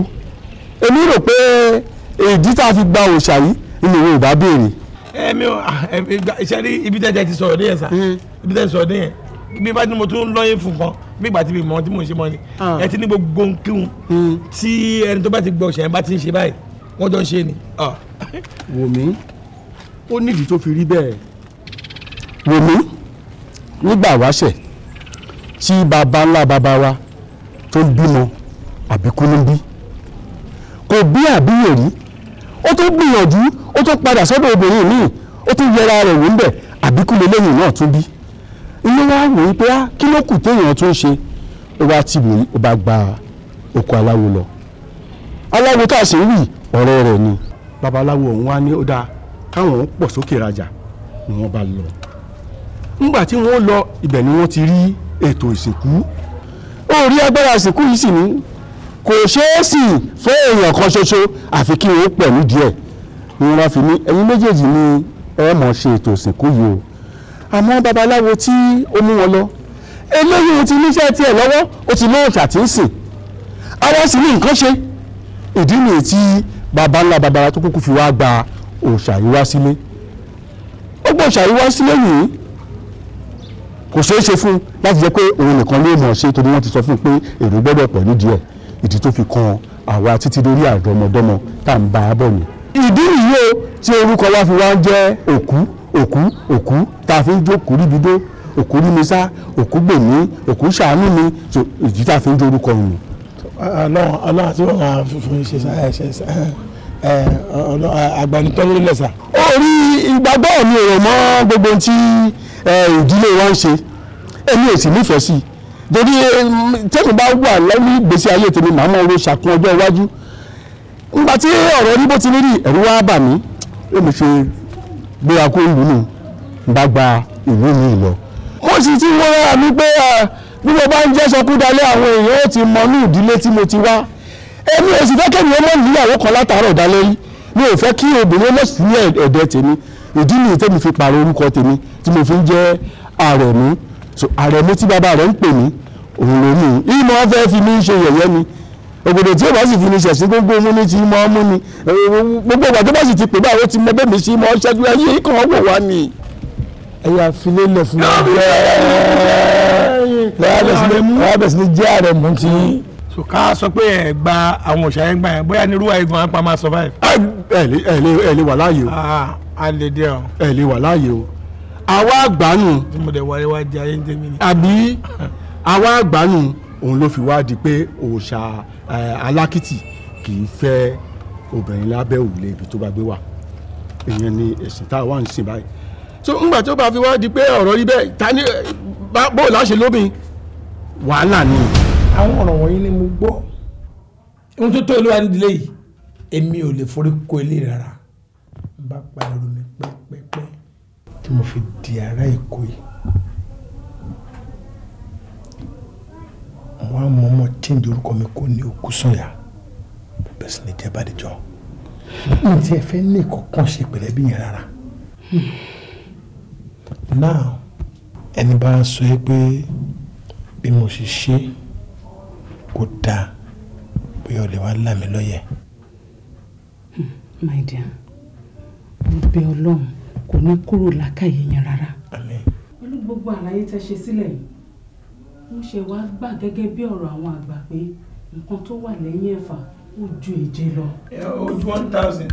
èmi rò pé èdí tá a fi gba òòṣà yìí ilé ìwé ò bá béèrè. ẹ̀mí o iṣẹ́ ní ibi tẹ́tẹ́ ti sọ̀rọ̀ ní yẹn sá hmm. ibi tẹ́tẹ́ sọ̀rọ̀ ní yẹn bí bá ní mo tún lọ́yìn fún kan bí ìgbà tí mi mọ̀ tí mò ń ṣe mọ́ ni ah. ẹ ti ní gbogbo nkíhun hmm. tí ẹni tó bá ti gbọ́ òòṣà bá ti ń ṣe báyìí wọ́n jọ ń ṣe ni. Ah. wò mí ó nídìí tó fi rí bẹ́ẹ̀ wòmí nígbà wáṣẹ̀ tí baba ńlá baba wa tó ń bímọ àbíkú ló ń bí kò bí àbíyè rí ó tún gbìyànjú ó tún padà sọ́dọ̀ obìnrin míì ó tún yẹra rẹ̀ wò ń bẹ̀ àbíkú lélẹ́yìn náà tún bí inú wa wò ó pé ah, kí ló kù téèyàn tún ṣe ó wá tì wòó ó bá gba oko aláwo lọ aláwo tá a sì ń wì ọ̀rẹ́ rẹ̀ ni babaláwo òun wá ní ó dáa káwọn pọ̀ sókè rajà ni wọ́n bá lọ ńgbà tí wọ́n lọ ibẹ̀ ni wọ́n ti rí ètò ìsìnkú orí agbára ìsìnkú yìí sì ní kò ṣeé sì fún èèyàn kan ṣoṣo àfi kí wọ́n pẹ̀lú díẹ̀ ni wọ́n fi ní ẹ̀yin méjèèjì ni ẹ mọ̀ ṣe ètò ìsìnkú yìí o àmọ́ babaláwo tí ó mú wọn lọ eléyìí ti níṣẹ́ tiẹ̀ lọ́wọ́ ó ti lóòótà tí ń sìn àwa sì ní nǹkan ṣe ìdí nìyí tí baba ńlá baba tó kúkú fi wá gba òòṣà yìí wá sílé ó gbọ́ òòṣà yìí wá sílé yìí kò ṣeé ṣe fún láti jẹ́ pé òun nìkan ló mọ̀ ṣe torí wọ́n ti sọ fún un pé èrò gbọ́dọ̀ pẹ̀lú díẹ̀ ìdí tó fi kan àwa títí lórí àdọ́mọdọ́mọ tá à ń bá a bọ̀ ni. ìdí nìyó tí orúkọ wa fi wá ń jẹ́ òkú òkú òkú tá a fi ń jókòó ríbi dó òkú rí mi sá òkú gbè mí òkú ṣàánú mi ìdí tá a fi ń jó orúkọ òun. ọlọ́run ọlọ́run tí wọ́n máa fún ṣe agbanitọ́ ló lẹ̀ sá. ó rí ìgbàgbọ́ mi ò mọ gbogbo ohun ìdílé wa ń ṣe èmi ò sì nífẹ̀ẹ́ sí i torí um, tẹ́mi bá wà lẹ́nu ìgbésí ayé tèmi màá mọ owó ṣàkún ọjọ́ iwájú nígbà tí ọ̀rọ̀ ní bó ti rí rí ẹ̀rú wá bà mí ó mi ṣe gbéra kó ìlú nù bá gba ìlú mi lọ. mo sì ti wọ́n mi pé bí mo bá ń jẹ́ sọkúdalẹ́ àwọn èèyàn ó ti mọ ní ìdílé tí mo ti wá èmi ò sì fẹ́ kẹ́mi ọmọ ìyàwó kan látàárọ̀ dalẹ́ yìí mi ò fẹ́ kí obìnrin ọmọ sí ní ẹ̀dẹ̀ tèmi ìdí nìyí tèmi fi pààrọ̀ orúkọ tèmi tí mo fi ń jẹ́ àrẹ̀mú so àrẹ̀mú tí bàbá rẹ̀ ń pè mí òun ló mú un ìmọ̀ fẹ́ fi mí ṣe yẹ̀yẹ́ ni òbòdò tí ó bá sì fi ní ṣẹ̀sìn gbogbo mú ní ti mọ́ mú ni gbogbo ìgbà tó bá sì ti pè báwo ti mọ bẹ́ẹ̀mí sí mọ́ ṣẹ́jú ayé kan wò wá ni. ẹyà àfilélẹ̀ fún mi bẹ́ẹ̀ bẹ́ẹ̀ sì jẹ́ àrẹ̀ mú ti. so ká sọ pé ẹ gba àwọn òṣà yẹn gbà yẹn bóyá ní irúwà igun apá máa survive. ẹ ẹ lè wà láàyè ah, o. ẹ lè wà láàyè o àwa àgbànú. mo dẹ̀ wáyé wá di ayé ń tẹ́mi ni. àbí àwa àgbànú òun ló fi wá di pé òòṣà alákìtì kì í fẹ́ obìnrin lábẹ́ òrùlé ibi tó bá gbé wà ìyẹn ni ẹ̀sìn tá a wà ń sìn báyìí so ńgbà tó bá fi wá di pé ọ̀rọ̀ rí bẹ́ẹ̀ ta ni bó o láṣẹ lóbìn wàhálà ni. àwọn ọ̀rọ̀ wọ̀nyí ni mo gbọ́ ohun tó tó ìlú wa yìí èmi ò lè forí kó ilé rárá bá parí omi pẹ́pẹ́pẹ́ tí mo fi di ará èkó yìí mo á mọ ọmọ change orúkọ mi kó ní okú sọyà mo bẹ̀rẹ̀ sí ní jẹ́ bàdìjọ́ mi ti ẹ̀ fẹ́ ní ìkọ̀kan ṣe pẹ̀lẹ́ bí yẹn rárá now ẹni bá ń sọ yẹ pé bí mo ṣe ṣe kó dáa bóyá o lè wá là mí lọ́yẹ̀. Hmm, my dear mo bẹ̀ Ọlọ́run kò ní kúrò lákàyè yẹn rárá. pẹ̀lú gbogbo àlàyé tẹ́ ṣe sílẹ̀ yìí mo ṣe wá gbà gẹ́gẹ́ bí ọ̀rọ̀ àwọn àgbà pé nǹkan tó wà lẹ́yìn ẹ̀fà ó ju èje lọ. ó ju one thousand.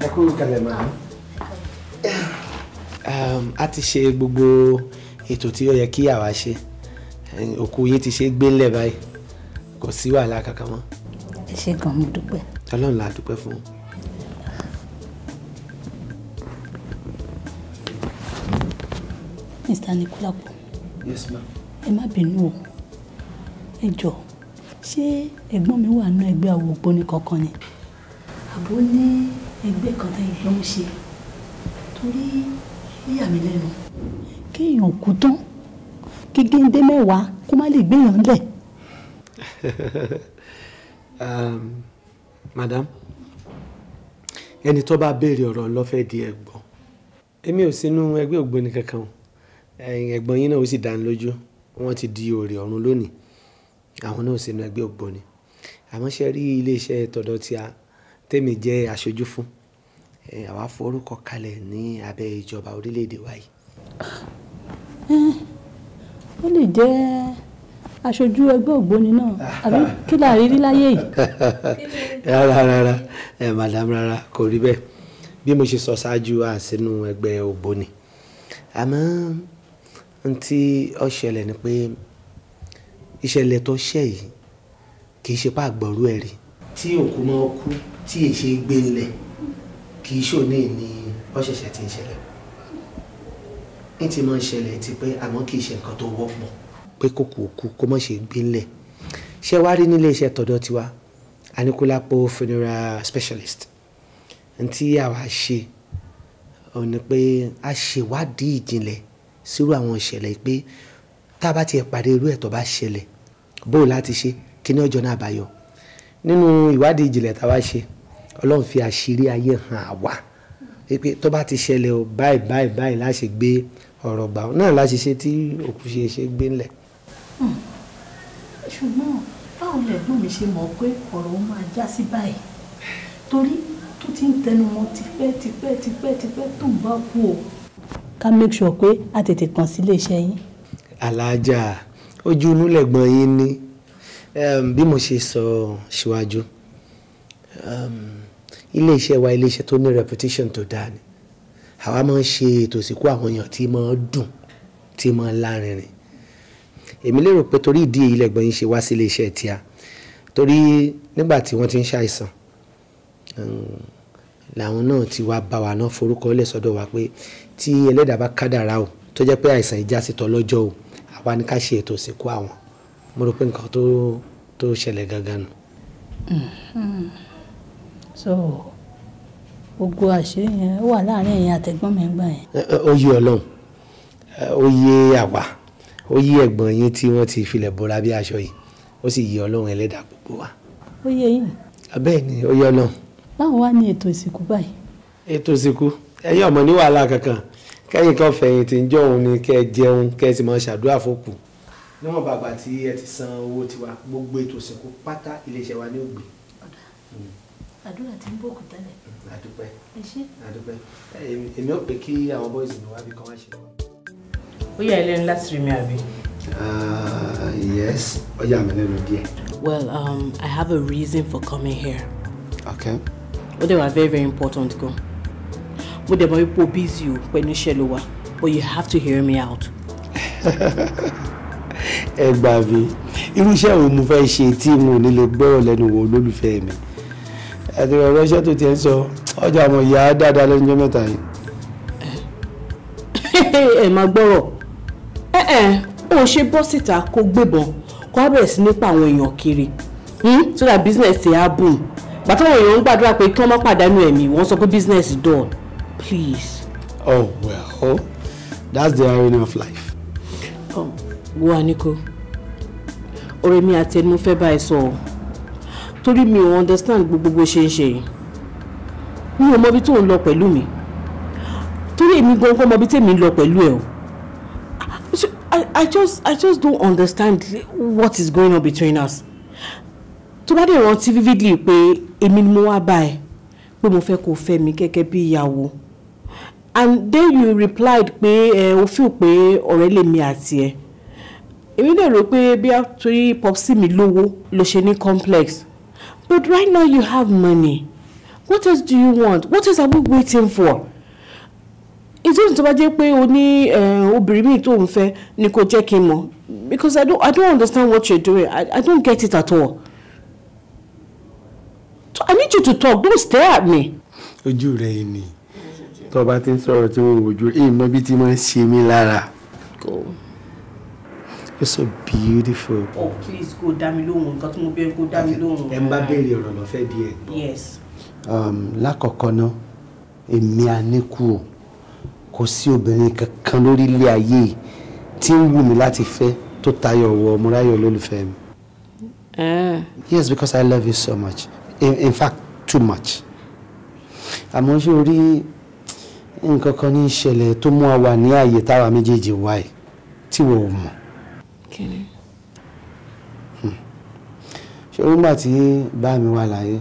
ẹ kúrò kalẹ̀ màá. Ah, um, a ti ṣe gbogbo ètò tí ó yẹ kí àwa ṣe òkú yìí ti ṣe gbélẹ̀ báyìí kò sí wàhálà kankan mọ́. ẹ ṣe gan mo dúpẹ́. ọlọ́run la dúpẹ́ fún un. Mr. Nikulapo. Yes ma. ẹ má bínú o ẹ jọ ṣé ẹ̀gbọ́n mi wà nínú ẹgbẹ́ àwọn ògbóni kankan ni àbó ní ẹgbẹ́ kan tẹ́yìn ló ń ṣe torí ó mí lẹ́nu kéèyàn kú tán kí géńdé mẹ́wàá kó má lè gbéyàn lẹ̀. Um, madam ẹni tó bá béèrè ọ̀rọ̀ lọ́fẹ̀ẹ́ di ẹ̀gbọ́n èmi ò sínú ẹgbẹ́ ògbóni kankan ẹ̀gbọ́n yín náà ó sì dá ní lójú wọ́n ti di òrè ọ̀run lónìí àwọn náà ò sínú ẹgbẹ́ ògbóni àmọ́ ṣe rí iléeṣẹ́ tọ̀dọ̀ tí a tèmi jẹ́ aṣojú fún àwa forúkọ kalẹ̀ ní abẹ́ ìjọba orílẹ̀-èdè wa yìí ó lè jẹ́ aṣojú ẹgbẹ́ ògbóni náà àbí kí là rí rí láyé yìí. rárá rárá ẹ madam rárá kò rí bẹ́ẹ̀ bí mo ṣe sọ ṣáájú à sínú ẹgbẹ́ ògbóni àmọ́ n tí ó ṣẹlẹ̀ ni pé ìṣẹ̀lẹ̀ tó ṣẹ̀ yìí kì í ṣe pa àgbọ̀rú ẹ̀ rí. tí òkú máa kú tí èṣe gbé ńlẹ̀ kì í ṣòní ní ọ̀ṣẹ̀ṣẹ̀ tí ń ṣẹlẹ̀ ní ti máa ń ṣẹlẹ̀ ti pé àmọ́ kì í ṣe nǹkan tó wọ́pọ̀ pé kòkò òkú kó má ṣe gbé ńlẹ̀ ṣé wàá rí nílé iṣẹ́ tọ̀dọ̀ tiwa Anikulapo funeral specialist ntí àwa ṣe ò ní pé a ṣèwádìí ìjìnlẹ̀ sírú àwọn ìṣẹ̀lẹ̀ pé tá a bá tiẹ̀ pàdé irú ẹ̀ tó bá ṣẹlẹ̀ bó o láti ṣe kí ni ọjọ́ náà bá yọ nínú ìwádìí ìjìnlẹ̀ tá a wá ṣe ọlọ́run fi àṣírí ayé hàn àwa pé tó bá ti ṣẹlẹ̀ báyìí báyìí báyìí láṣẹ gbé ọ̀rọ̀ gbà náà láti ṣe tí òkú ṣe ṣe gbé ńlẹ̀. Hmm. ṣùgbọ́n báwo lẹ̀gbọ́n mi ṣe mọ̀ pé ọ̀rọ̀ ó máa já sí báyìí torí tó ti ń tẹnu mọ́ tipẹ́ tipẹ́ tipẹ́ tipẹ́ tó ń bá kú o. ká make sure pé a tètè kàn sí iléeṣẹ́ yín. aláàjà ojú inú lẹ̀gbọ́n yín ni bí mo ṣe sọ síwájú iléeṣẹ́ wa iléeṣẹ́ tó ní reputation tó dáa ni àwa máa ń ṣe ètò ìsìnkú àwọn èèyàn tí máa ń dùn tí máa ń lárinrin èmi lérò pé torí ìdí èyí lẹ́gbọ́n yín ṣe wá sí iléeṣẹ́ tíá torí nígbà tí wọ́n ti ń ṣàìsàn làwọn náà ti wá bá wa náà forúkọ lẹ̀ sọ́dọ̀ wa pé tí ẹlẹ́dàá bá kádàrá o tó jẹ́ pé àìsàn ìjà sí tọ́ lọ́jọ́ o àwa ni ká ṣe ètò ìsìnkú àwọn mo rò pé nǹkan tó ṣẹlẹ̀ gangan nù. Hmm, hmm. so gbogbo àṣírí yẹn ó wà láàrin ẹ̀yin àtẹ̀gbọ́n mi gbà yẹn. ó yé ọlọ́run ó yé àwa ó yé ẹ̀gbọ́n yín tí wọ́n ti filẹ̀ bora bí aṣọ yìí ó sì yé ọlọ́run ẹlẹ́dàá gbogbo wa. ó yé yín. bẹ́ẹ̀ ni ó yé ọlọ́run. báwo wá ní ètò ìsìnkú báyìí. ètò ìsìnkú ẹ̀yin ọmọ ní wàhálà kankan kẹ́yìn kan fẹ̀yìn tí ń jọ òun ni kẹ́ jẹun kẹ́ sì máa ṣàdúrà fókù. níwọ̀n bàgbà tí ẹ ti san owó tiwa gbogbo ètò ìsìnkú pátá iléeṣẹ́ wa ní ògbìn. àdúrà ti ń bòkú tẹ́lẹ̀ àdúpẹ́ àdúpẹ́ èmi ò pé kí àwọn boys mi wá bí kán wá ṣe kọ́. ó yà ẹ́ lẹ́nu mi àbí. Ah, yes ó yà mí lẹ́nu díẹ̀. well um, I have a reason for coming here. okay. ó dẹ̀ wá very very important go. mo dẹ̀ mọ̀ wípé o busy o pẹ̀lú iṣẹ́ ló wà but you have to hear me out. ẹ gbà mí irú iṣẹ́ wo mo fẹ́ ṣe tí mo ò ní lè gbọ́rọ̀ lẹ́nu wo olólùfẹ́ mi àti ọ̀rọ̀ iṣẹ́ tó ti ń sọ ọjà ọmọ ìyá dáadáa lẹ́jọ́ mẹ́ta yìí. ẹ máa gbọ́rọ̀ ẹ ẹ ò ṣe bọ́ síta kó gbébọn kó á bẹ̀rẹ̀ sí nípa àwọn èèyàn kiri hmm? so that business ṣe á bùn bàtà àwọn èèyàn ń gbàdúrà pé kí wọ́n má pàdánù ẹ̀mí wọ́n sọ pé business done please. oh well oh, that's the irony of life. Oh, wo aniko ọ̀rẹ́ mi àti ẹni mo fẹ́ bá ẹ sọ torí mi ò understand gbogbo bó ṣe ń ṣe yìí mi ò mọbi tó ń lọ pẹ̀lú mi torí èmi gan kọ́ mọbi tèmi ń lọ pẹ̀lú ẹ o I just I just don't understand what is going on between us tó bá dé rántí vividly pé èmi ni mo wá bá ẹ pé mo fẹ́ kó fẹ́ mi gẹ́gẹ́ bí ìyàwó and then you replied pé ẹ o feel pé ọ̀rẹ́ lèmi àti ẹ èmi dẹ̀ rò pé bí a torí mi lówó ló ṣe ní complex but right now you have money what else do you want what else are we waiting for ìtòsí tó bá jẹ́ pé o ní eh, obìnrin míì tó ń fẹ́ ni kò jẹ́ kí n mọ̀ because I don't, I don't understand what you're doing I, I don't get it at all so I need you to talk don't stare at me. ojú rẹ yìí ni tó bá ti ń sọ̀rọ̀ tí wọ́n wojú rẹ̀ èyí mọ bí ti máa ń ṣe mí lára. you're so beautiful. oh please go dá mi lóhùn nǹkan tí mo bẹ kó dá mi lóhùn. ẹ ń bá béèrè ọ̀rọ̀ lọ́fẹ̀ẹ́ bí yes. Um, lákọ̀ọ́kọ́ náà èmi àníkù o kò sí obìnrin kankan lórí ilé ayé tí ń wù mí láti fẹ́ tó tayọ ọwọ́ ọmọláyọ̀ olólùfẹ́ mi. Eh. yes because i love you so much in, in fact too much. àmọ́ ṣé o rí nǹkan kan ní ìṣẹ̀lẹ̀ tó mú wa wà ní ààyè táwa méjèèjì wá ẹ̀ tí wò ó mọ̀. Hmm. ṣé o nígbà tí bá mi wà láyé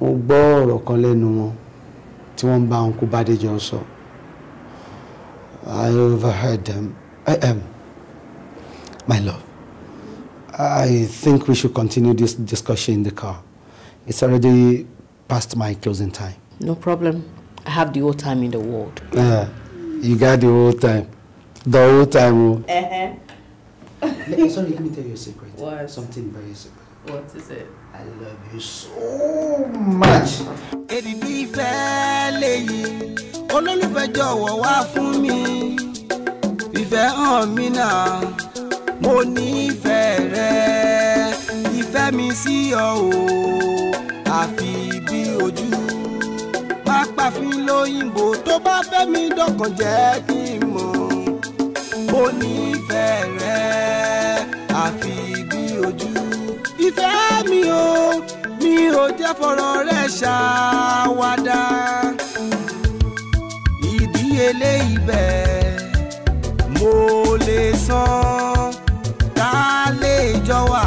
mo gbọ́ ọ̀rọ̀ kan lẹ́nu wọn tí wọ́n ń bá ọkú Bádéjọ sọ I overheard them I eh, am, my love I think we should continue this discussion in the car it's already past my closing time. no problem I have the whole time in the world. Yeah, you got the whole time the whole time o. Uh -huh. Eh, eh. sorry let me tell you a secret. what something very secret. what is it. I love you so much. Èdìdì ìfẹ́ lèyí, olólùfẹ́ jọ̀wọ́ wá fún mi. Ìfẹ́ hàn mí náà, mo nífẹ̀ẹ́ rẹ. Ìfẹ́ mi sí ọ o, àfi bí ojú. Pápáfin lóyìnbó tó bá fẹ́ mi dọ̀kan jẹ́ kí n mọ̀. Mo nífẹ̀ẹ́ rẹ, àfi ìfẹ́ mi o mi ò jẹ́ fọ̀rọ̀ rẹ̀ ṣàwádà ìdíyelé ibẹ̀ mo lè san tá a lè jọ wà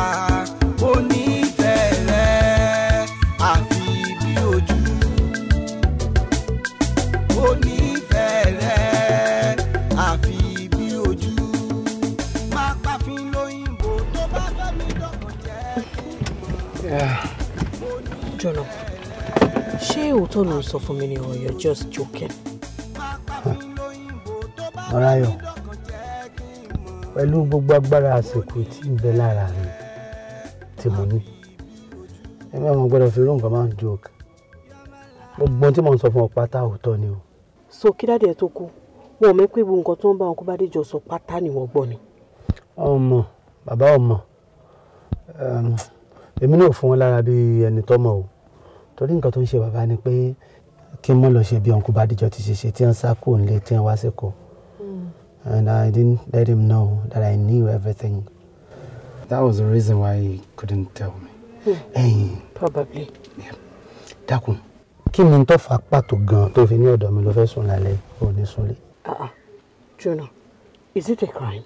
ó nífẹ̀ẹ́ rẹ̀ àfi bí ojú ó ní. jọ̀nà ṣé òótọ́ ló ń sọ fún mi ni or you're just joking. ọ̀ráyọ̀ pẹ̀lú gbogbo agbára àsìkò tí ń bẹ lára mi tí mo ní ẹgbẹ́ àwọn gbọ́dọ̀ fi irú nǹkan máa ń joke gbogbo tí mo ń sọ fún ọ pátá òótọ́ ni o. so kí dáadé ẹ tó kú wọn ò mọ̀ pé gbogbo nǹkan tó ń bá wọn kó bá dé jọ sọ pátá ni wọ́n gbọ́ ni. ọmọ bàbá ọmọ. Um, èmi náà fún wọn lára bí ẹni tọ́mọ o torí nǹkan tó ń ṣe bàbá ni pé kí n mọ̀ lọ ṣe bí ọ̀nkú Bádéjọ ti ṣe ṣe tí wọ́n sá kúrò nílé tí wọ́n wá sí kọ́ hmm. and I didn't let him know that I knew everything. That was the reason why he couldn't tell me. Hmm. Hey. Probably. Yeah. Dákun, kí ni tó fà pàtó gan-an tó fi ní ọ̀dọ̀ mi ló fẹ́ sùn lálẹ́ ò ní sunlé? Ah, ah. Jona, is it a crime?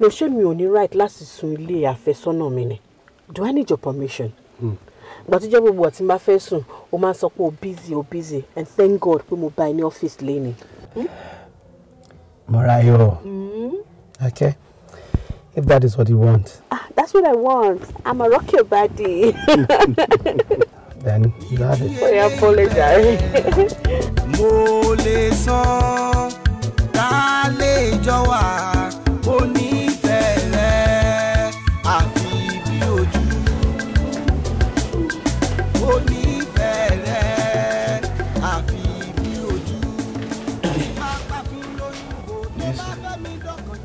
Lo ṣé mi ò ní right láti sun ilé àfẹ́sọ́nà mi ni? do I need your permission? Hmm. ìgbà tó jẹ́ gbogbo ọ̀tí máa fẹ́ sùn ó máa sọ pé o busy o busy and thank God pé mo bá ẹ ní ọ́fíìsì lẹ́ni. Hmm? Mọ́ráyọ̀ okay hmm? if that is what you want. Ah, that's what I want I'm a rock your body. then you have it. I apologize. mo lè sọ ta lè jọ wà ó ní.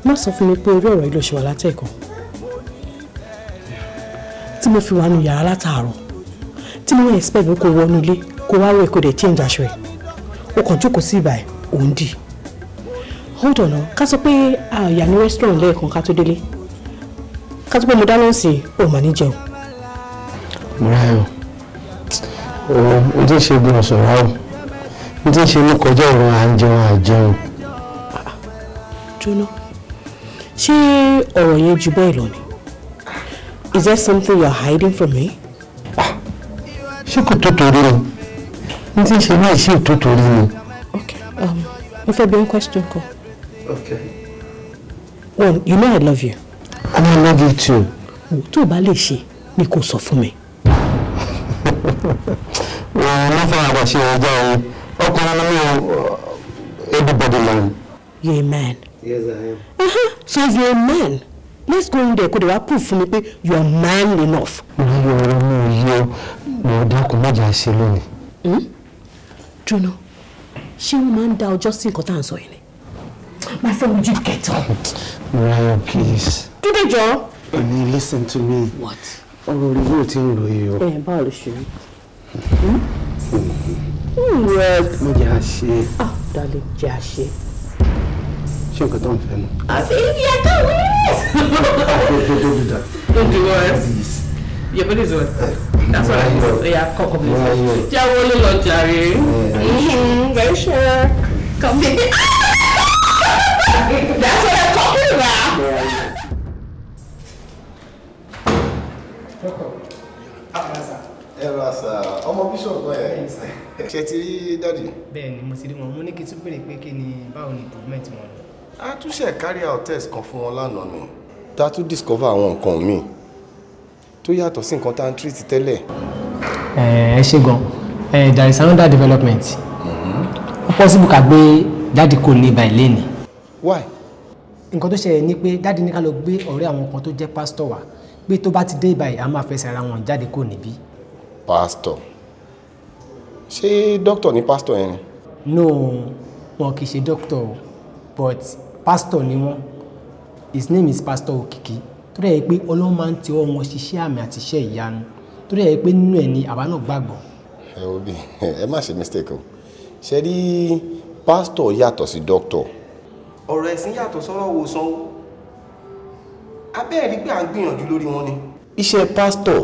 má sọ fún mi pé orí ọ̀rọ̀ yìí ló ṣe wà látẹ̀kọ̀ tí mo fi wà nù yàrá látàárọ̀ tí mo expect pé kò wọnú ilé kò wá wẹ̀ kò dẹ̀ change aṣọ ẹ̀ o kàn jókòó sí ìbàyẹ̀ òun dì hold on ká sọ pé àyà ní restaurant lẹ́ẹ̀kan ká tó délé ká tó pé mo dáná sí ò mà ní jẹun. mọ́ráyọ̀ o ti ṣe gbọ́n sọ̀rọ̀ àwọn o ti ṣe ní kọjá ìrún à ń jẹun à ń jẹun. jóná ṣé ọ̀rọ̀ yẹn ju bẹ́ẹ̀ lọ ni is there something you are hiding from me. Ah, ṣé kò tó torí o n ti ṣe náà ṣe tó torí o. okay um, mo fẹ́ bí one question kan. okay. one you know I love you. and I love you too. tó o bá lè ṣe ni kò sọ fún mi. wọ́n má fẹ́ràn àgbàṣe ọjà o ọkùnrin mi ò everybody learn. you're a man. Yes, I am. Uh-huh. So you're a man. Let's go in there. Kó dé wá proof fún mi pé you are man enough. No, yí ọ̀rọ̀ náà yí ọ, mo dákun má jà ṣe lónìí. Hmm? Jóná, ṣé wọ́n máa ń da ọjọ́ sí nǹkan My friend, would you get on. Mariah, please. Dúdé jọ. Honey, listen to me. What? Ọ̀rọ̀ orí yóò ti ń lo iyọ̀. Ẹ báwo ló ṣe rí? Mo hmm? hmm? jẹ́ àṣe. Ah, dalẹ̀ jẹ́ àṣe ṣé nǹkan tó ń fẹ́ nu. àti ibi ẹ̀ka wíìs. don't do that. don't do what. your body is what. that's what i do. oya kọkọ mi. jáwọ́ ló lọ jàre. very sure. come here. that's what i'm talking about. ẹ ra sa ọmọ bíṣọ̀pù ẹ̀ ṣe ti rí dáàdì. bẹ́ẹ̀ni mo ti rí wọn mo ní kí n tún béèrè pé kí ni báwo ni improvement wọn lọ a tún ṣe carry out test kan fún wọn lánàá ni. ta tún discover àwọn nǹkan míì tó yàtọ̀ sí nǹkan tá à ń treat tẹ́lẹ̀. ẹ ṣe gan there is another development mm-hmm. ó possible ká gbé dáàdì kò ní by ìléni. why. nǹkan tó ṣẹlẹ̀ ni pé dáàdì ní ká lọ gbé ọ̀rẹ́ àwọn kan tó jẹ́ pásítọ̀ wá pé tó bá ti dé ibà yìí a máa fẹsẹ̀ ara wọn jáde kò níbí. pásítọ̀ ṣé dókítà ni pásítọ̀ yẹn ni. no wọn kì í ṣe dókítà o but Pastor ni wọ́n his name is pastor Okiki. tó dẹ̀ yẹ pé ọlọ́run máa ń ti ọwọ́ wọn ṣiṣẹ́ àmì àti iṣẹ́ ìyanu tó dẹ̀ yẹ pé nínú ẹ̀ ni àbá náà gbàgbọ́. ẹ wo bí ẹ má ṣe mistake o ṣe rí pásítọ̀ yàtọ̀ sí dókítọ̀. ọ̀rọ̀ ẹ̀sìn yàtọ̀ sọ́rọ̀ wòsàn o abẹ́ẹ̀ rí pé à ń gbìyànjú lórí wọn ni. iṣẹ́ pásítọ̀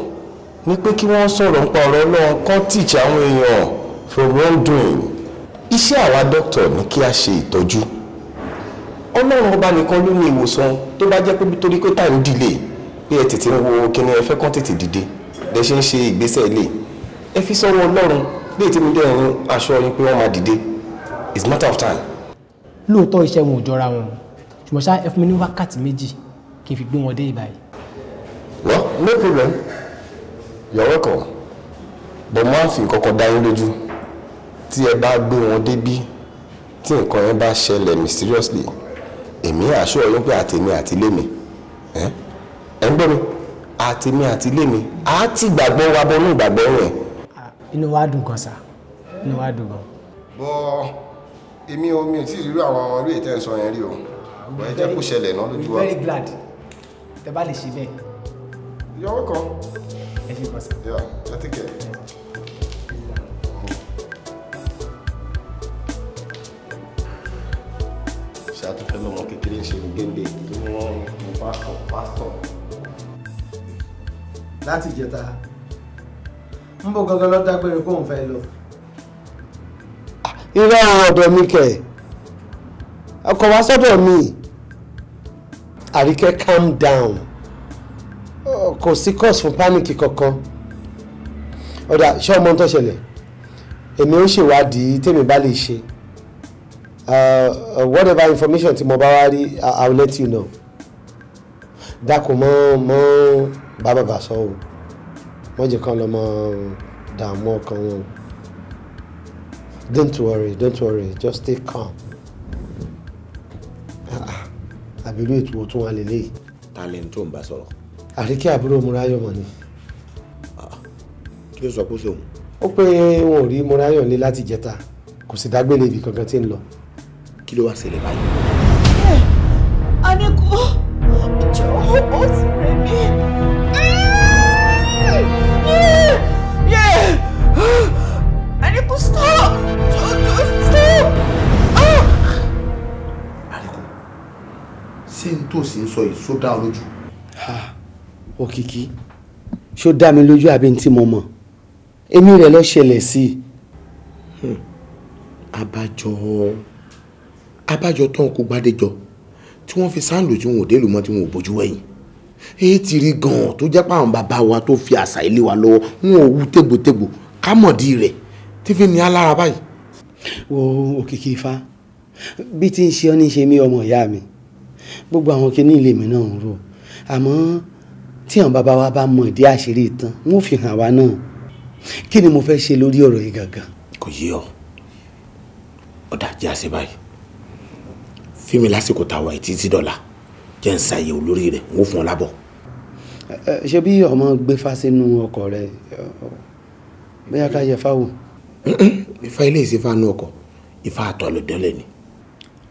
ni pé kí wọ́n sọ̀rọ̀ nípa ọ̀rọ̀ náà kán teach àwọn èèyàn from wrongdoing iṣẹ́ àwa doctor. ni kí a ṣe ìtọ́jú ọlọ́run ọba nìkan ló ní ìwòsàn tó bá jẹ́ pé torí pé táyọ̀ dìlé pé ẹ tètè ń wo kíni ẹ fẹ́ kán tètè dìde lẹ ṣe ń ṣe ìgbésẹ̀ ilé ẹ fi sọ́wọ́ ọlọ́run bí ètò mi dẹ́rùn aṣọ yín pé wọ́n máa dìde it's matter of time. lóòótọ́ iṣẹ́ wọn ò jọra wọn ṣùgbọ́n ṣá ẹ fún mi ní wákàtí méjì kí n fi gbé wọn dé ìbáyìí. well no problem you're welcome but máa fi kọ́kọ́ dá yín lójú tí ẹ bá gbé wọn débí tí nǹkan yẹn bá ṣẹlẹ̀ mysteriously èmi àṣọ ọyún pé àtèmi àti lémi ẹ ń gbọ́ mi àtèmi àti lémi á ti gbàgbọ́ wa bọ́ ní ìgbàgbọ́ yẹn. inú wa dùn gan sa inú wa dùn gan. bọ́ èmi o mi ò tí ì rírú àwọn orí ètò ẹ̀sán yẹn rí o bọ́ ẹ jẹ́ kó ṣẹlẹ̀ náà lójú wa. we very glad tẹ bá lè ṣe bẹ́ẹ̀. yọwọ́ kan. ẹ ṣe kọ sa. ẹ ti kẹ́ Se ṣàtúnfẹ́ lọ́mọ kékeré ń ṣe gbẹ́gbẹ́ tó ní wọ́n mú pásítọ̀ pásítọ̀. láti ìjẹta ń bọ̀ gangan lọ dágbére kóun fẹ́ lọ. Ah, irú àwọn ọ̀dọ́ mi kẹ̀ ọkọ̀ wá sọ́dọ̀ mi àríkẹ́ calm down kò sí cause fún pánìkì kankan ọ̀dà ṣé ọmọ tó ṣẹlẹ̀ èmi ó ṣèwádìí tèmi bá lè ṣe. Uh, uh, whatever information tí mo bá wá rí i will let you know dákun mo mọ́ bábàbà sọ o mo jẹ́ kán lọ mọ́ dààmú ọkàn wọn don't worry don't worry just stay calm ah, ah, àbílú ètò òtún wa lélẹ́yìí. ta lẹni tó ń bá sọ̀rọ̀. àríkẹ́ àbúrò múráyọ̀mọ̀ ni. Ah, kí ló sọ pé ó ṣe òun. ó pé wọn ò rí múráyọ̀ ní láti jẹta kò sì dágbélé ibì kankan tí ń lọ kí ló wá ṣẹlẹ̀ báyìí. aniko jọ ó ti rẹ̀ mí. stop jọjọ stop. aniko ṣé n tó sì ń sọ yìí sódà lójú. òkìkí ṣó dá mi lójú àbí ntí mo mọ̀ èmi rẹ̀ ló ṣẹlẹ̀ sí i. abájọ abájọ tán kó gbádẹjọ tí wọ́n fi sáńdù tí wọn ò délùú mọ́ tí wọn ò bójú wẹ̀yìn èyí ti rí gan-an tó jẹ́ pé àwọn bàbá wa tó fi àṣà ilé wa lọ́wọ́ wọn ò wú tégbòtégbò kámọ̀dí rẹ̀ tí fi ní alára báyìí. wo òkìkí ifá bí tí ń ṣe ọ́ ní ṣe mí ọmọ ìyá mi gbogbo àwọn kinní ilé mi náà ń rò àmọ́ tí àwọn bàbá wa bá mọ ìdí àṣírí tán wọn ò fi hàn wá náà kí ni mo fẹ́ ṣe lórí ọ̀rọ̀ yìí gangan. kò yé ọ ọ̀dà jẹ́ àṣẹ báyìí fíìmù lásìkò tàwa yìí títí dọ̀la jẹ́ ń ṣàyẹ̀ olórí rẹ̀ ń fún ọ lábọ̀. ṣé bí ọmọ gbé fa sínú ọkọ rẹ bóyá ká yẹ fáwọ. ifá ilé ìsìnfà nú ọkọ ifá àtọlọdọlẹ ni.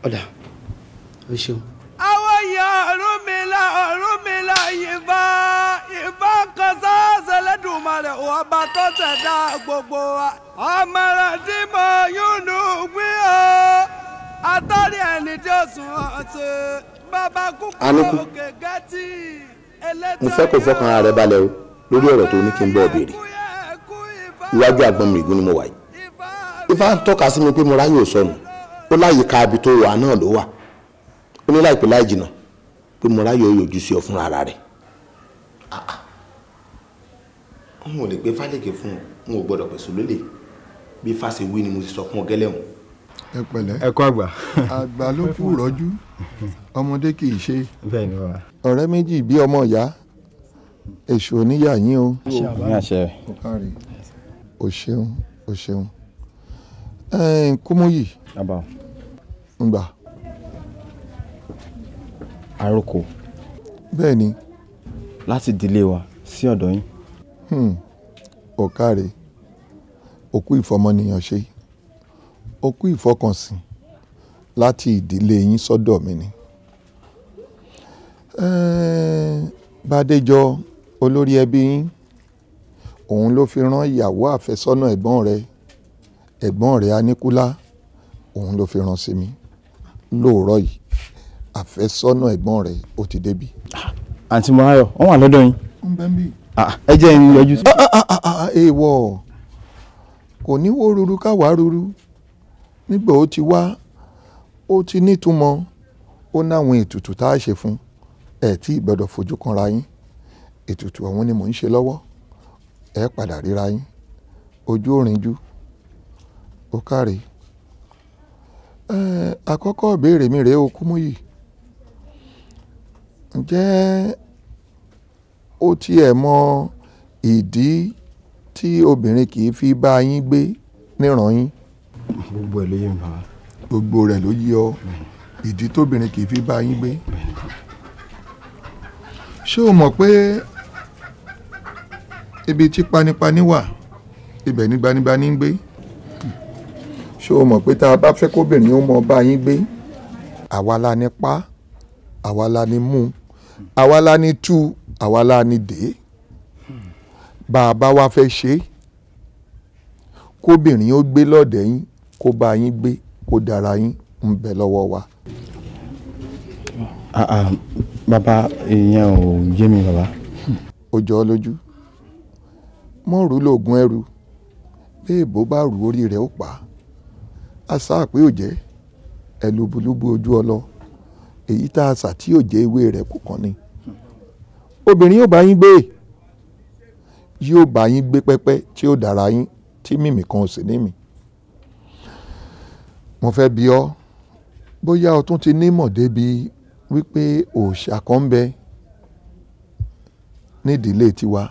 ọ̀dà o ṣeun. àwọn ìyá Ọ̀rúnmìlà Ọ̀rúnmìlà ìfà ìfà kan sáàsì lẹ́dùnmarè wà bá tó ṣẹ̀dá gbogbo wa. ọmọ rẹ̀ tí mo yún nù gbé ọ́ àtàrí ẹni tí ó sùn ọ̀sẹ̀ bàbá kúkú òkè gẹ́tì elétò mo fẹ́ kó fọkàn ara rẹ balẹ̀ o lórí ọ̀rọ̀ tó ní kí n bọ́ béèrè iwájú àgbọn mi ìgún ni mo wà yìí ifá ń tọ́ka sí mi pé mo ráyè ò sọnù ó láyè ka abi tó wà náà ló wà ó ní láìpẹ́ láì jìnnà pé mo ráyè ó yọjú sí ọ fúnra ara rẹ̀. Ah, ah. n ò lè gbé fálẹ̀kẹ̀ fún un n ò gbọ́dọ̀ pẹ̀sùn lólè bí fásewí ni mo ti sọ fún ọ gẹ́lẹ́ wọn ẹ pẹ̀lẹ́ ẹ kú àgbà. àgbà ló kú rọ́jú ọmọdé kì í ṣe ọ̀rẹ́ méjì bí ọmọ ìyá èṣù oníyà yín o. ní àṣẹ. o ṣeun o ṣeun kúmóyì. ngbà. àròkò. bẹ́ẹ̀ ni. láti ìdílé wa sí ọ̀dọ̀ yín. Hmm. ọ̀kàrẹ̀ òkú ìfọmọnìyàn ṣe ó kú ìfọkànsìn láti ìdílé yín sọ́dọ̀ mi ni. Bádéjọ olórí ẹbí yín òun ló fi rán ìyàwó àfẹ́sọ́nà ẹ̀gbọ́n rẹ ẹ̀gbọ́n rẹ Aníkúlá òun ló fi rán sí mi lóòrọ̀ yìí àfẹ́sọ́nà ẹ̀gbọ́n rẹ ó ti débi. àǹtí Mọ́ráyọ̀ wọ́n wà lọ́dọ̀ yín. ń bẹ́ ń bì. ẹ jẹ́ ìrìn yọjú. Ah, ah, ah, èèwọ̀ kò ní wo ruru káwa ruru nígbà ó ti wá ó ti nítumọ̀ ó náwọn ètùtù tá a ṣe fún ẹ̀ tí ìgbọ́dọ̀ fojú kanra yín ètùtù ọ̀hún ni mò ń ṣe lọ́wọ́ ẹ padà ríra yín ojú òrìnjú ó káre àkọ́kọ́ ìbéèrè mi rèé okúmú yìí ǹjẹ́ ó tiẹ̀ mọ ìdí tí obìnrin kì í fi bá yín gbé níran yín gbogbo ẹ̀ ló yé mi bàbá. gbogbo rẹ̀ ló yé ọ ìdí tóbìnrin kì í fi bá yín gbé. ṣé o mọ̀ pé ibi tí panipani wà ibẹ̀ ní gbanibani ń gbé ṣé o mọ̀ pé tá a bá fẹ́ kóbìnrin ó mọ bá yín gbé àwa la ní pa àwa la ní mú àwa la ní tú àwa la ní dé bá wa fẹ́ ṣe kóbìnrin ó gbé lọ́dẹ̀ yín kó bá yín gbé kó dára yín ń bẹ lọ́wọ́ wa. Ah, ah, bàbá ìyẹn ò yé mi bàbá. ó jọ ọ lójú mọ́ọ̀rù lóògùn ẹrù béèbó bá rù orí rẹ̀ ó pa á sáà pé ò jẹ́ ẹ ojú ọ lọ èyí tá a sà tí ò ewé rẹ̀ kò kàn ni obìnrin yóò bá yín gbé yóò bá yín gbé pẹ́pẹ́ tí ó dára yín tí mímì kan ò sì ní mì mo fẹ́ bi ọ́ bóyá o tún ti nímọ̀ débi wípé òòṣà kan ń bẹ nídìílé tiwa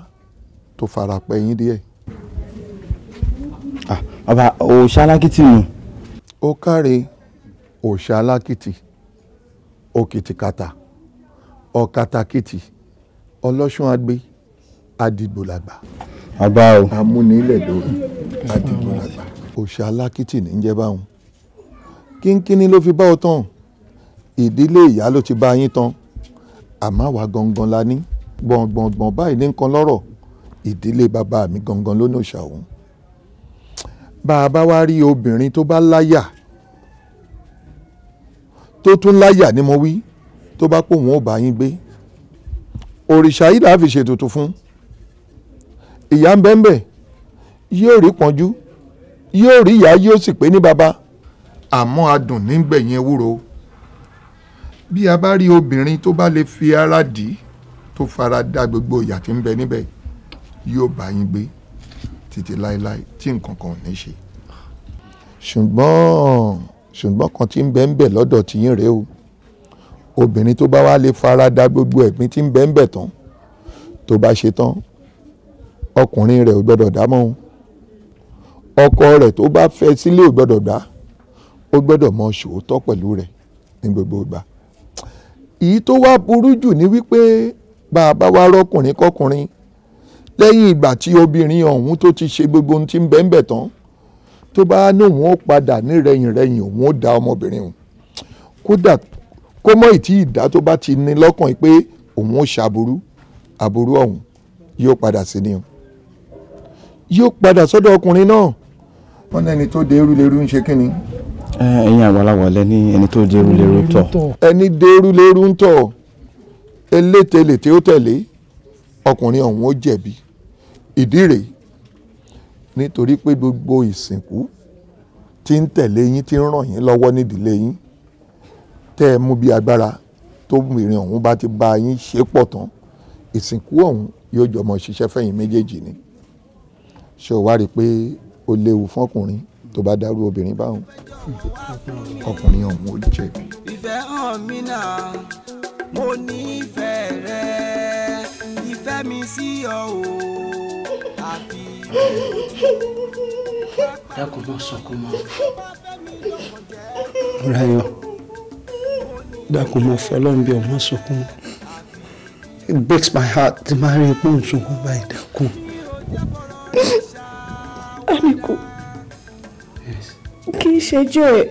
tó fara pẹ́ yín díẹ̀. Ah, bàbá òòṣà alákìtì ni. ó káre òòṣà alákìtì òkìtìkàtà ọ̀kàtàkìtì ọlọ́sùn agbe adìgbòlagbà. àbá o. amúnilẹ̀ lórí adìgbòlagbà òòṣà alákìtì ní í jẹ́ báwọn kínkínní ló fi bá ọ tán ìdílé ìyá ló ti bá yín tán àmọ́ àwa gangan la ní gbọ̀ngbọ̀ngbọ̀n báyìí ní nǹkan lọ́rọ̀ ìdílé bàbá mi gangan ló ní òòṣà òun bá a bá wá rí obìnrin tó bá láyà tó tún láyà ni mo wí tó bá pò wọ́n ò bá yín gbé òrìṣà yìí là á fi ṣètùtù fún ìyá ń bẹ́ńbẹ́ yóò rí pọ́njú yóò rí ìyá yóò sì pé ní bàbá àmọ́ adùn nígbẹ̀yìn ewúro bí a bá rí obìnrin tó bá lè fi ara dì í tó fara da gbogbo ìyà tí ń bẹ níbẹ̀ yóò bá yín gbé títí láéláé tí nǹkan kan ò ní ṣe. ṣùgbọ́n ṣùgbọ́n kan tí ń bẹ ń bẹ lọ́dọ̀ tí yín rèé o obìnrin tó bá wá lè fara da gbogbo ẹ̀gbin tí ń bẹ ń bẹ tán tó bá ṣe tán ọkùnrin rẹ̀ ò gbọ́dọ̀ dá mọ́ ọkọ rẹ̀ tó bá fẹ́ sílé ò gbọ́dọ̀ dá ó gbọ́dọ̀ mọ ṣòótọ́ pẹ̀lú rẹ̀ ní gbogbo ìgbà èyí tó wá burú jù ni wípé bá a bá wá rọkùnrin kọkùnrin lẹ́yìn ìgbà tí obìnrin ọ̀hún tó ti ṣe gbogbo ohun tí ń bẹ́ẹ̀ bẹ̀ tán tó bá nóun ó padà nírẹ̀yìn rẹ̀yìn òun ó da ọmọbìnrin òun kódà kó mọ̀ ìtí ìdá tó bá ti ní lọ́kàn pé òun ó ṣàbùrú àbùrú ọ̀hún yóò padà sí ni o yóò padà sọ́dọ̀ ọkùnrin náà wọ́n lẹ́ni tó de erúlérú ń ṣe kínni Eh, ẹ̀yin àgbàlagbà lẹ ní ẹni tó dérú lérú ń tọ̀. ẹni dérú lérú ń tọ̀ elételète ó tẹ̀lé ọkùnrin ọ̀hún ó jẹ̀bi ìdí rèé nítorí pé gbogbo ìsìnkú tí ń tẹ̀lé yín tí ń ràn yín lọ́wọ́ nídìílé yín tẹ́ ẹ mú bí agbára tó mìíràn ọ̀hún bá ti bá yín ṣe pọ̀ tán ìsìnkú ọ̀hún yóò jọmọ ṣiṣẹ́ fẹ̀yìn méjèèjì ni ṣé o wá rí i pé ó léwu fọkùnrin tó bá dárú obìnrin báwọn ọkùnrin ọ̀hún ó jẹ̀bi. ìfẹ́ hàn mí náà mo nífẹ̀ẹ́ rẹ ìfẹ́ mi sí ọ o àfi. dákun mọ sọkún mọ ọ̀ráyọ̀ dákun mọ fọlọ́n bí ọmọ sọkún it breaks my heart ti máa rí epo nsọkún báyìí dákun. àníkù kí ìṣẹ́jú ẹ̀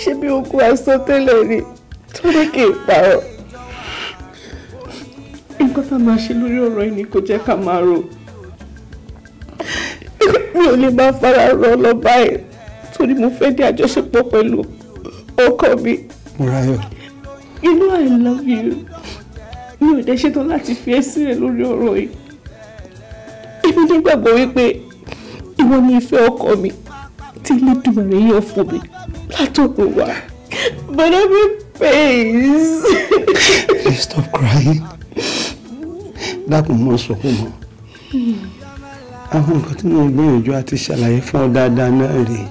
ṣe bí ogun àsọtẹ́lẹ̀ ni tó ní kí n parọ́ nǹkan tá a máa ṣe lórí ọ̀rọ̀ yìí ni kò jẹ́ ká máa rò mi ò lè máa fara rọ lọ báyìí torí mo fẹ́ dé àjọṣepọ̀ pẹ̀lú ọkọ mi. Mọ́ráyọ̀. You know I love you mi ò dẹ̀ ṣetán láti fi ẹ́ sílẹ̀ lórí ọ̀rọ̀ yìí èmi nígbàgbọ́ wípé ìwọ ni ìfẹ́ ọkọ mi tí Elédùmarè yàn fún mi látòkò wá but I'm in pains. please stop crying dákun mọ́ sọkún mọ́ àwọn nǹkan tí mo gbìyànjú àti ṣàlàyé fún ọ dáadáa náà rèé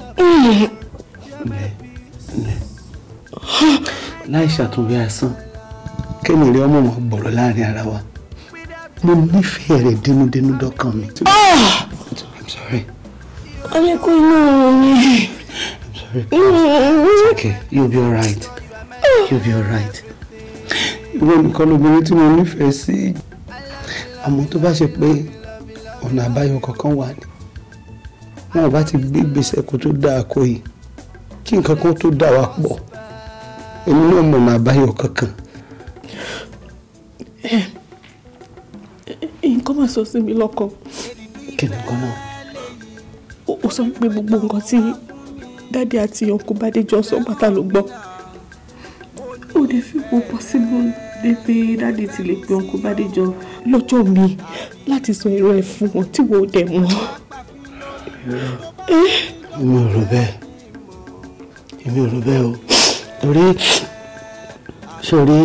láì ṣàtúnwé asán kẹ́mi rí ọmọ wọn bọ̀rọ̀ láàrin ara wa mo nífẹ̀ẹ́ rẹ̀ dénúdénú dọ́kàn mi. Ah! I'm sorry. Aleko, no. I'm sorry. It's okay. You'll be all right. You'll be alright. Ìwọ nìkan lóbìnrin tí mo nífẹ̀ẹ́ sí. Àmọ́ tó bá ṣe pé ọ̀nà àbáyọ kankan wà ní. Wọn ò bá ti gbé ìgbésẹ̀ kó tó dáa kó yìí. Kí nǹkan kan tó dà wá pọ̀. Èmi náà mọ̀ ọ̀nà àbáyọ kankan. Nǹkan máa sọ sí mi lọ́kàn. Kí ni nǹkan náà? ó sọ pé gbogbo nǹkan tí dáàdi àti ọkọ bàdé jọ sọ bàtà ló gbọ́ ó dé fi wo possible dé pé dáàdi ti lè pe ọkọ bàdé jọ lọ́jọ́ mi láti sọ èrò ẹ̀ fún wọn tí wọ́n dẹ̀ mọ́. mi ò rò bẹ́ẹ̀ èmi ò rò bẹ́ẹ̀ o torí sọ̀rí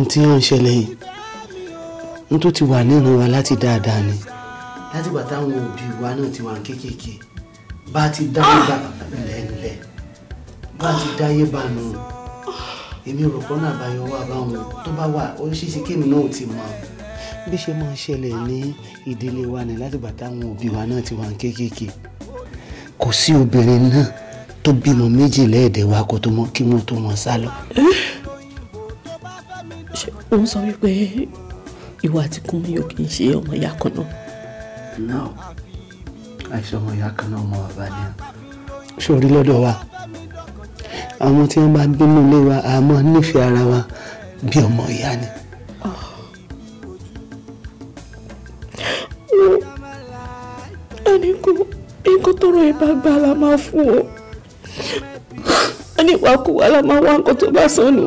n tí ó ṣẹlẹ̀ yìí n tó ti wà nínú wa láti dáadáa ni látìgbà táwọn òbí wa náà ti wà kéékèèké bá ti dáyé bá lẹ́lẹ́ bá ti dáyé bá nù èmi rò pọ́n náà báyọ̀ wá báwọn tó bá wà ó ṣì ṣe kémi náà ti mọ̀ bí ṣe máa ń ṣẹlẹ̀ ní ìdílé wa ni látìgbà táwọn òbí wa náà ti wà ń kéékèèké kò sí obìnrin náà tó bímọ méjì lẹ́ẹ̀dẹ̀ wa kó tó mọ kí wọ́n tó wọn sá lọ. ṣé o ń sọ wípé ìwà àti kúnmi yóò kì í ṣe ọmọ ìyá kan náà. náà àìsàn ọmọ ìyá kan náà ọmọ bàbá ni à. sórí lọ́dọ̀ wa àwọn tí wọ́n bá bínú ilé wa àmọ́ nífẹ̀ẹ́ ara wa bí ọmọ ìyá ni. àníkù nǹkan tọrọ ẹ bá gbà la máa fún ọ àníwàkúwà la máa wá nǹkan tó bá sọnù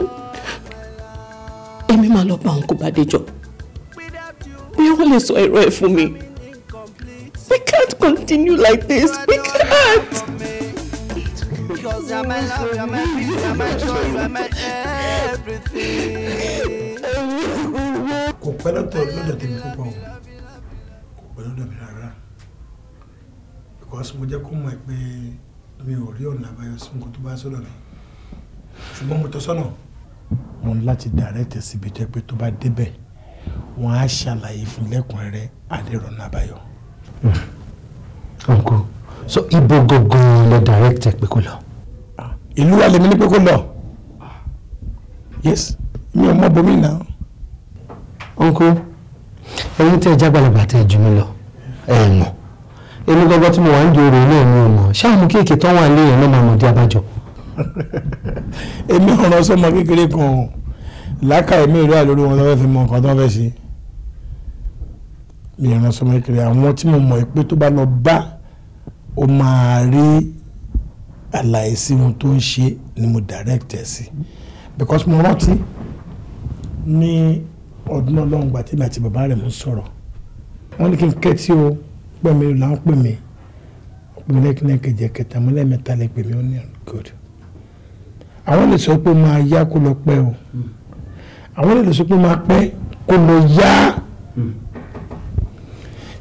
èmi máa lọ bá òun bá dé jọ bí wọ́n lè sọ èrò ẹ̀ fún mi. We can't continue like this. We can't. Cause you're my love, you're my peace, you're my joy, you're my everything. Kò pẹ́ lọ́tọ̀ lọ́dọ̀ tèmi púpọ̀ o, kò pẹ́ lọ́dọ̀ mi rárá. Because mo jẹ́ kó mọ̀ ẹ́ pé mi ò rí ọ̀nà àbáyọ sí nǹkan tó bá sọ̀rọ̀ mi. Ṣùgbọ́n mo tọ́ sọ́nà. Mo ń láti dàrẹ́tẹ̀ síbi jẹ́ pé tó bá débẹ̀, wọ́n á ṣàlàyé fún lẹ́kùnrẹ́rẹ́ àdérọ̀nà àbáyọ. Hmm. uncle so ibo gangan lẹ direct ẹ pé kó lọ. ìlú wa lèmi ní pé kó lọ yes mi ò mọ bomi náà. uncle ẹ̀yin tẹ́ ẹ te tẹ́ ẹ jù mí lọ ẹ mọ̀ èmi gbogbo tí mo wà ń jòrò náà mi ò mọ̀ ṣáàmù kéèké tó wà léèyàn náà máa mọ̀ dé abájọ. èmi ọ̀rọ̀ sọmọ kékeré kan làákàyè mi ìlú àlórí wọn lọ́wọ́ fi mọ nǹkan tó ń fẹ́ ṣe ìyànà sọmọkiri àwọn tí mo mọ̀ pé tó bá lọ bá ó máa rí àlàyé sí ohun tó ń ṣe ni mo direct ẹ̀ sí because mo rántí ní ọdún ọlọ́run gbà tí mi àti bàbá rẹ̀ mo sọ̀rọ̀ wọ́n ní kí n kẹ́tí o pè mí là ń pè mí pè mí lẹ́kìnlẹ́ kejì ẹ̀kẹta mo lẹ́ẹ̀mẹ́ta lè pè mí ó ní good àwọn lè sọ pé máa yá kó lọ pẹ́ o hmm. àwọn lè sọ pé máa pẹ́ kó lọ yá. Hmm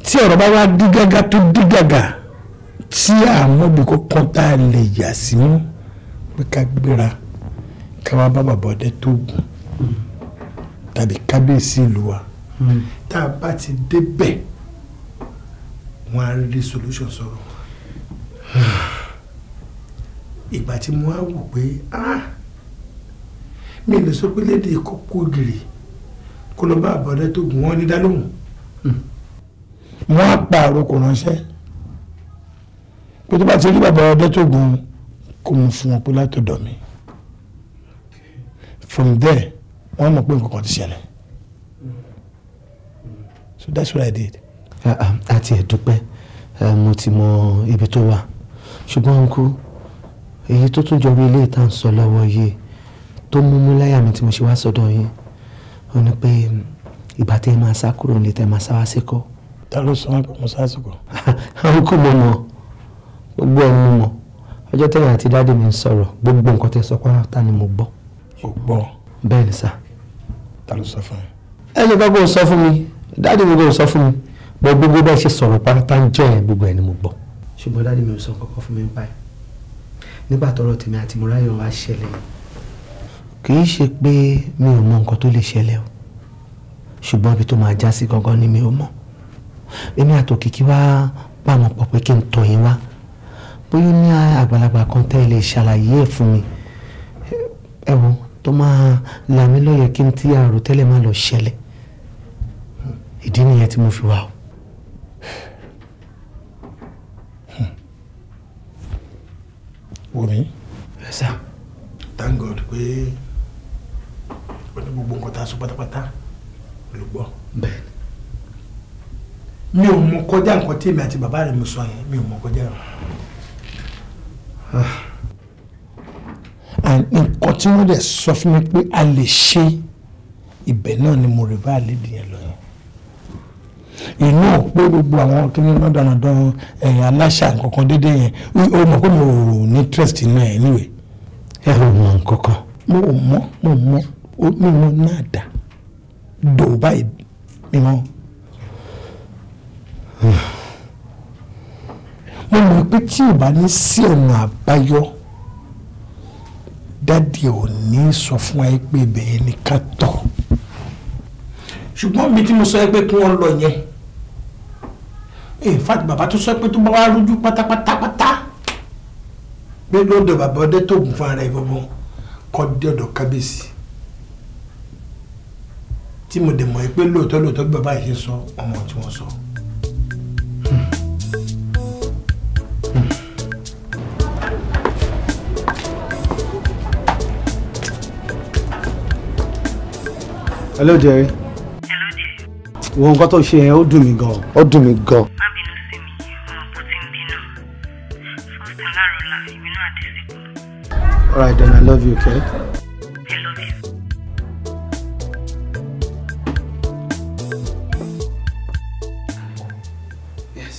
tí ọ̀rọ̀ bá wá dí gágá tó dí gàgà tí àmọ́bi kankan tá a lè yà sí mú pé ká gbéra ká wá bá bàbá ọdẹ tó gùn tàbí kábíyèsí ìlú wa hmm. tá a bá ti débẹ̀ wọn á rí solution sọ̀rọ̀ ìgbà tí mo á wò pé ah, mi lè sọ pé léde kókó gírì kó lọ bá àbọ̀dẹ tó gùn wọn ní dá lóhùn. Hmm wọ́n á pa àrokò ránṣẹ́ pé tó bá ti rí bàbá ọdẹ tó gùn kò mú fún wọn pé látọ̀dọ̀ mi from there wọ́n mọ̀ pé nǹkan kan ti ṣẹlẹ̀ so that's what I did. àti ẹ̀dúpẹ́ mo ti mọ ibi tó wà ṣùgbọ́n n kú èyí tó tún jọrọ ilé ìta ń sọ lọ́wọ́ yìí tó múmú láyà mi tí mo ṣe wá sọ́dọ̀ yín ó ní pé ìgbà máa sá kúrò nílé tẹ máa sá wá sí ta ló sọ wọn pé mo sásìkò. àwọn kò mọ mọ gbogbo ẹ̀ mú mọ ọjọ́ tẹ̀yìn àti dáàdì mi ń sọ̀rọ̀ gbogbo nǹkan tẹ̀ sọ pátá ni mo gbọ́. o gbọ́. bẹ́ẹ̀ ni sá. ta ló sọ fún mi. ẹnì kan kò sọ fún mi dáàdì mi kò sọ fún mi bọ́ gbogbo bẹ́ẹ̀ ṣe sọ̀rọ̀ pátá ń jọ gbogbo ẹ̀ ni mo gbọ́. ṣùgbọ́n dáàdì mi ò sọ kọ́kọ́ fún mi báyìí nígbà tọ́rọ̀ tèmi àti murayo wá ṣẹlẹ̀ kì í ṣe pé mi ò mọ nǹkan tó lè ṣẹlẹ̀ o ṣùgbọ́n ibi tó máa já sí gangan ni mi ò mọ̀ èmi àtòkìkí wá bá wọn pọ̀ pé kí n tọ̀ yín wá bóyá ní àgbàlagbà kan tẹ́ lè ṣàlàyé ẹ̀ fún mi ẹ tó máa là mí lọ́yẹ̀ kí n tí àrò tẹ́lẹ̀ má lọ ṣẹlẹ̀ ìdí nìyẹn tí mo fi wá o. wòmí. ẹ thank god pé oní gbogbo nǹkan tá a sọ pátápátá ló gbọ́. bẹ́ẹ̀ni mi ò mú kọjá nǹkan tí èmi àti bàbá rẹ̀ mi sọ yẹn mi ò mú kọjá rẹ̀. nǹkan tí wọ́n dẹ̀ sọ fún mi pé a lè ṣe ibẹ̀ náà ni mo rè bá àlejò yẹn lọ yẹn inú pé gbogbo àwọn kìnìún náà dandan ẹ̀yìn aláṣà nǹkankan dédé yẹn ó mọ̀ pé mo rò ní trust náà ẹ̀ níwèé. ẹ ò mọ nǹkankan. mo ò mọ mo mọ mi mọ náà dà dò báyìí mi mọ mo mọ̀ pé tí ò bá ní sí ọ̀nà àbáyọ dáàdi ò ní sọ fún ẹ pé bẹ́ẹ̀ ni ká tọ̀. ṣùgbọ́n mi tí mo sọ ẹ pé kí wọ́n lọ yẹn in fact bàbá tó sọ pé tó bá wá rújú pátápátápátá pé lọ́dọ̀ bàbá ọdẹ tó gùn fún ara ẹ gbọ́ngbọ́n kọ́ dé ọ̀dọ̀ kábíyèsí tí mo dẹ̀ mọ̀ pé lóòótọ́ lóòótọ́ bí bàbá yìí ṣe sọ ọmọ tí wọ́n sọ. So. hello jerry. hello jerry. wo nǹkan tó ṣe yẹn ó dùn mí gan. ó dùn mí gan. má bínú sí ọmọ tó ti ń bínú first láàárọ̀ la ìbínú àti ìsìnkú. all right then i love you okay. i love you. yes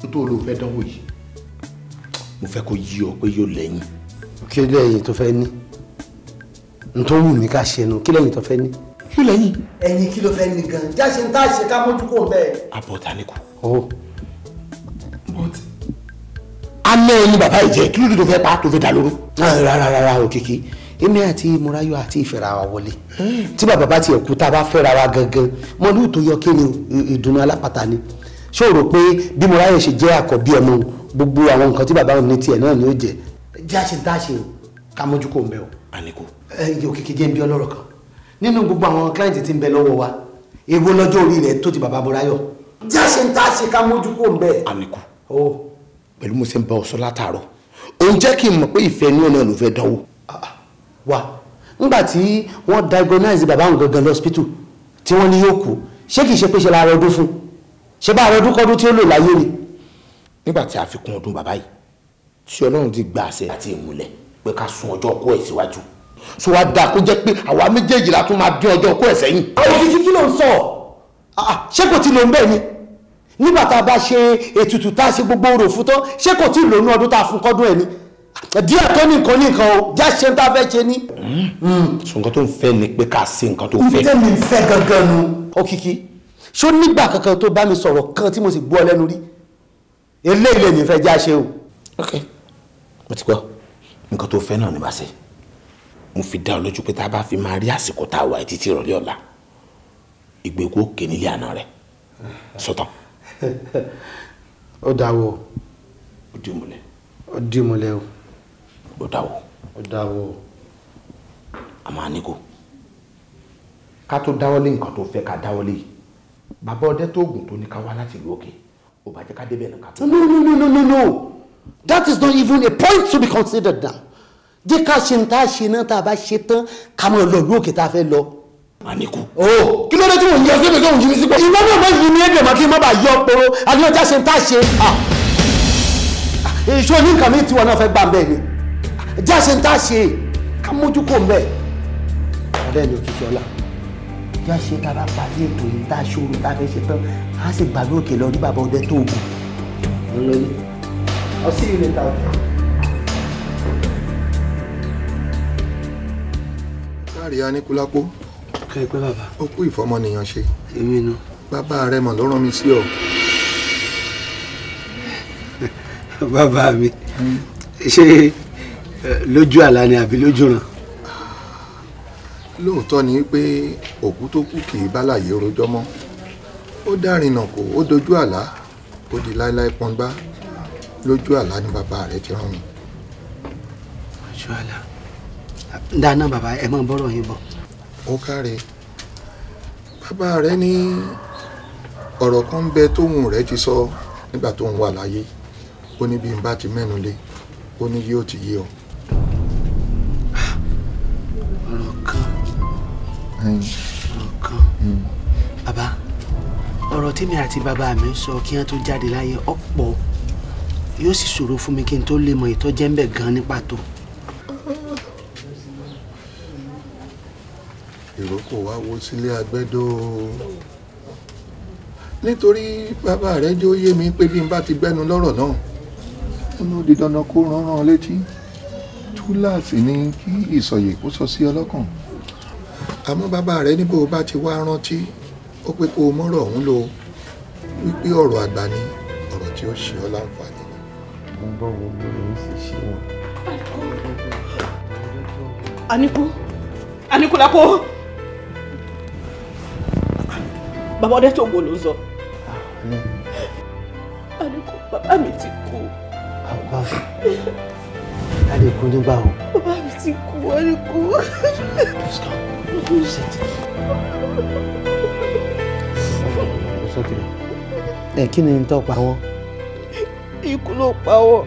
nítorí olóò fẹ́ dánwò yìí mo fẹ́ kó yí ọ pé yóò lẹ́yìn. kí lẹ́yìn tó fẹ́ ní n tó wù mí ká ṣe nu kí lẹ́yìn tó fẹ́ ní. kí lẹ́yìn. ẹ̀yin kí ló fẹ́ ní gan jáṣe ń tá ṣe ká mójú kò bẹ́ẹ̀. abọ́ta ni kù. o but alẹ́ ẹni bàbá ìjẹ́ kí ló tó fẹ́ pa tó fẹ́ dà lóru. Ah, rárá rárá òkìkí èmi àti murayo àti ìfẹ́ra wa wọlé eh? tí bàbá bá tiẹ̀ kú tá a bá fẹ́ra wa gangan mọ́lú tó yọ kí ni ìdùnnú alápàtà ni ṣé o rò pé bí murayo ṣe jẹ́ àkọ́bí ọmọ gbogbo àwọn nǹkan tí bàbá òun ní tiẹ̀ náà ni ó jẹ́ jẹ́ àṣetá ṣe ká mójú kò ń bẹ́ o. àníkù ẹyìn eh, òkìkí jẹ́ ń bí ọlọ́rọ̀ kan nínú gbogbo àwọn client tí ń bẹ lọ́wọ́ wa èwo lọ́jọ́ orí rẹ̀ tó ti bàbá Bọ́láyọ̀ já ṣe ń tá a ṣe ká mójú kó ń bẹ́ẹ̀. àníkù pẹ̀lú mo ṣe ń bá ọ sọ látàárọ̀ òun jẹ́ kí n mọ̀ pé ìfẹ́ ní ọ̀nà ló fẹ́ dánwò. Ah, ah, wa nígbà tí wọ́n diagnose bàbá àwọn gangan lọ́sípítù tí wọ́n ní yóò kú ṣé kìí ṣe pé ṣe láàárọ̀ ọdún fún ṣe bá àárọ̀ ọdún kọ́dún tí ó lò láyé ni. nígbà tí a fi kún ọdún bàbá yìí tí ọlọ́run ti gba àṣẹ àti ìmùlẹ̀ pé ká sún ọjọ́ kó ẹ̀ síwájú so wá da kó jẹ́ pé àwa méjèèjì la tún máa dín ọjọ́ kó ẹ̀ sẹ́yìn. àwọn òkìkí kí ló ń sọ ah, ah, ṣé kò tí ló ni nígbà tá a bá ṣe ètùtù tá a ṣe gbogbo orò fún tán ṣé kò tí lónú ọdún tá a fún kọ́dún ẹ̀ ni díẹ̀ tó ní nǹkan ní nǹkan o já ṣe ń tá a fẹ́ ṣe ní. Hmm. so nǹkan tó ń fẹ́ ni pé ká ṣe nǹkan tó ń fẹ́. ǹjẹ́ mi fẹ́ gangan nu òkìkí ṣó nígbà kankan tó bá mi sọ̀rọ̀ kan tí mo sì gbọ́ lẹ́nu rí eléyìí lè ní fẹ́ já o. ok mo ti gbọ́ nǹkan tó fẹ́ náà ni màá ṣe mo fi dá ọ lójú pé tá a bá fi máa rí àsìkò tá a wà títí ìrọ̀lẹ́ ọ̀la ìgbèkú òkè nílé àná rẹ̀ sọ́tàn. ó dáwọ́ ó dì múlẹ̀. ó dì múlẹ̀ o. ó dáwọ́. ó dáwọ́ a máa ní ká tó dáwọ́lé nǹkan tó fẹ́ ká dáwọ́lé yìí bàbá ọdẹ tó oògùn tó ní ká wá láti ìlú òkè ò bàjẹ́ ká débẹ̀ náà ká tó. no no no no no no that is not even a point to be considered now jẹ́ ká ṣe ń tá a ṣe náà tá a bá ṣe tán ká máa lọ ìlú òkè tá a fẹ́ lọ. àníkù. o kí ló dé tí mò ń yọ sí ibi tó ń yí mi sípò. ìwọ náà máa yí mi ẹgbẹ̀rún kí n má bàa yọ poro Já ṣe ń tá a ṣe. èso ní nǹkan mi tiwọn náà fẹ́ gbà bẹ́ẹ̀ ni já ṣe ń tá a ṣe ká mójú kò mẹ́ẹ̀. ọ̀rẹ́ mi ò kìkì ọ̀la já ṣe tara parí ètò yìí tá a ṣòro tá a fẹ́ ṣe tán á sì gbàgbé òkè lọ ní káàrí aníkúlápó. kẹ́ ẹ pé bàbá. ó kú ìfọmọnìyàn ṣe. èmi nu. bàbá rẹ mọ̀ ló rán mi sí ọ. bàbá mi ṣé lójú àlá ni àbí lójú ràn. lóòótọ́ ni pé òkú tó kú kì í bálàyé rojọ́ mọ́ ó dárìnà kò ó dojú àlá ó di láéláé pọ́nbá lójú àlá ni bàbá rẹ ti rán mi. lójú àlá dáná bàbá ẹ mọ̀ bọ́rọ̀ yín bọ̀. ó káre bàbá rẹ ní ọ̀rọ̀ kan bẹ tóun rẹ ti sọ nígbà tóun wà láyé ó ní bí n bá ti mẹ́nu lé ó ní yóò ti yé ọ. ọ̀rọ̀ kan ọ̀rọ̀ kan bàbá ọ̀rọ̀ tèmi àti bàbá mi sọ kí wọ́n tó jáde láyé ọ̀pọ̀ yóò sì ṣòro fún mi kí n tó lè mọ ìtọ́jẹ́ ń bẹ̀ gan ní pàtó. ìrókò wá wo sílé agbẹ́dọ́ nítorí bàbá rẹ̀ jẹ́ ó yé mi pé bí n bá ti gbẹ́nu lọ́rọ̀ náà nínú di dandan kó ránran létí túláàsì ni kí ìsọ̀yè kó sọ sí ọlọ́kàn àmọ́ bàbá rẹ̀ ní o bá ti wá rántí ó pé kó o mọ́rọ̀ ọ̀hún lọ wípé ọ̀rọ̀ àgbà ni ọ̀rọ̀ tí ó ṣe ọ́ láǹfààní. mo gbọ́ wo mo lè ń sì ṣe wọn. Àníkú Àníkú lápò bàbá Ọdẹ́tògbò ló sọ. Ah, àdínkù bàbá mi ti kú. Ah, bàbá dáadé kú nígbà wo. bàbá mi ti kú àdínkù. please come sit. ẹ kí ni n tọ́ pa wọ́n. ikú ló pa wọ́n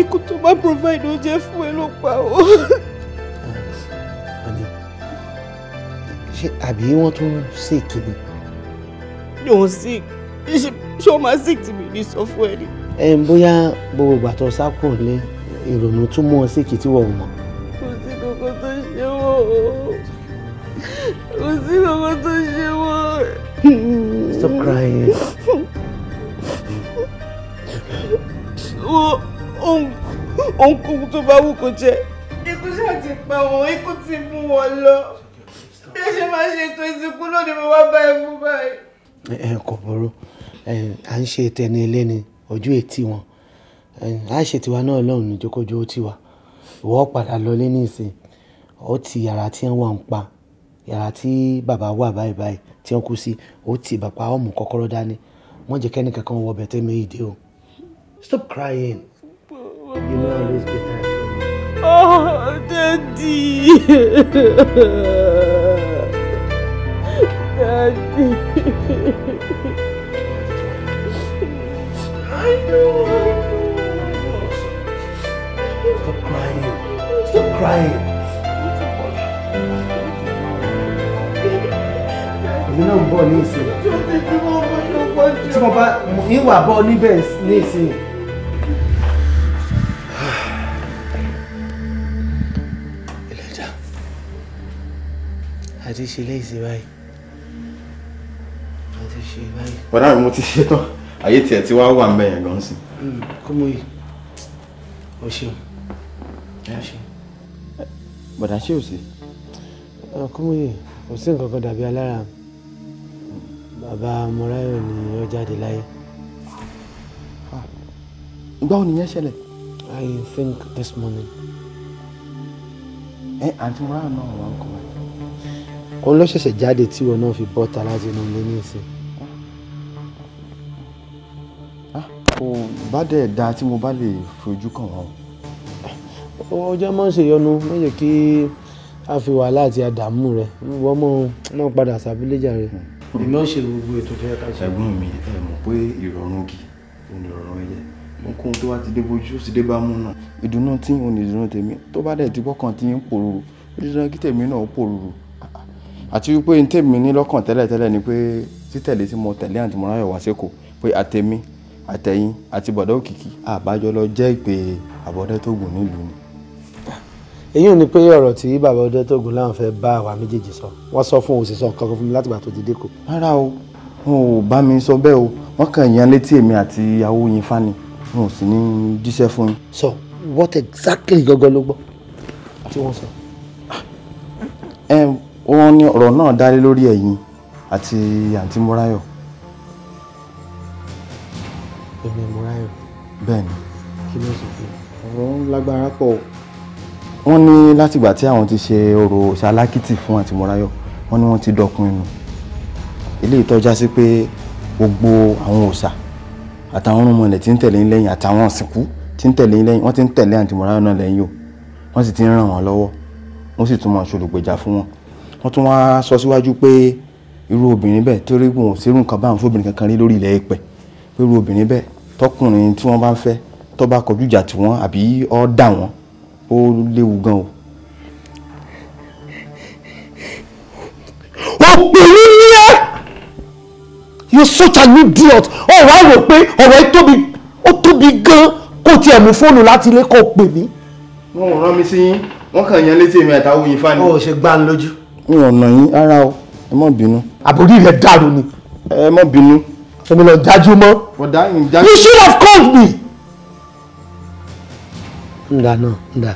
ikú tó bá provide oúnjẹ fún ẹ ló pa wọ́n. ṣé àbí wọ́n tún sick ni. yóò sick ṣé o máa sick tí mi ní sọ fún ẹ ni. ẹ ń bóyá gbogbo ìgbà tó sá kúrò ní ìrònú tún mú ọ sick tí wọ́n mọ̀. kò sí kankan tó ṣe wọ́n o kò sí kankan tó ṣe wọ́n. stop crying. wọ́n ohunkóhun tó bá wù kó jẹ́ ikú ṣáà ti pa wọ́n ikú ti mú wọn lọ ẹ ṣe máa ṣe ètò ìsìnkú lónìí mo wá bá ẹ fún báyìí. ẹ kò burú à ń ṣe tẹni ẹlẹ́ni ojú etí wọn a ṣe tiwa náà lọ́run ní jókòjó ó tiwa ìwọ́ padà lọlé nísìn ó ti yàrá tí wọ́n ń pa yàrá tí bàbá wà báyìí báyìí tí wọ́n kú sí ó ti bàbá ọmọ kọ́kọ́rọ́ dání wọ́n jẹ́ kẹ́ni kankan wọ bẹ̀tẹ̀ méjì dé o stop crying you know always get tired. oh daddy. Daddy. I know, I know. Stop crying. Stop crying. Èmi náà ń bọ̀ ní ìsìn. Tí You bá ìwà bọ̀ níbẹ̀ ní ìsìn. Ẹlẹ́dàá, àti ìṣẹ̀lẹ̀ lazy, báyìí ṣe báyìí. bọ́dà mi mo ti ṣe tán ayé tiẹ̀ tí wàá wà mẹ́yìn gan sí. Mm, kó mo yìí o ṣeun o ṣeun. bọ̀dà ṣé o sí. kó mo yìí kò sí nǹkan kan dàbí alára bàbá Mọ́ráyọ̀ ni ó jáde láyé. ìgbà wo nìyẹn ṣẹlẹ̀. I think this morning. ẹ àǹtí Mọ́ráyọ̀ náà wà ń kọ́ ẹ. òun ló ṣẹ̀ṣẹ̀ jáde tíwọ náà fi bọ́ta láti inú ilé ní ìsìn. bá dẹ̀ da tí mo bá lè fojú kàn wọ́n. ọjọ́ máa ń ṣe ìyọnu má jẹ́ kí a fi wàhálà àti àdààmú rẹ̀ wọ́n mọ̀ padà sàbílẹ̀jà rẹ̀. èmi ò ṣe gbogbo ètò tó yẹ ká ṣe. ẹ̀gbọ́n mi ẹ mọ̀ pé ìrọ̀rùn ògì òun ìrọ̀rùn ẹyẹ ohunkóhun tó bá ti dé bójú ó sì dé bá mú náà. ìdùnnú tí òun ní ìdùnnú tèmi tó bá dẹ̀ ti gbọ́kàn tí ń pòrúurú ó ti dán kí tèmi náà pòrúurú àti wípé tèmi ní lọ́kàn tẹ́lẹ̀tẹ́lẹ̀ ni pé títẹ̀lé tí mo tẹ̀lé àǹtí Mọ́ráyọ̀ wá sékòó pé àtèmi àtẹ̀yìn àti bọ̀dá òkìkí àbájọ lọ jẹ́ ìpè àbọ̀dẹ́ tóògùn nílùú ni. èyí ò ní pé ọ̀rọ̀ tí bàbá ọdẹ tóògùn láwọn fẹ́ bá àwa méjèèjì sọ wọ́n sọ fún òṣìṣẹ́ nǹkan kan fún mi látìgbà tó ti dé kò. rárá o wọn ò bá mi sọ bẹ́ẹ̀ o wọ́n kàn yan létí èmi àti ìyàwó yín fani wọn ò sì ní jíṣẹ́ fún yín. so what exactly gangan ló gbọ́ tí wọ́n sọ. ẹ wọ́n ní ọ̀rọ̀ náà dá lé lórí ẹ̀yin àti àǹtí Múráyọ̀ èmi Mọ́ráyọ̀. bẹ́ẹ̀ni. kí ló sọ fún mi. ọ̀rọ̀ ń lágbára pọ̀ o. wọ́n ní látìgbà tí àwọn ti ṣe orò ṣalákìtì fún àǹtí Mọ́ráyọ̀ wọ́n ní wọ́n ti dọkun inú ilé ìtọ́já sí pé gbogbo àwọn òòṣà àtàwọn ọmọ ilẹ̀ tí ń tẹ̀lé lẹ́yìn àtàwọn ọ̀sìnkú tí ń tẹ̀lé lẹ́yìn wọ́n ti ń tẹ̀lé àǹtí Mọ́ráyọ̀ náà lẹ́yìn o wọ́n sì ti ń ràn wọ́n lọ́wọ́ wọ́n sì tún mọ̀ ṣolùgbèjà fún wọn wọ́n tún wá sọ síwájú pé irú obìnrin bẹ́ẹ̀ torí wọn ò báwọn fóbìnrin kankan rí lórí ilẹ̀ ẹ̀pẹ̀ pé irú obìnrin bẹ́ẹ̀ tọkùnrin tí wọ́n bá ń fẹ́ bá kọjú ìjà tí wọ́n àbí ó dà wọ́n ó léwu gan o. òpèlú ni ẹ you such an idiot ó wá rò pé ọ̀rọ̀ ẹ tóbi ó tóbi gan kó tiẹ̀ mú fóònù láti ilé kó pè mí. wọn ò rán mi sí yín wọn kàn yan létí èmi àtàwọn òyìnbá ni. ó ṣe gbá ń lójú. n ò nà yín rárá o ẹ má bínú. àbórí rẹ dàrú ni. ẹ má bínú èmi lọ jájú mọ́ you should have called me. ǹda náà ǹda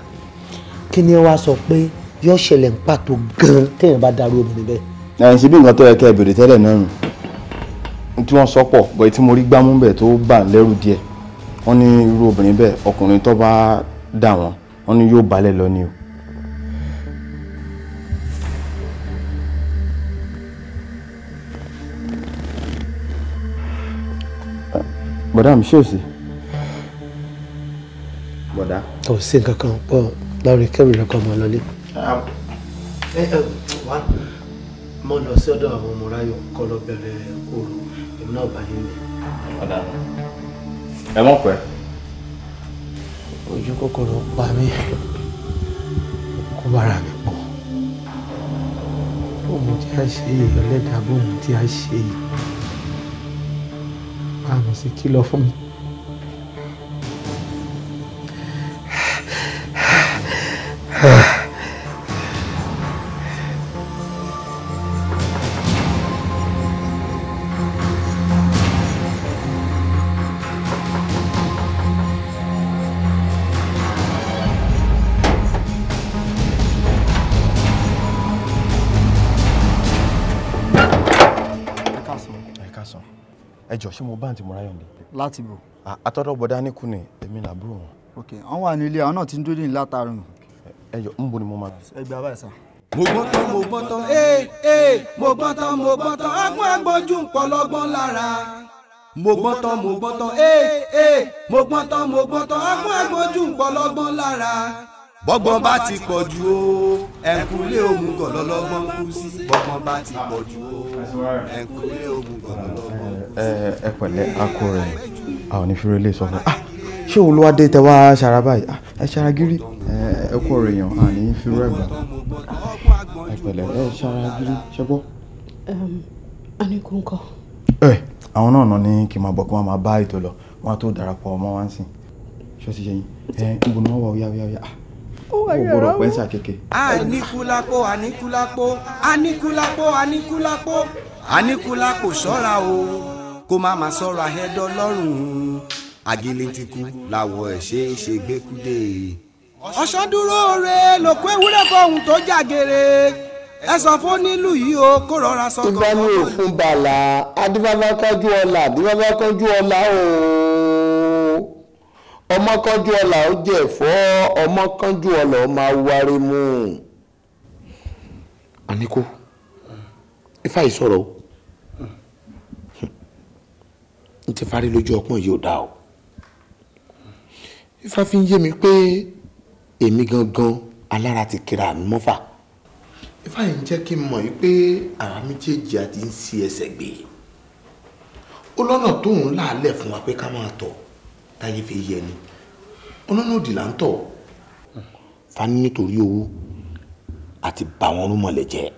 kí ni ẹ wá sọ pé yóò ṣẹlẹ̀ ń pàtó gan-an téèyàn bá darú obìnrin bẹ́ẹ̀. ẹ̀yin ṣe bí nǹkan tó yẹ kẹ́ ẹ bèrè tẹ́lẹ̀ náà nù tí wọ́n sọ pọ̀ bọ́ẹ̀ tí mo rí gbámú bẹ̀ tó bà lẹ́rù díẹ̀ wọ́n ní irú obìnrin bẹ́ẹ̀ ọkùnrin tó bá dà wọ́n wọ́n ní yóò balẹ̀ lọ ni o bọ̀dá mi ṣé ò sí. bọ̀dá. kò sí nǹkan kan pọ̀ lórí kẹ́mi lọ́kọ́ ọmọ lọ́lé. ẹ um, ẹ eh, eh, wá mo lọ sí ọ̀dọ̀ àwọn ọmọ ráyọ̀ kọ́ lọ bẹ̀rẹ̀ òru èmi náà bá yín lè. ọ̀dà ẹ mọ̀ pẹ́. ojú kòkòrò pa mí kó bára mi pọ̀ ohun tí a ṣe yìí ọlẹ́dàá bóun tí a ṣe yìí bàbá mi sì kìlọ̀ fún mi. jọ ṣé mo bá àǹtí Mọ́ráyọ̀ ni. láti bò. àtọ́dọ̀ bọ̀dá níkù ni èmi nà búrò ok àwọn wà àwọn náà ti ń dúró ní látàrí ni mo máa. ẹ ee ee mo tán mo tán eh, eh, agbọ́n ee ee mo tán mo tán eh, agbọ́n bá ti pọ̀ o ẹ pẹ̀lẹ́ akọ rẹ̀ a ò ní fi relé sọ fún ah ṣé olúwadé tẹ wá ṣara báyìí ah, ẹ ṣara gírí ẹ kọ rẹ̀ yàn a ní fi rẹ̀ gbà ẹ pẹ̀lẹ́ ẹ ṣara gírí ṣe gbọ́. a ní kó ń kọ. ẹ àwọn náà náà ní kí n máa bọ̀ kí wọ́n máa bá ètò lọ wọ́n á tó darapọ̀ ọmọ wa ń sìn ṣọ́ ti ṣe yín ẹ ń bọ̀ ní wọ́n wà óyá óyá óyá ó gbọ́dọ̀ ah, pẹ́ sà àníkúlápó àníkúlápó àníkúlápó àníkúlápó àníkúlápó ṣọ́ra o kó má má sọ̀rọ̀ ahẹ́dọ́ lọ́rùn àgìlìntìkù làwọ̀ ẹ̀ ṣe é ṣe gbẹ́kúdé. ọ̀ṣọ́ dúró re lòkú ewúrẹ́ fọ̀hún tó jàgèrè ẹ sọ fún nílùú yìí o kó rọra sọ kọ́kọ́. ìbámu òfun bàlà adífáfá kánjú ọlà adífáfá kánjú ọlà ooo ọmọ kánjú ọlà ó jẹ ẹ̀fọ́ ọmọ kánjú ọlà ó máa wárí mú. àníkó ifá yìí sọ̀rọ̀ o. n ti fárí lójú ọpọ́n yìí ò dá o ifá fi ń yé mi pé èmi gangan alára ti kíra mi mọ́fà ifá yìí ń jẹ́ kí n mọ̀ yìí pé àwa méjèèjì a ti ń si ẹsẹ̀ gbé ó lọ́nà tóun láàlẹ̀ fún wa pé ká máa tọ̀ táyé fi yẹ ni ọlọ́nà òdì là ń tọ̀ fani nítorí owó àti bà wọ́n rúmọlẹ̀ jẹ́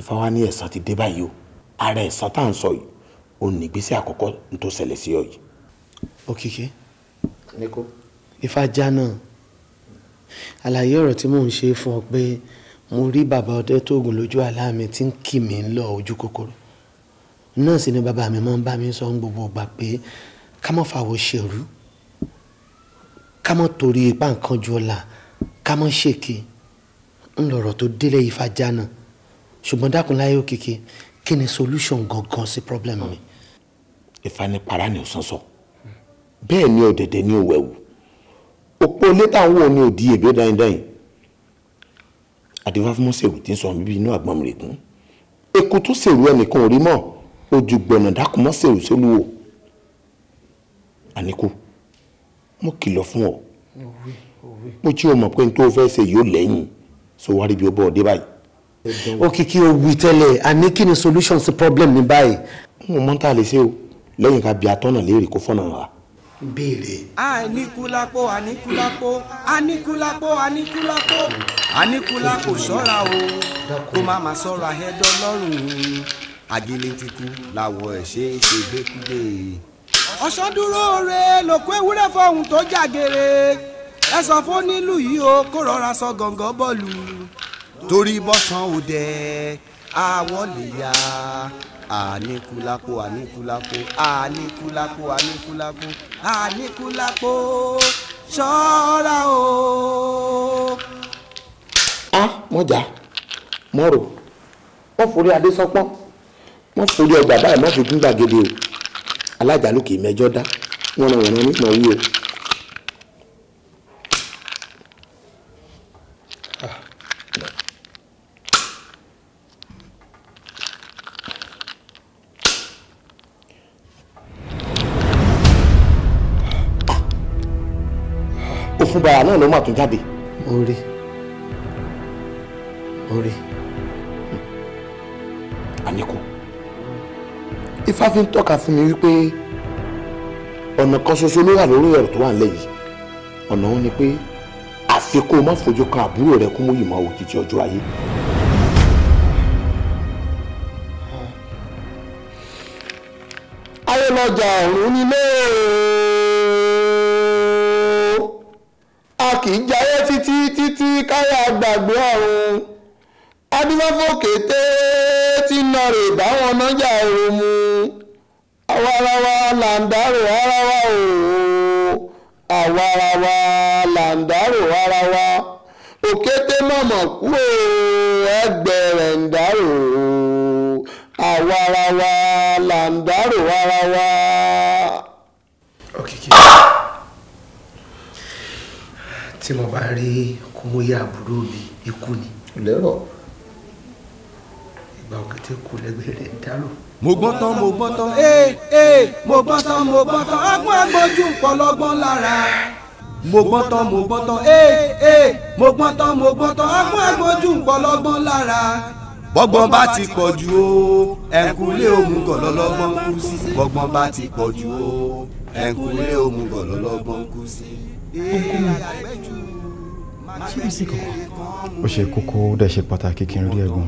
ifá wa ní ẹ̀san ti dé báyìí o ara ẹ̀san tá à ń sọ yìí òun nígbésẹ̀ àkọ́kọ́ tó ṣẹlẹ̀ sí ọ yìí. òkìkí ifá já náà àlàyé ọ̀rọ̀ tí mò ń ṣe fún ọ pé mo rí bàbá ọdẹ tóògùn lójú àlá mi tí ń kì mí ń lọ ojú kòkòrò náà sì ni bàbá mi máa ń bá mi sọ ń gbogbo ìgbà pé ká má fàwọ̀ ṣèrú ká má torí ipá nǹkan ju ọ̀la ká má ṣèké ńlọrọ̀ tó délẹ̀ ifá já náà ṣùgbọ́n dákunláyé òkìkí kí ni solution gangan sí problem mi. Mm ìfanipara ni ò sánsọ bẹ́ẹ̀ ni ọ̀dẹ̀dẹ̀ ni ò wẹ̀wù òpó létà ń wò ni ò di èbí dáin dáin àdìfá fún mọ́sẹ̀wù tí ń sọ bíbí inú àgbọ̀n rẹ̀ gún èkó tó ṣèrú ẹnìkan ò mọ́ ojú gbọ̀nà dákun mọ́sẹ̀wù sólúwò àníkù mo kìlọ̀ fún ọ mo tí o mọ̀ pé n tó fẹ́ ṣe yóò lẹ́yìn so wá bí o bọ̀ dé báyìí. òkìkí o wí tẹ́lẹ̀ àní kí ni solution sí problem ní báyìí. mo mọ̀ tá a lè ṣe o lẹ́yìn ká bi atọ́nà léèrè kó fọ́nà wa. béèrè. àníkúlápó àníkúlápó àníkúlápó àníkúlápó àníkúlápó ṣọ́ra o kó má má sọ̀rọ̀ ahẹ́dọ́ lọ́rùn àgìlìntìkú làwọ̀ ẹ̀ ṣe é ṣe gbẹ́kúdé. ọ̀sán re lòkú ewúrẹ́ fọ̀hún tó jàgèrè ẹ sọ fún nílùú yìí o kó rọra sọ gàngán bọ́ọ̀lù torí bọ́sán òde àwọ̀ lè yá àníkúlákó àníkúlákó àníkúlákó àníkúlákó àníkúlákó ṣọ́ra o. a mọ̀já mọ̀rò wọ́n forí adé sọ́pọ́n wọ́n forí ọgbà báyìí má fi gún gbàgede o alájà lókè mẹ́jọ dá wọ́n ràn wọ́n nípa wí o. lára náà ló mà tún jáde. orí orí. àníkù ifá fi ń tọ́ka fún mi wípé ọ̀nà kan ṣoṣo ló wà lórí ẹ̀rọ tó wà nílẹ̀ yìí ọ̀nà òun ni pé àfi kó o má fojú kan àbúrò rẹ kún mú ìmọ̀ òjijì ọjọ́ ayé. ayé lọ́jà ọ̀run nílé o. kì í jayé títí títí káyà gbàgbé ọ̀run adúmọ́fòkè tẹ́ tí ń lọ báwọn mu àwa ara wa là ń dárò ara Awarawa o là ń dárò òkété mọ̀mọ̀ ẹgbẹ̀rẹ̀ tí mo bá rí kómóyá àbúrò mi ikú ni. lérò. ìgbà òkè tí kò lẹ́gbẹ̀ẹ́ rẹ̀ ń dárò. mo gbọ́n tán mo gbọ́n tán ee ee mo gbọ́n tán mo gbọ́n tán ọgbọ́n agbójú pọlọgbọ́n lára. mo gbọ́n tán mo gbọ́n tán ee ee mo gbọ́n tán mo gbọ́n tán ọgbọ́n agbójú pọlọgbọ́n lára bọ́gbọ́n bá ti pọ̀ jù o ẹ̀ǹkùlé òmùgọ̀ lọ́lọ́gbọ́n kú sí bọ́gbọ́n bá ti pọ̀ jù o ẹ̀ǹkùlé òmùgọ̀ lọ́lọ́gbọ́n kú sí kò sí kankan. ó ṣe kókó ó dẹ̀ ṣe pàtàkì kí n rí ẹ̀gbọ́n.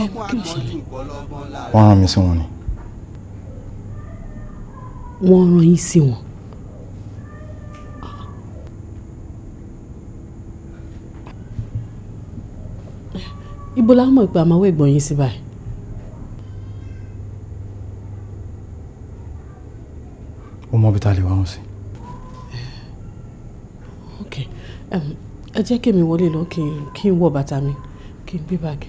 ẹ kí ló ṣẹlẹ̀. wọ́n rán mi sí wọn ni. wọ́n rán yín sí wọn. ibo la mọ̀ pé àmàwọ̀ ẹ̀gbọ́n yín sí báyìí. ó mọ ibi tá a lè wá wọn sí. ok ẹ jẹ́ kí èmi wọlé lọ kí n wọ bàtà mi kí n gbé báàgì.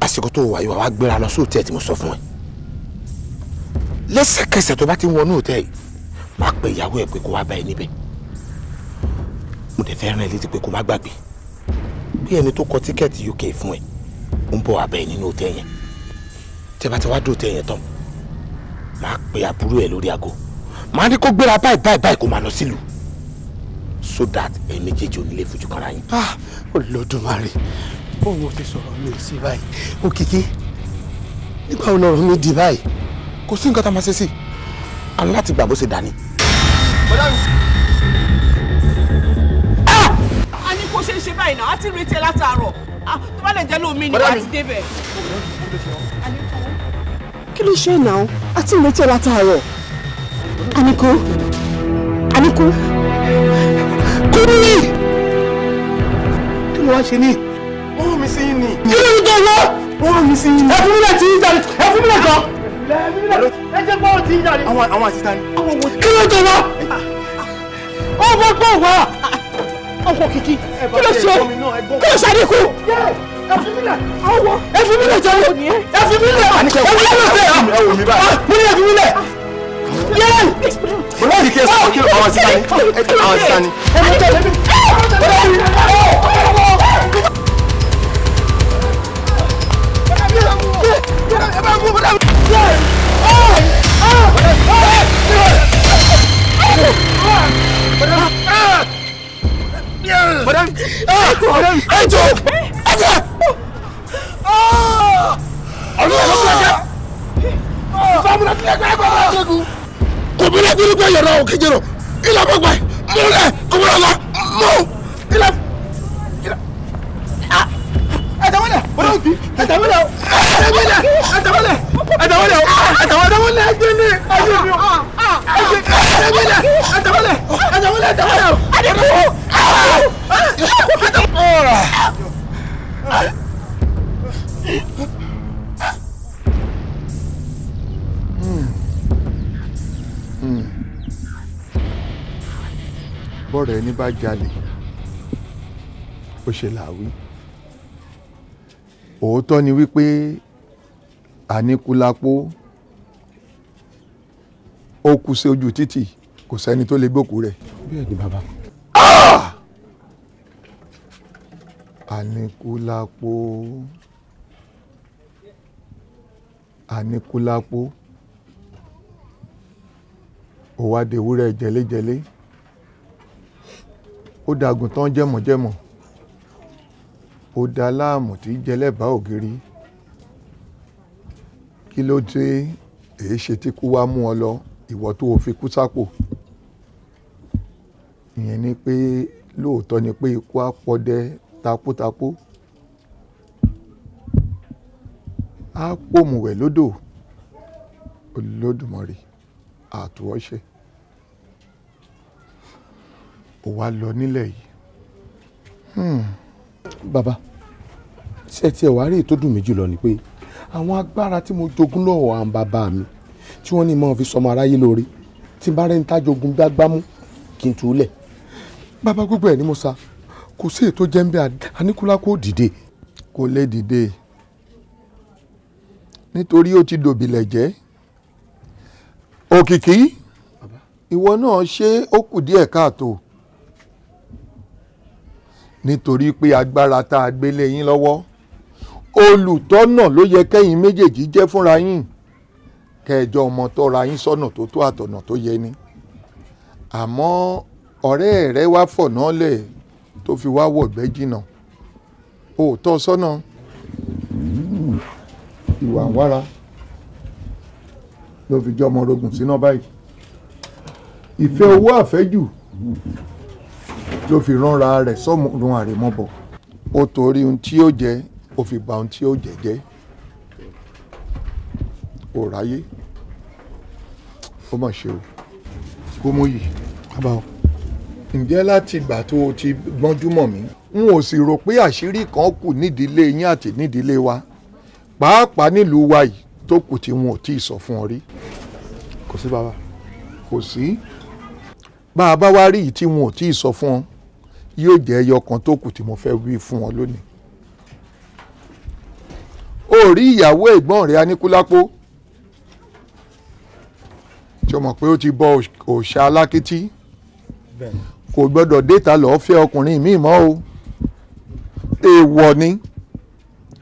àsìkò tó wà yìí wà wá gbéra lọ sí òtẹ́ẹ̀ mo sọ fún ẹ lẹ́sẹ̀kẹsẹ̀ tó bá ti wọnú òtẹ́ẹ̀ máa pe ìyàwó ẹ pé kó wá bá ẹ níbẹ̀ mo dẹ̀ fẹ́ rán ẹ létí pé kó má gbàgbé pé ẹni tó kọ tíkẹ́ẹ̀tì UK fún ẹ ń bọ̀ abẹ́ ẹ nínú òtẹ́ yẹn tẹ́ bá ti wá dòtẹ́ yẹn tán máa pe àbúrò ẹ lórí aago máa ní kó gbéra báyìí báyìí báyìí kó máa lọ sílùú so that ẹ méjèèjì ò ní lè fojú kanra yín. Ah, Olódùmarè òun ò ti sọ̀rọ̀ mi sí báyìí Òkìkí nígbà wo lọ̀rọ̀ mi di báyìí kò sí nǹkan tá a máa ṣe sí i aláti gbà bó ṣe dà ní. a ní kó ṣe ń ṣe báyìí náà a ti retí ẹ látàárọ̀ tó bá lè jẹ́ lómi ni wàá ti débẹ̀. kí ló ṣe náà a ti retí ẹ látàárọ̀ Àníkú Àníkú kú ní. kí ló wá ṣe ní. wọ́n mi sí ní. kí ló ń dọ̀wọ́. wọ́n mi sí ní. ẹ fún mi lẹ́tí ẹ fún mi lẹ́tọ̀ ẹ jẹ́ gbọ́ òtí yàrá. àwọn àwọn àti tani. kí ló dé wá. ó bá gbọ́ wá. ọkọ̀ kìkì kí ló ṣe kí ló ṣàdínkù. ẹ fi mílẹ̀ jẹ́ ẹ fi mílẹ̀ ẹ fi mílẹ̀ mo ní ẹ fi mílẹ̀. mo ní kí ẹ sọ kí àwọn àti tani àwọn àti tani. ẹ mú tẹ̀lé mi. Yeah! madame madame ẹjọ ẹjọ ọlọ́run ló fẹ́ jẹ́ sọ́mùnà tí ẹtàwọlẹ olóòtú ẹtàwọlẹ ẹtàwọlẹ ẹtàwọlẹ ẹtàwọlẹ ẹtàwọlẹ ẹjẹni ẹjẹni ẹtàwọlẹ ẹtàwọlẹ ẹtàwọlẹ ẹtàwọlẹ adigun ẹtàwọlẹ. bọ́ọ̀rọ̀ ẹni bá jalè ó ṣe làwí òótọ́ ni wípé àníkúlápó ó kú sí ojú títì kò sẹ́ni tó lè gbókú rẹ̀. bẹ́ẹ̀ ni bàbá. àníkúlápó ah! àníkúlápó òwádìí ewúrẹ́ jẹlẹ́jẹlẹ́ ó dàgùn tán jẹ̀mọ̀jẹ̀mọ̀ ó da láàmú tí jẹlẹ́bàá ògiri kí ló dé èé ṣe tí kú wá mú ọ lọ ìwọ tó o fi kú sápò ìyẹn ni pé lóòótọ́ ni pé ikú apọdẹ takótakó á pòmùwẹ̀ lódò olódùmarè àtúwọ́ṣe ò wá lọ nílẹ̀ yìí. Hmm. bàbá ṣe tiẹ̀ wá rí ètò dùn mí jùlọ ni pé àwọn agbára tí mo jogún lọ́wọ́ àwọn bàbá mi tí wọ́n ní mọ́ fi sọmọ aráyé lórí tí bá rẹ́ tá jogún gbágbámú kí n tú lẹ̀ bàbá gbogbo ẹ̀ ni mo sa kò sí ètò jẹ́ ń bẹ́ àníkúlákó dìde. kò lè dìde nítorí ó ti dòbìlẹ̀ jẹ́ òkìkí ìwọ náà ṣe ó kù díẹ̀ káàtó nítorí pé agbára tá a gbélé yín lọ́wọ́ olùtọ́nà ló yẹ kẹ́yìn méjèèjì jẹ́ fúnra yín kẹjọ ọmọ tọ́ra yín sọ́nà tó tó àtọ̀nà tó yẹ ni àmọ́ ọ̀rẹ́ rẹ wá fọ̀nà lẹ̀ tó fi wá wọ̀gbẹ́ jìnnà o tọ́ sọ́nà ìwà wára ló fi jọmọ rogun síná báyìí ìfẹ́ owó àfẹ́jù ló fi ránra rẹ̀ sọ́mùrún àrèmọ́bọ̀ ó torí ohun tí yóò jẹ́ ó fi ba ohun tí ó jẹ́jẹ́ ó ráyé ó mà ṣe o gómòyì ǹjẹ́ láti ìgbà tó o ti gbọ́njú mọ̀ mí n ò sì rò pé àṣírí kan kù nídìílé yín àti nídìílé wa pàápàá nílùú wa yìí tó kù tí wọn ò tí ì sọ fún ọ rí. kò sí bàbá. kò sí bá a bá wá rí yìí tí wọn ò tí ì sọ fún ọ yóò jẹ́ ẹyọ kan tó kù tí mo fẹ́ wí fún ọ lónìí ó rí ìyàwó ẹ̀gbọ́n rẹ̀ Aníkúlápó tí o mọ̀ pé ó ti bọ òòṣà alákítí kò gbọ́dọ̀ déta lọ́ọ́ fẹ́ ọkùnrin míì mọ́ o èèwọ̀ ni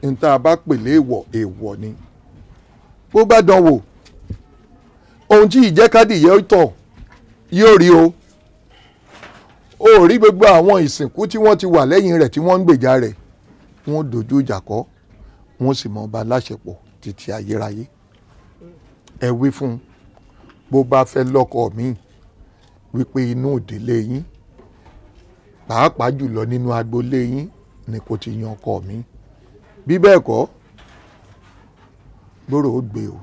níta bá pèlè èèwọ̀ èèwọ̀ ni bó bá dán wò ohun tí ìjẹ́kádìyẹ́ tọ̀ yóò rí o ó rí gbogbo àwọn ìsìnkú tí wọ́n ti wà lẹ́yìn rẹ̀ tí wọ́n ń gbèjà rẹ̀ wọ́n dojú ìjà kọ́ wọ́n sì mọ ọba láṣepọ̀ títí ayérayé ẹ wí fún un bó bá fẹ́ lọ́kọ mi wípé inú ìdílé yín pàápàá jùlọ nínú agboolé yín ni kò ti yan ọkọ mi bí bẹ́ẹ̀ kọ́ gbòòrò ó gbé o.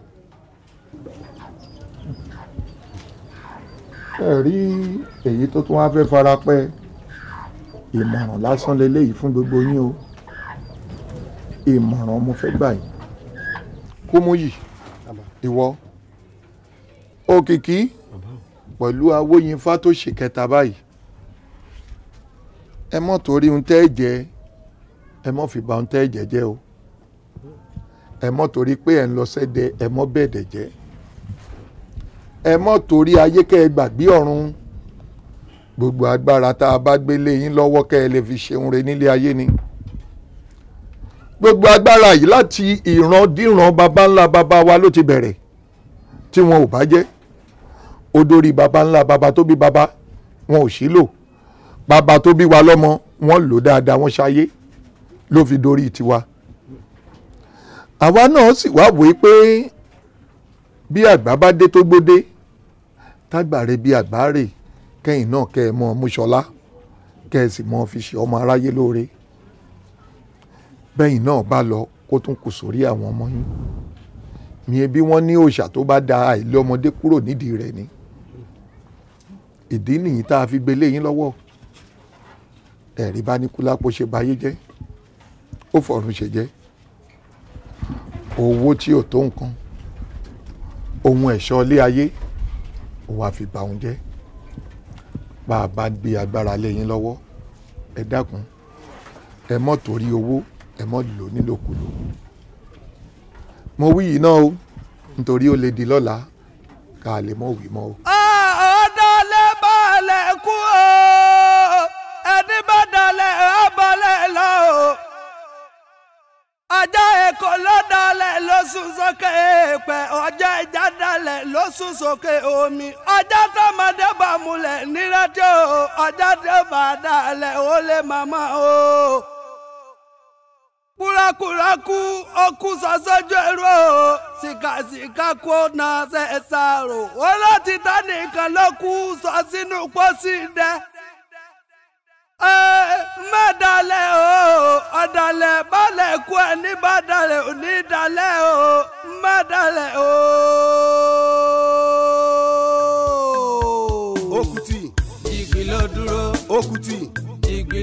ẹ rí èyí tó tún wá fẹ́ farapẹ́ ìmọ̀ràn lásán leléyìí fún gbogbo yín o ìmọ̀ràn mo fẹ́ gbà yìí Kúmúyì ìwọ òkìkí pẹ̀lú awóyinfá tó ṣe kẹta báyìí ẹ mọ̀ torí ohun tẹ́ ẹ jẹ ẹ mọ̀ fi ba ohun tẹ́ ẹ jẹ jẹ́ o ẹ mọ̀ torí pé ẹ ń lọ sẹ́dẹ̀ ẹ mọ̀ bẹ̀dẹ̀ jẹ́ ẹ mọ̀ torí ayé kẹ́ ẹ gbàgbé ọ̀run gbogbo agbára tá a bá gbélé yín lọ́wọ́ kẹ́ ẹ lè fi ṣeun re nílé ayé ni. Mm gbogbo agbára yìí láti ìrandíran baba ńlá baba wa ló ti bẹ̀rẹ̀ tí wọn ò bá jẹ́ odori baba ńlá baba tó bí baba wọn ò sí lò baba tó bí wa lọ́mọ wọn lò dáadáa wọn ṣayé ló fi dorí tiwa àwa náà sì wá wòye pé bí àgbà bá dé tó gbódé tágbà rẹ bí àgbà rè kẹ́yìn náà kẹ́ ẹ mọ́ ọ mú ẹ sì mọ́ fi ṣe ọmọ aráyé lóore bẹ́yìn náà bá lọ kó tún kù sórí àwọn ọmọ yín miye bí wọ́n ní òòṣà tó bá da àìlé ọmọdé kúrò nídìí rẹ̀ ni ìdí nìyí tá a fi gbélé yín lọ́wọ́ ẹ̀rí bá ní Kúlápó ṣe báyé jẹ́ ó fọ̀run ṣe jẹ́ owó tí ò tó nǹkan ohun ẹ̀ṣọ́ ilé ayé ó wàá fi bà jẹ́ bá a bá gbé agbára lé yín lọ́wọ́ ẹ dákun ẹ mọ̀ torí owó ẹ mọ́ lò nílòkulò mo wí yìí náà o nítorí lè di lọ́la ká lè mọ́ o. o ọjọ́ èkó ló dalẹ̀ sókè èèpẹ̀ ọjọ́ ìjà dalẹ̀ sókè omi ọjọ́ tọmọdé bá múlẹ̀ nírètí o ọjọ́ tó dalẹ̀ ó o. kpụrakpụrakpụ ọkụ sọsọjọ ero sikasikakwona sẹsàrò olótìtá nìkan ló kú sọ sínú pósí dẹ. mẹ́dàlẹ́ o ọ̀dàlẹ̀ balẹ̀ kú ẹ̀ níbàdàlẹ̀ onídàlẹ̀ o mẹ́dàlẹ̀ o. òkùtì. ìgbì dúró. òkùtì. ìgbì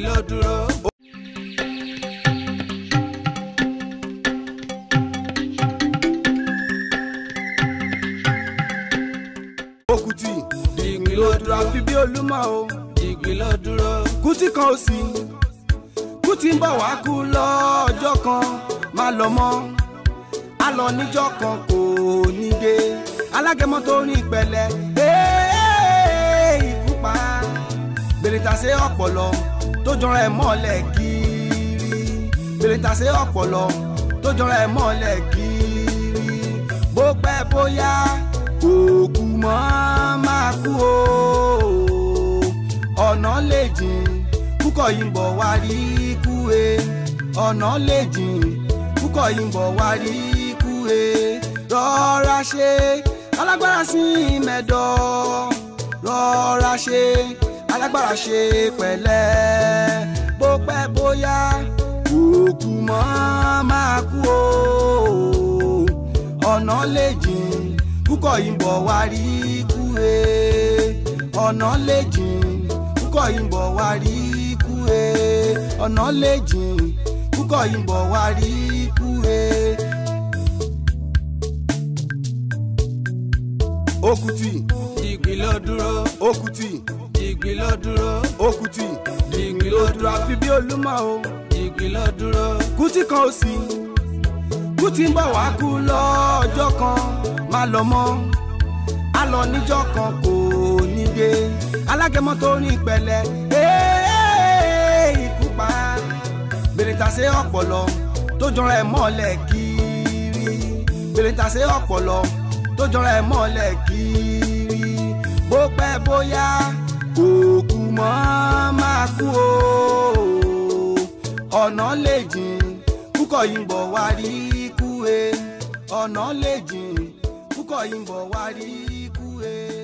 olúmọ o ìgbì lọ dúró kùtì kan ó sì kùtì ń bọ̀ wá kú lọ́jọ́ kan má lọ mọ́ a lọ níjọ́ kan kò ní dé alágẹmọ tó ní ìpẹ̀lẹ́ ikú pa gbèrètàsé ọpọlọ tó jọra ẹ̀ mọ́lẹ̀ kiri gbèrètàsé ọpọlọ tó jọra ẹ̀ mọ́lẹ̀ kiri bó pẹ́ bóyá òkú mọ́ máa kú o. ọ̀nà lè jìn kúkọ̀ yìí ń bọ̀ wá rí ikú e ọ̀nà lè jìn kúkọ̀ wá rí ikú e rọra ṣe alágbára sí mẹ́dọ̀ rọra ṣe alágbára ṣe pẹ̀lẹ́ bó pẹ́ bóyá mọ́ máa kú o ọ̀nà lè jìn kúkọ̀ ìbọ̀ wá rí kú e ọ̀nà lè jìn kúkọ̀ ìbọ̀ wá rí kú e. Okuti dìgbì ló dúró. Òkùtì. dìgbì ló dúró. Òkùtì. dìgbì ló dúró. àfi bí olúmọ o. dìgbì ló dúró. Kútì kan ó sì. Kútì ń bọ̀ wá kú lọ́jọ́ kan má lọ mọ́ a lọ níjọ́ kan kò ní dé alágẹmọ tó ní ìpẹ̀lẹ́ ikú pa bèrètàsé ọpọlọ tó jọra ẹ mọ́lẹ̀ kiri bèrètàsé ọpọlọ tó jọra ẹ mọ́lẹ̀ kiri bó pẹ́ bóyá òkú mọ́ máa kú o ọ̀nà lè jìn púpọ̀ yìí bọ̀ wá rí kú e ọ̀nà lè jìn púpọ̀ yìí bọ̀ wá rí kú e.